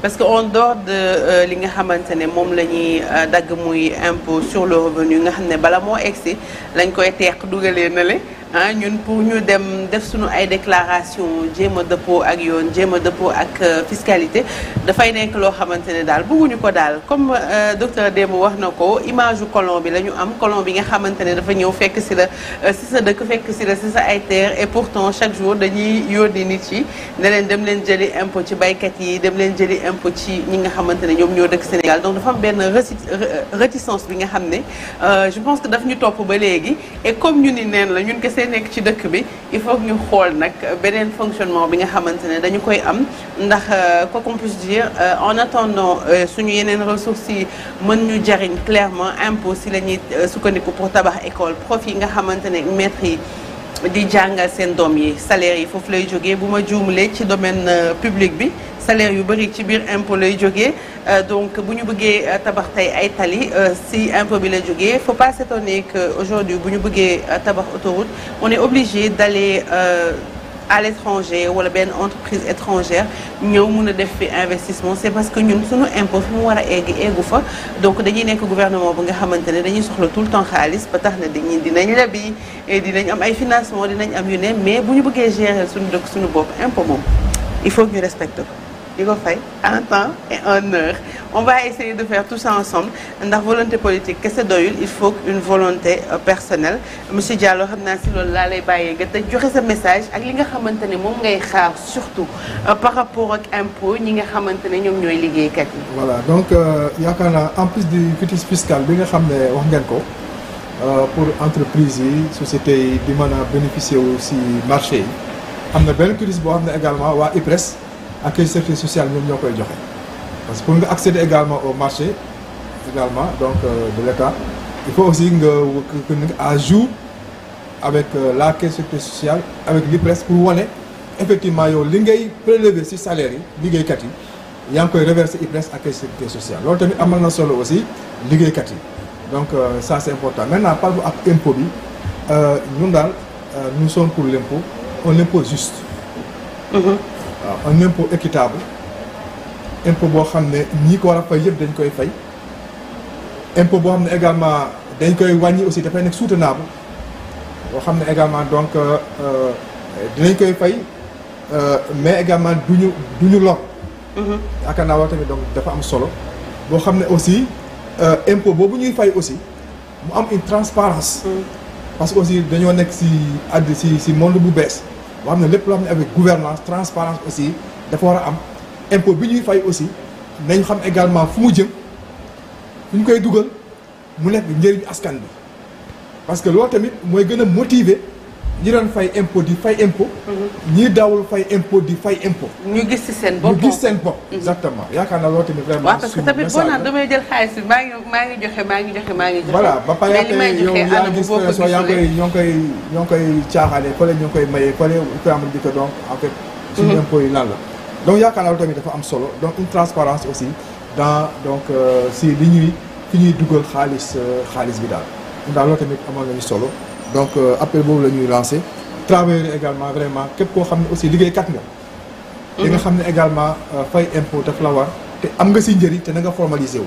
parce que en dehors de euh, li nga xamante ne moom la ñuy euh, dagg muy impôt sur le revenu nga xam ne bala moo egsi lañ koy teex dugalee na le ah ñun pour ñu dem def suñu ay déclaration jéem a dëppoo ak yoon jéem a dëppoo ak euh, fiscalité dafay nekk loo xamante ne daal bëgguñu ko daal comme euh, docteur Demba wax na ko image colon bi la ñu am colon bi nga xamante ne dafa ñëw fekk si la euh, si sa dëkk fekk si la si sa ay terre et pourtant chaque jour dañuy yónni nit yi ne leen dem leen jëli impôt ci baykat yi dem leen jëli impôt ci ñi nga xamante ne ñoom ñoo dëkk Sénégal donc dafa am benn réticence bi nga xam ne je pense que daf ñu topp ba léegi see nekk ci dëkk bi il faut ñu xool nag beneen fonctionnement bi nga xamante ne dañu koy am ndax euh, quoi qu'on puisse dire euh, en attendant euh, suñu yeneen ressources yi mën ñu jariñ clairement impôt si la ñuy sukkandiku pour tabax école prof yi nga xamante ne maître yi di jàngal seen doom yi salaire yi foofu lay jógee bu ma juumlee ci domaine public bi salaire yu bëri ci biir impôt lay joge euh, donc bu ñu bëggee euh, tabax tey ay tali euh, si impôt bi lay jógee faut pas s'étonner que aujourd'hui bu ñu bëggee tabax autoroute on est obligé d'aller à l'étranger wala benn entreprise étrangère ñëw mun a def fi investissement c'est parce que ñun suñu impôt fi mu war a egg eggu fa donc dañuy nekk gouvernement bu nga xamante ne dañuy soxla tout le temps xaalis ba tax na dañuy dinañ lebi dinañ am ay financement dinañ am yu ne mais bu ñu bëggee gérer suñu dëkk suñu bopp impôt moom il faut ñu respecte ko di ko fay en temps et un heure on va essayer de faire tout ça ensemble ndax volonté politique kese doyul il faut une volonté euh, personnelle monsieur Diallo xam naa si loolu laa lay bàyyee nga te joxe sa message ak li nga xamante ne moom ngay xaar surtout euh, par rapport ak impôt ñi nga xamante ne ñoom ñooy liggéey yi. voilà donc euh, yaakaar naa en plus du quitus fiscal bi nga xam ne wax ngeen ko pour entreprise yi société yi di mën a bénéficier wu si marché yi am na benn quitus boo xam waa IPRES. accueil sécurité sociale ñoom ñoo koy joxe parce que pour nga accéder également au marché également donc euh, de l'État il faut aussi nga à jour avec euh, la caisse sécurité sociale avec l'IPRES pour wane effectivement yow li ngay prélever ci salaire yi liggéeykat yi yaa ngi koy reverser IPRES ak caisse sécurité sociale loolu tamit amal na solo aussi liggéeykat yi donc euh, ça important maintenant par rapport ak impôt bi ñun daal nous sommes pour l'impôt on l'impôt juste. Mm-hmm. waaw un impôt équitable impôt boo xam ne ñii ko war a fay yëpp dañ koy fay impôt boo xam ne également dañ koy wàññi aussi dafay nekk soutenable boo xam ne également donc euh, euh, dinañ koy fay euh, mais également duñu duñu lor mhm. yaakaar naa tamit donc dafa am solo boo xam ne aussi impo boobu ñuy fay aussi mu am une transparence mhm. parce que aussi dañoo nekk si àdd si si monde bu bees boo xam ne lépp loo xam ne avec gouvernance transparence aussi dafa war a am impôt bi ñuy fay aussi nañ xam également fu mu jëm fu ñu koy dugal mu nekk njëriñu askan bi parce que loolu tamit mooy gën a motiver ñi doon fay impôt di fay impôt. ñii daawul fay impôt di fay impôt. ñu gis ci seen bopp ñu gis seen bopp. exactement yaakaar naa loolu tamit vraiment. waaw parce que tamit boo naan damay jël xaalis bi koy ñoo koy ñoo ngi koy caaxaane koy maye fële préambule bi que donc en fait. suñu mhm. impôt yaakaar naa loolu tamit dafa am solo donc une transparence aussi dans donc euh, si li ñuy fi ñuy dugal xaalis euh, xaalis bi daal. daal loolu tamit amoon nañu solo donc euh, appel boobu la ñuy lancé travailleurs également vraiment képp koo xam ne aussi liggéey kat nga mhm. di nga xam ne également euh, fay impôt daf la war te am nga si njëriñ te na nga formalisé wu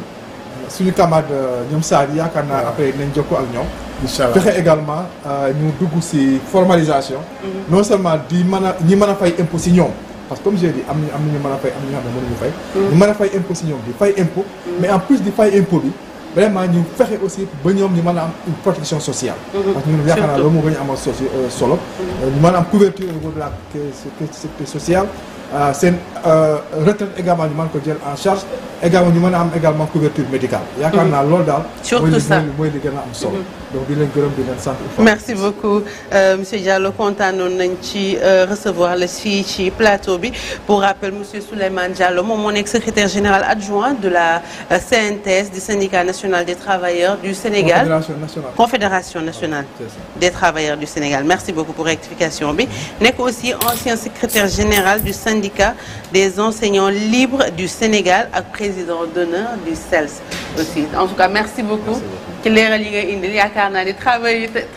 suñu camarade euh, ñoom Saar yaakaar naa après nañ jokkoo ak ñoom incha allah fexe également ñu dugg si formalisation mhm. non seulement di mën a ñi mën a fay impôt si ñoom parce que comme j'ai am nañu am nañu mën a fay am nañu xam ne mënuñu fay mhm. ñu mën a fay impôt si ñoom di fay impôt mais en plus di fay impôt bi vraiment ñu fexe aussi ba ñoom ñu mën a am protection sociale. Mm-hmm. parce que ñun yaakaar naa loolu moo gën a euh, mm-hmm. euh, ñu mën a am couverture au niveau de la sécurité sociale euh, seen retraite également ñu mën ko jël en charge. également ñu mën a am mm-hmm. mm-hmm. merci beaucoup euh, monsieur Diallo kontaanoon nañ ci euh, recevoir la fii ci plateau bi pour rappel monsieur Souleymane Diallo moom moo nekk secrétaire général adjoint de la euh, CNTS du syndicat national des travailleurs du Sénégal. confédération nationale confédération nationale. Ah, des travailleurs du Sénégal merci beaucoup pour rectification bi nekk aussi ancien secrétaire général du syndicat des enseignants libres du Sénégal président d'honneur du CELS aussi en tout cas merci beaucoup ci leeral yi nga indil yaakaar naa ni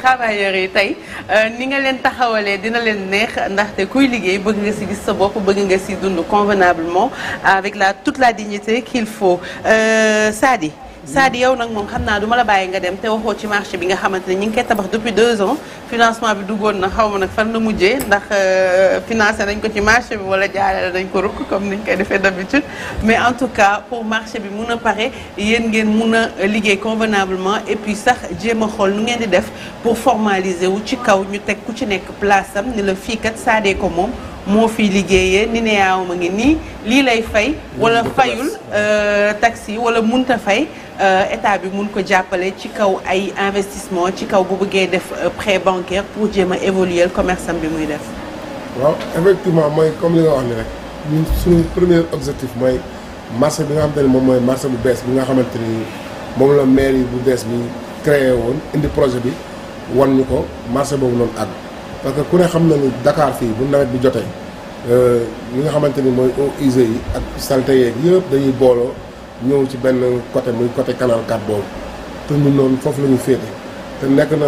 travail yi tey euh, ni nga leen taxawalee dina leen neex ndaxte kuy liggéey bëgg nga si gis sa bopp bëgg nga si dund convenablement avec la toute la dignité qu'il faut euh, Sadi Sadi yow nag moom xam naa du la bàyyi nga dem te waxoo ci marché bi nga xamante ne ñu ngi koy tabax depuis deux ans financement bi duggoon na xaw ma nag fan la mujjee ndax euh, financé nañ ko ci marché bi wala jaarale nañ ko rukk comme niñ koy defee d'habitude mais en tout cas pour marché bi mun a pare yéen ngeen mun a liggéey convenablement et puis sax jéem a xool nu ngeen di def pour formaliser wu ci kaw ñu teg ku ci nekk place am ni la fii kat Sadé ko moom moo fi liggéeyee ni ne yaawam a nii lii lay fay wala fayul euh, taxi wala munta fay Euh, état bi mun ko jàppale ci kaw ay investissement ci kaw bu bëggee def euh, prêt bancaire pour jéem a évoluer commerce am bi muy def. waaw effectivement mooy comme li nga wax ni rek suñu premier objectif mooy marché bi nga xamante ne moom mooy marché bu bees bi nga xamante ni moom la maire yi bu bees bi créé woon indi projet bi wan ñu ko marché boobu noonu àgg. parce que ku ne xam na ni Dakar fii bu nawet bi jotee ñi euh, nga xamante ni mooy eaux usées yi ak saleté yeeg yëpp dañuy booloo. ñëw ci benn côté muy côté canal 4 boobu te ñun noonu foofu la ñu féete te nekk na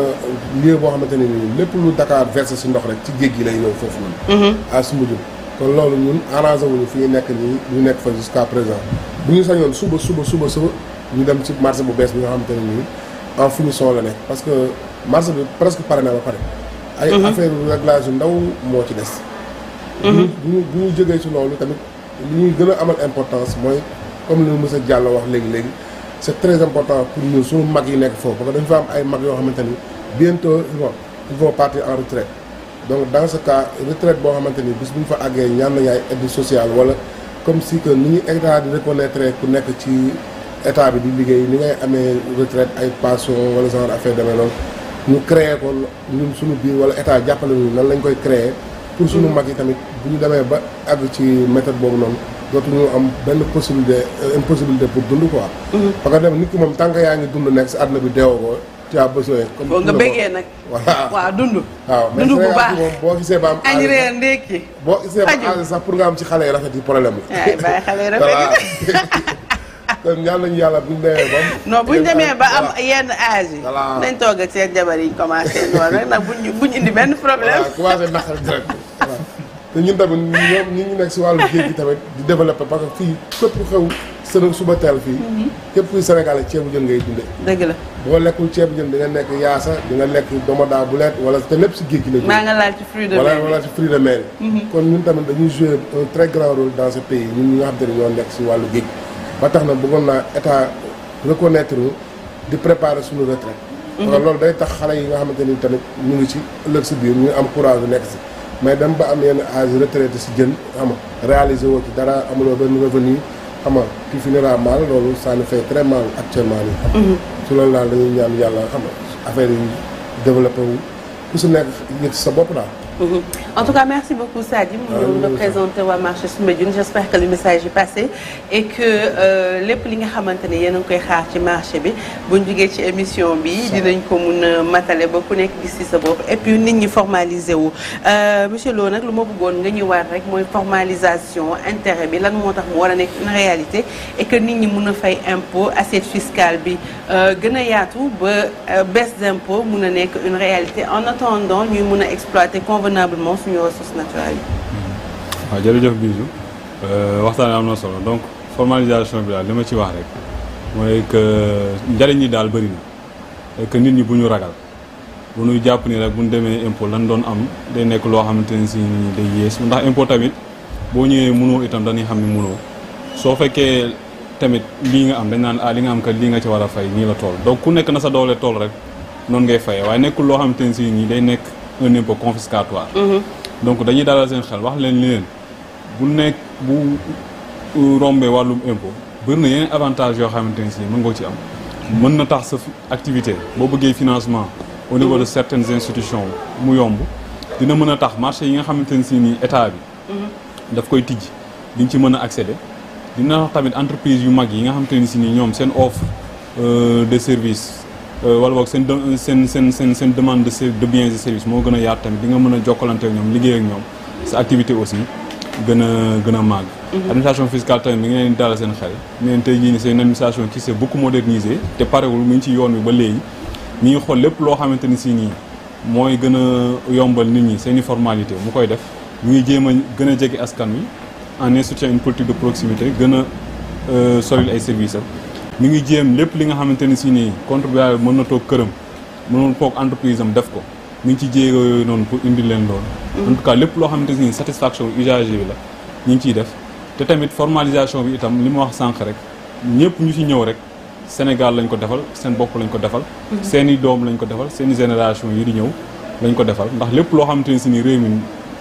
lieu boo xamante ne nii lépp lu Dakar versé si ndox rek ci géej gi lay ñëw foofu noonu. Mhm. à Soumbédioune kon loolu ñun arrangé wuñu fi nekk nii ñu nekk fa jusqu'à présent bu ñu sañoon suba suba suba suba ñu dem ci marché bu bees bi nga xamante ne nii en ah, finition la nekk parce que marché bi presque pare na ba pare. ay mhm. affaire réglage yu ndaw moo ci des. Mhm. bu bu ñu jógee ci loolu tamit li ñuy gën a amal importance mooy. comme li monsieur Diallo wax léegi léegi c' très important pour mag yi nekk foofu parce que fa am ay mag yoo xamante ni bientôt ils vont ils en retraite donc dans ce cas retraite boo xamante ni bis bu ñu fa àggee ñaan nañu ay aide wala comme si que ni ñuy état di reconnaître ku nekk ci état bi di liggéey ni ngay amee retraite ay pension wala genre affaire demee noonu ñu créer ko ñun suñu biir wala état jàppale ñu nan lañ koy créer pour suñu mm. mag yi tamit bu ñu demee ba àgg ci méthode boobu noonu dootuñu am benn possibilité euh, impossibilité pour dund quoi. Mhm. parce que dem nit ki moom tant yaa ngi dund nekk si àdduna bi deewoo ko tu as besoin. comme nga bëggee nag. voilà waaw dund. bu baax boo gisee ba am. añ reer ndékki boo gisee ba am sax pour nga am ci xale yi rafet yi problème la. waaye bàyyi xale yi yàlla buñ demee ba. non buñ demee ba am yenn âge yi. nañ toog ak jabar yi commencé noonu rek nag buñ buñ indi benn problème. waaw commencé naqari direct. te ñun tamit ñoom ñi ñu nekk si wàllu géej gi tamit di développé parce que fii képp xew sën suba teel fii mhm. képp kuy Sénégal ceebu jën ngay dundee dëgg la boo lekkul ceebu jën di nga nekk yaasa di nga lekk domoda bu leet wala te lépp gi la maa nga laal ci fruit mhm. kon ñun tamit dañuy jouer un très grand rôle dans ce ñun ñoo nekk si wàllu géej ba tax na bëggoon naa état reconnaître di préparer suñu retraite mhm. parce loolu day tax xale yi nga xamante ni tamit ñu ngi ci ëllëg si biir ñu am courage nekk si mais dem ba am yenn âge retraité si jën xam nga réalisé woo ci dara amuloo benn revenu xam nga tu finiras mal loolu ça nous fait très mal actuellement nii. Mhm. su loolu daal dañuy ñaan yàlla xam nga affaire yi développé wu ku si nekk yëg sa bopp daal. en tout cas merci beaucoup Sadim mu ñëw représenté waa marché Soumbédioune j' espère que le message est passé et que euh, lépp li nga xamante ne yéen a ngi koy xaar ci marché bi buñ jugee ci émission bi dinañ ko mun a matale ba ku nekk gis ci sa bopp et puis nit ñi formalisé wu euh, monsieur Lo nag lu ma bëggoon nga ñëwaat rek mooy formalisation intérêt bi lan moo tax mu war a nekk une réalité et que nit ñi mun a fay impôt assiette fiscale bi euh, gën a yaatu ba baisse d' impôt mun a nekk une réalité en attendant ñuy mun a exploiter convenablement suñu ressource naturelle yi. Hmm. waaw jërëjëf Bijou euh, waxtaan am na solo donc formalisation bi daal li ma ci wax rek mooy que njëriñ daal bëri na et nit ñi bu ñu ragal bu ñuy jàpp ni rek bu ñu demee impôt lan doon am day nekk loo xamante ne si day yées ndax impôt tamit boo ñëwee mënoo itam dañuy xam ne mënoo soo fekkee tamit lii nga am dañ naan ah li nga am kat lii nga ci war a fay nii la tool donc ku nekk na sa doole tool rek noonu ngay fayee waaye nekkul loo xamante ne si day nekk. un impôt confiscatoire. Mhm. donc dañuy dalal seen xel wax leen ni leen bu nekk bu rombee wàllum impôt bëri na yeneen avantage yoo xamante ne si mën nga ci am. mën na tax sa activité boo bëggee financement. au niveau de certaines institutions mu yomb. dina mën a tax marché yi nga xamante ne si nii état bi. Mhm. daf koy tijj diñ ci mën a accéder. dina tax tamit entreprise yu mag yi nga xamante ne si nii ñoom seen offre euh, de service. Euh, wala boog seen seen seen seen seen demande de de biens et moo gën a yaatu tamit di nga mën a jokkalante ak ñoom liggéey ak ñoom sa activité aussi gën a gën a màgg. Mhm. administration fiscale tamit mi ngi leen di seen xel. mi ngi tey jii nii seen une administration qui s'est beaucoup modernisée te parewul mu ngi ci yoon wi ba léegi mi ngi xool lépp loo xamante ni si nii mooy gën a yombal nit ñi seen i formalité mu koy def mu ngi jéem a gën a jege askan wi en instituant une politique de proximité gën a euh, solil ay services am mi ngi jéem lépp li nga xamante ni si nii contribuable mën na toog këram mënoon toog entreprise am def ko mi ngi ci jéego yooyu noonu pour indi leen loolu mm-hmm. en tout cas lépp loo xamante ni satisfaction usager bi la ñu ngi ciy def te tamit formalisation bi itam li ma wax sànq rek ñëpp ñu ci ñëw rek Sénégal lañ ko defal seen bopp lañ ko defal mm-hmm. seen i doom lañ ko defal seen i génération yi di ñëw lañ ko defal ndax lépp loo xamante ni si ni réew mi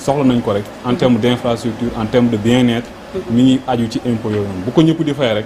soxla nañ ko rek en terme d' infrastructure en terme de bien-être mm-hmm. mi ngi aju ci impôt bu ko ñëpp di fay rek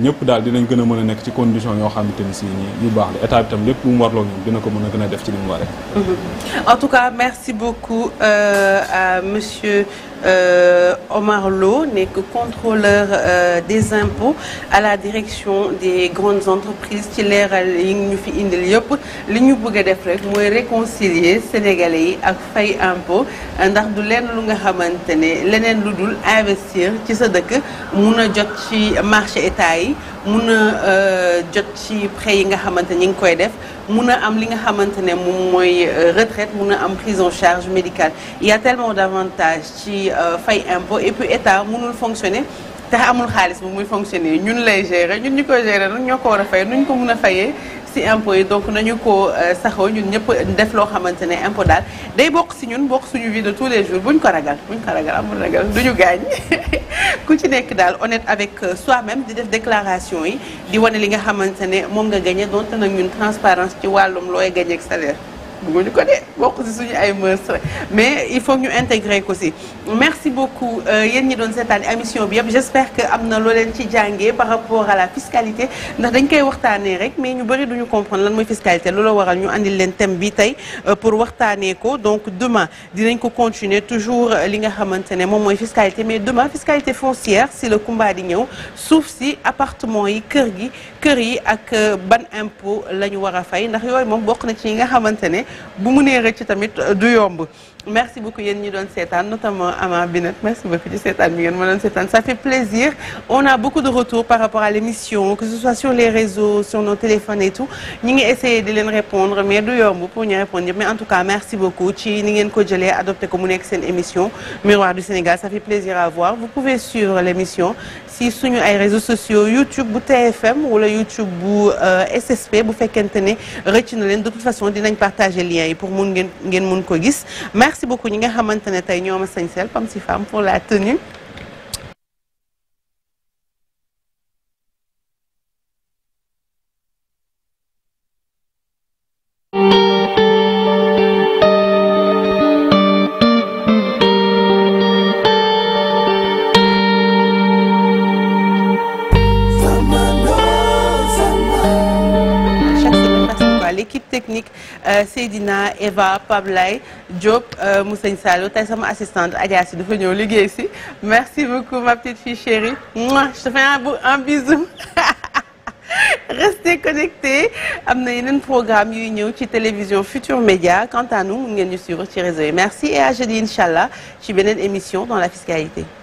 ñëpp daal dinañ gën a mën a nekk ci condition yoo xamante ni si nii yu baax la état bi tam lépp bu mu warloo ñun dina ko mën a gën a def ci li waree. Mm-hmm. en tout cas merci beaucoup euh, à monsieur. Euh, Omar Lo nekk contrôleur euh, des impôts à la direction des grandes entreprises ci leeral yi ñu fi indil yëpp li ñu bëgg a def rek mooy réconcilier sénégalais yi ak fay impôt ndax du lenn lu nga xamante ne leneen lu dul investir ci sa dëkk mun a jot ci marché état yi mun a euh, jot ci prêt yi nga xamante ñi ngi koy def mun a am li nga xamante ne moom mooy euh, retraite mun a am prise en charge médicale il y a tellement d'avantages ci euh, fay impôt et puis état mënul fonctionner te amul xaalis bu muy fonctionner ñun lay gérer ñun ñu koy gérer nag ñoo ko war a fay ñu ko mun a fayee si impôt yi donc nañu ko euh, saxoo ñun ñëpp def loo xamante ne impôt daal day bokk si ñun bokk suñu vie de tous les jours buñ ko ragal buñ ko ragal amul ragal duñu gaañ ku ci nekk daal honnête avec euh, soi-même di def déclaration yi di wane li nga xamante ne moom nga gagné donte nag ñun transparence ci wàllum looy gagné ak bëgguñu ko de bokk ci suñu ay mœurs mais il faut ñu intégrer ko ci merci beaucoup euh, yéen ñi doon seetaan émission bi yëpp j'espère que am na loo leen ci jàngee par rapport à la fiscalité ndax dañ koy waxtaanee rek mais ñu bëri duñu comprendre lan mooy fiscalité looloo waral ñu andil leen thème bi tey euh, pour waxtaanee ko donc demain dinañ ko continuer toujours euh, li nga xamante ne moom mooy fiscalité mais demain fiscalité foncière si la kumba di ñëw suuf si appartement yi kër gi kër yi ak ban impôt la ñu war a fay ndax yooyu moom bokk na ci yi nga xamante ne bu munee nee rëcc tamit euh, du yomb merci beaucoup yéen ñi doon seetaan notamment Ama Binat merci beaucoup ci seetaan bi ngeen ma doon seetaan ça fait plaisir on a beaucoup de retours par rapport à l'émission que ce soit sur les réseaux sur nos téléphones et tout ñi ngi essayer di leen répondre mais du yomb pour ñu répondre yëpp mais en tout cas merci beaucoup ci ni ngeen ko jëlee adopté ko mu nekk seen émission Miroir du Sénégal ça fait plaisir à voir vous pouvez suivre l'émission si suñu ay réseaux sociaux YouTube bu TFM wala YouTube bu euh, SSP bu fekkente ne rëcc na leen de toute dinañ partager lien yi pour mun ngeen ngeen mun ko gis merci beaucoup ñi nga xamante ne tey ñoo ma sañseel Pam si femme pour la tenue Seydina Eva Pablay Diop euh, mu sëñ Sallou tey sama assistante Adja si dafa ñëw liggéey si merci beaucoup ma petite fille chérie moi je te fais un, un bisou restez connectés am na yeneen programme yuy ñëw ci télévision Futur Média quant à nous mun ngeen ñu suivre ci réseau yi merci et à jeudi incha allah ci beneen émission dans la fiscalité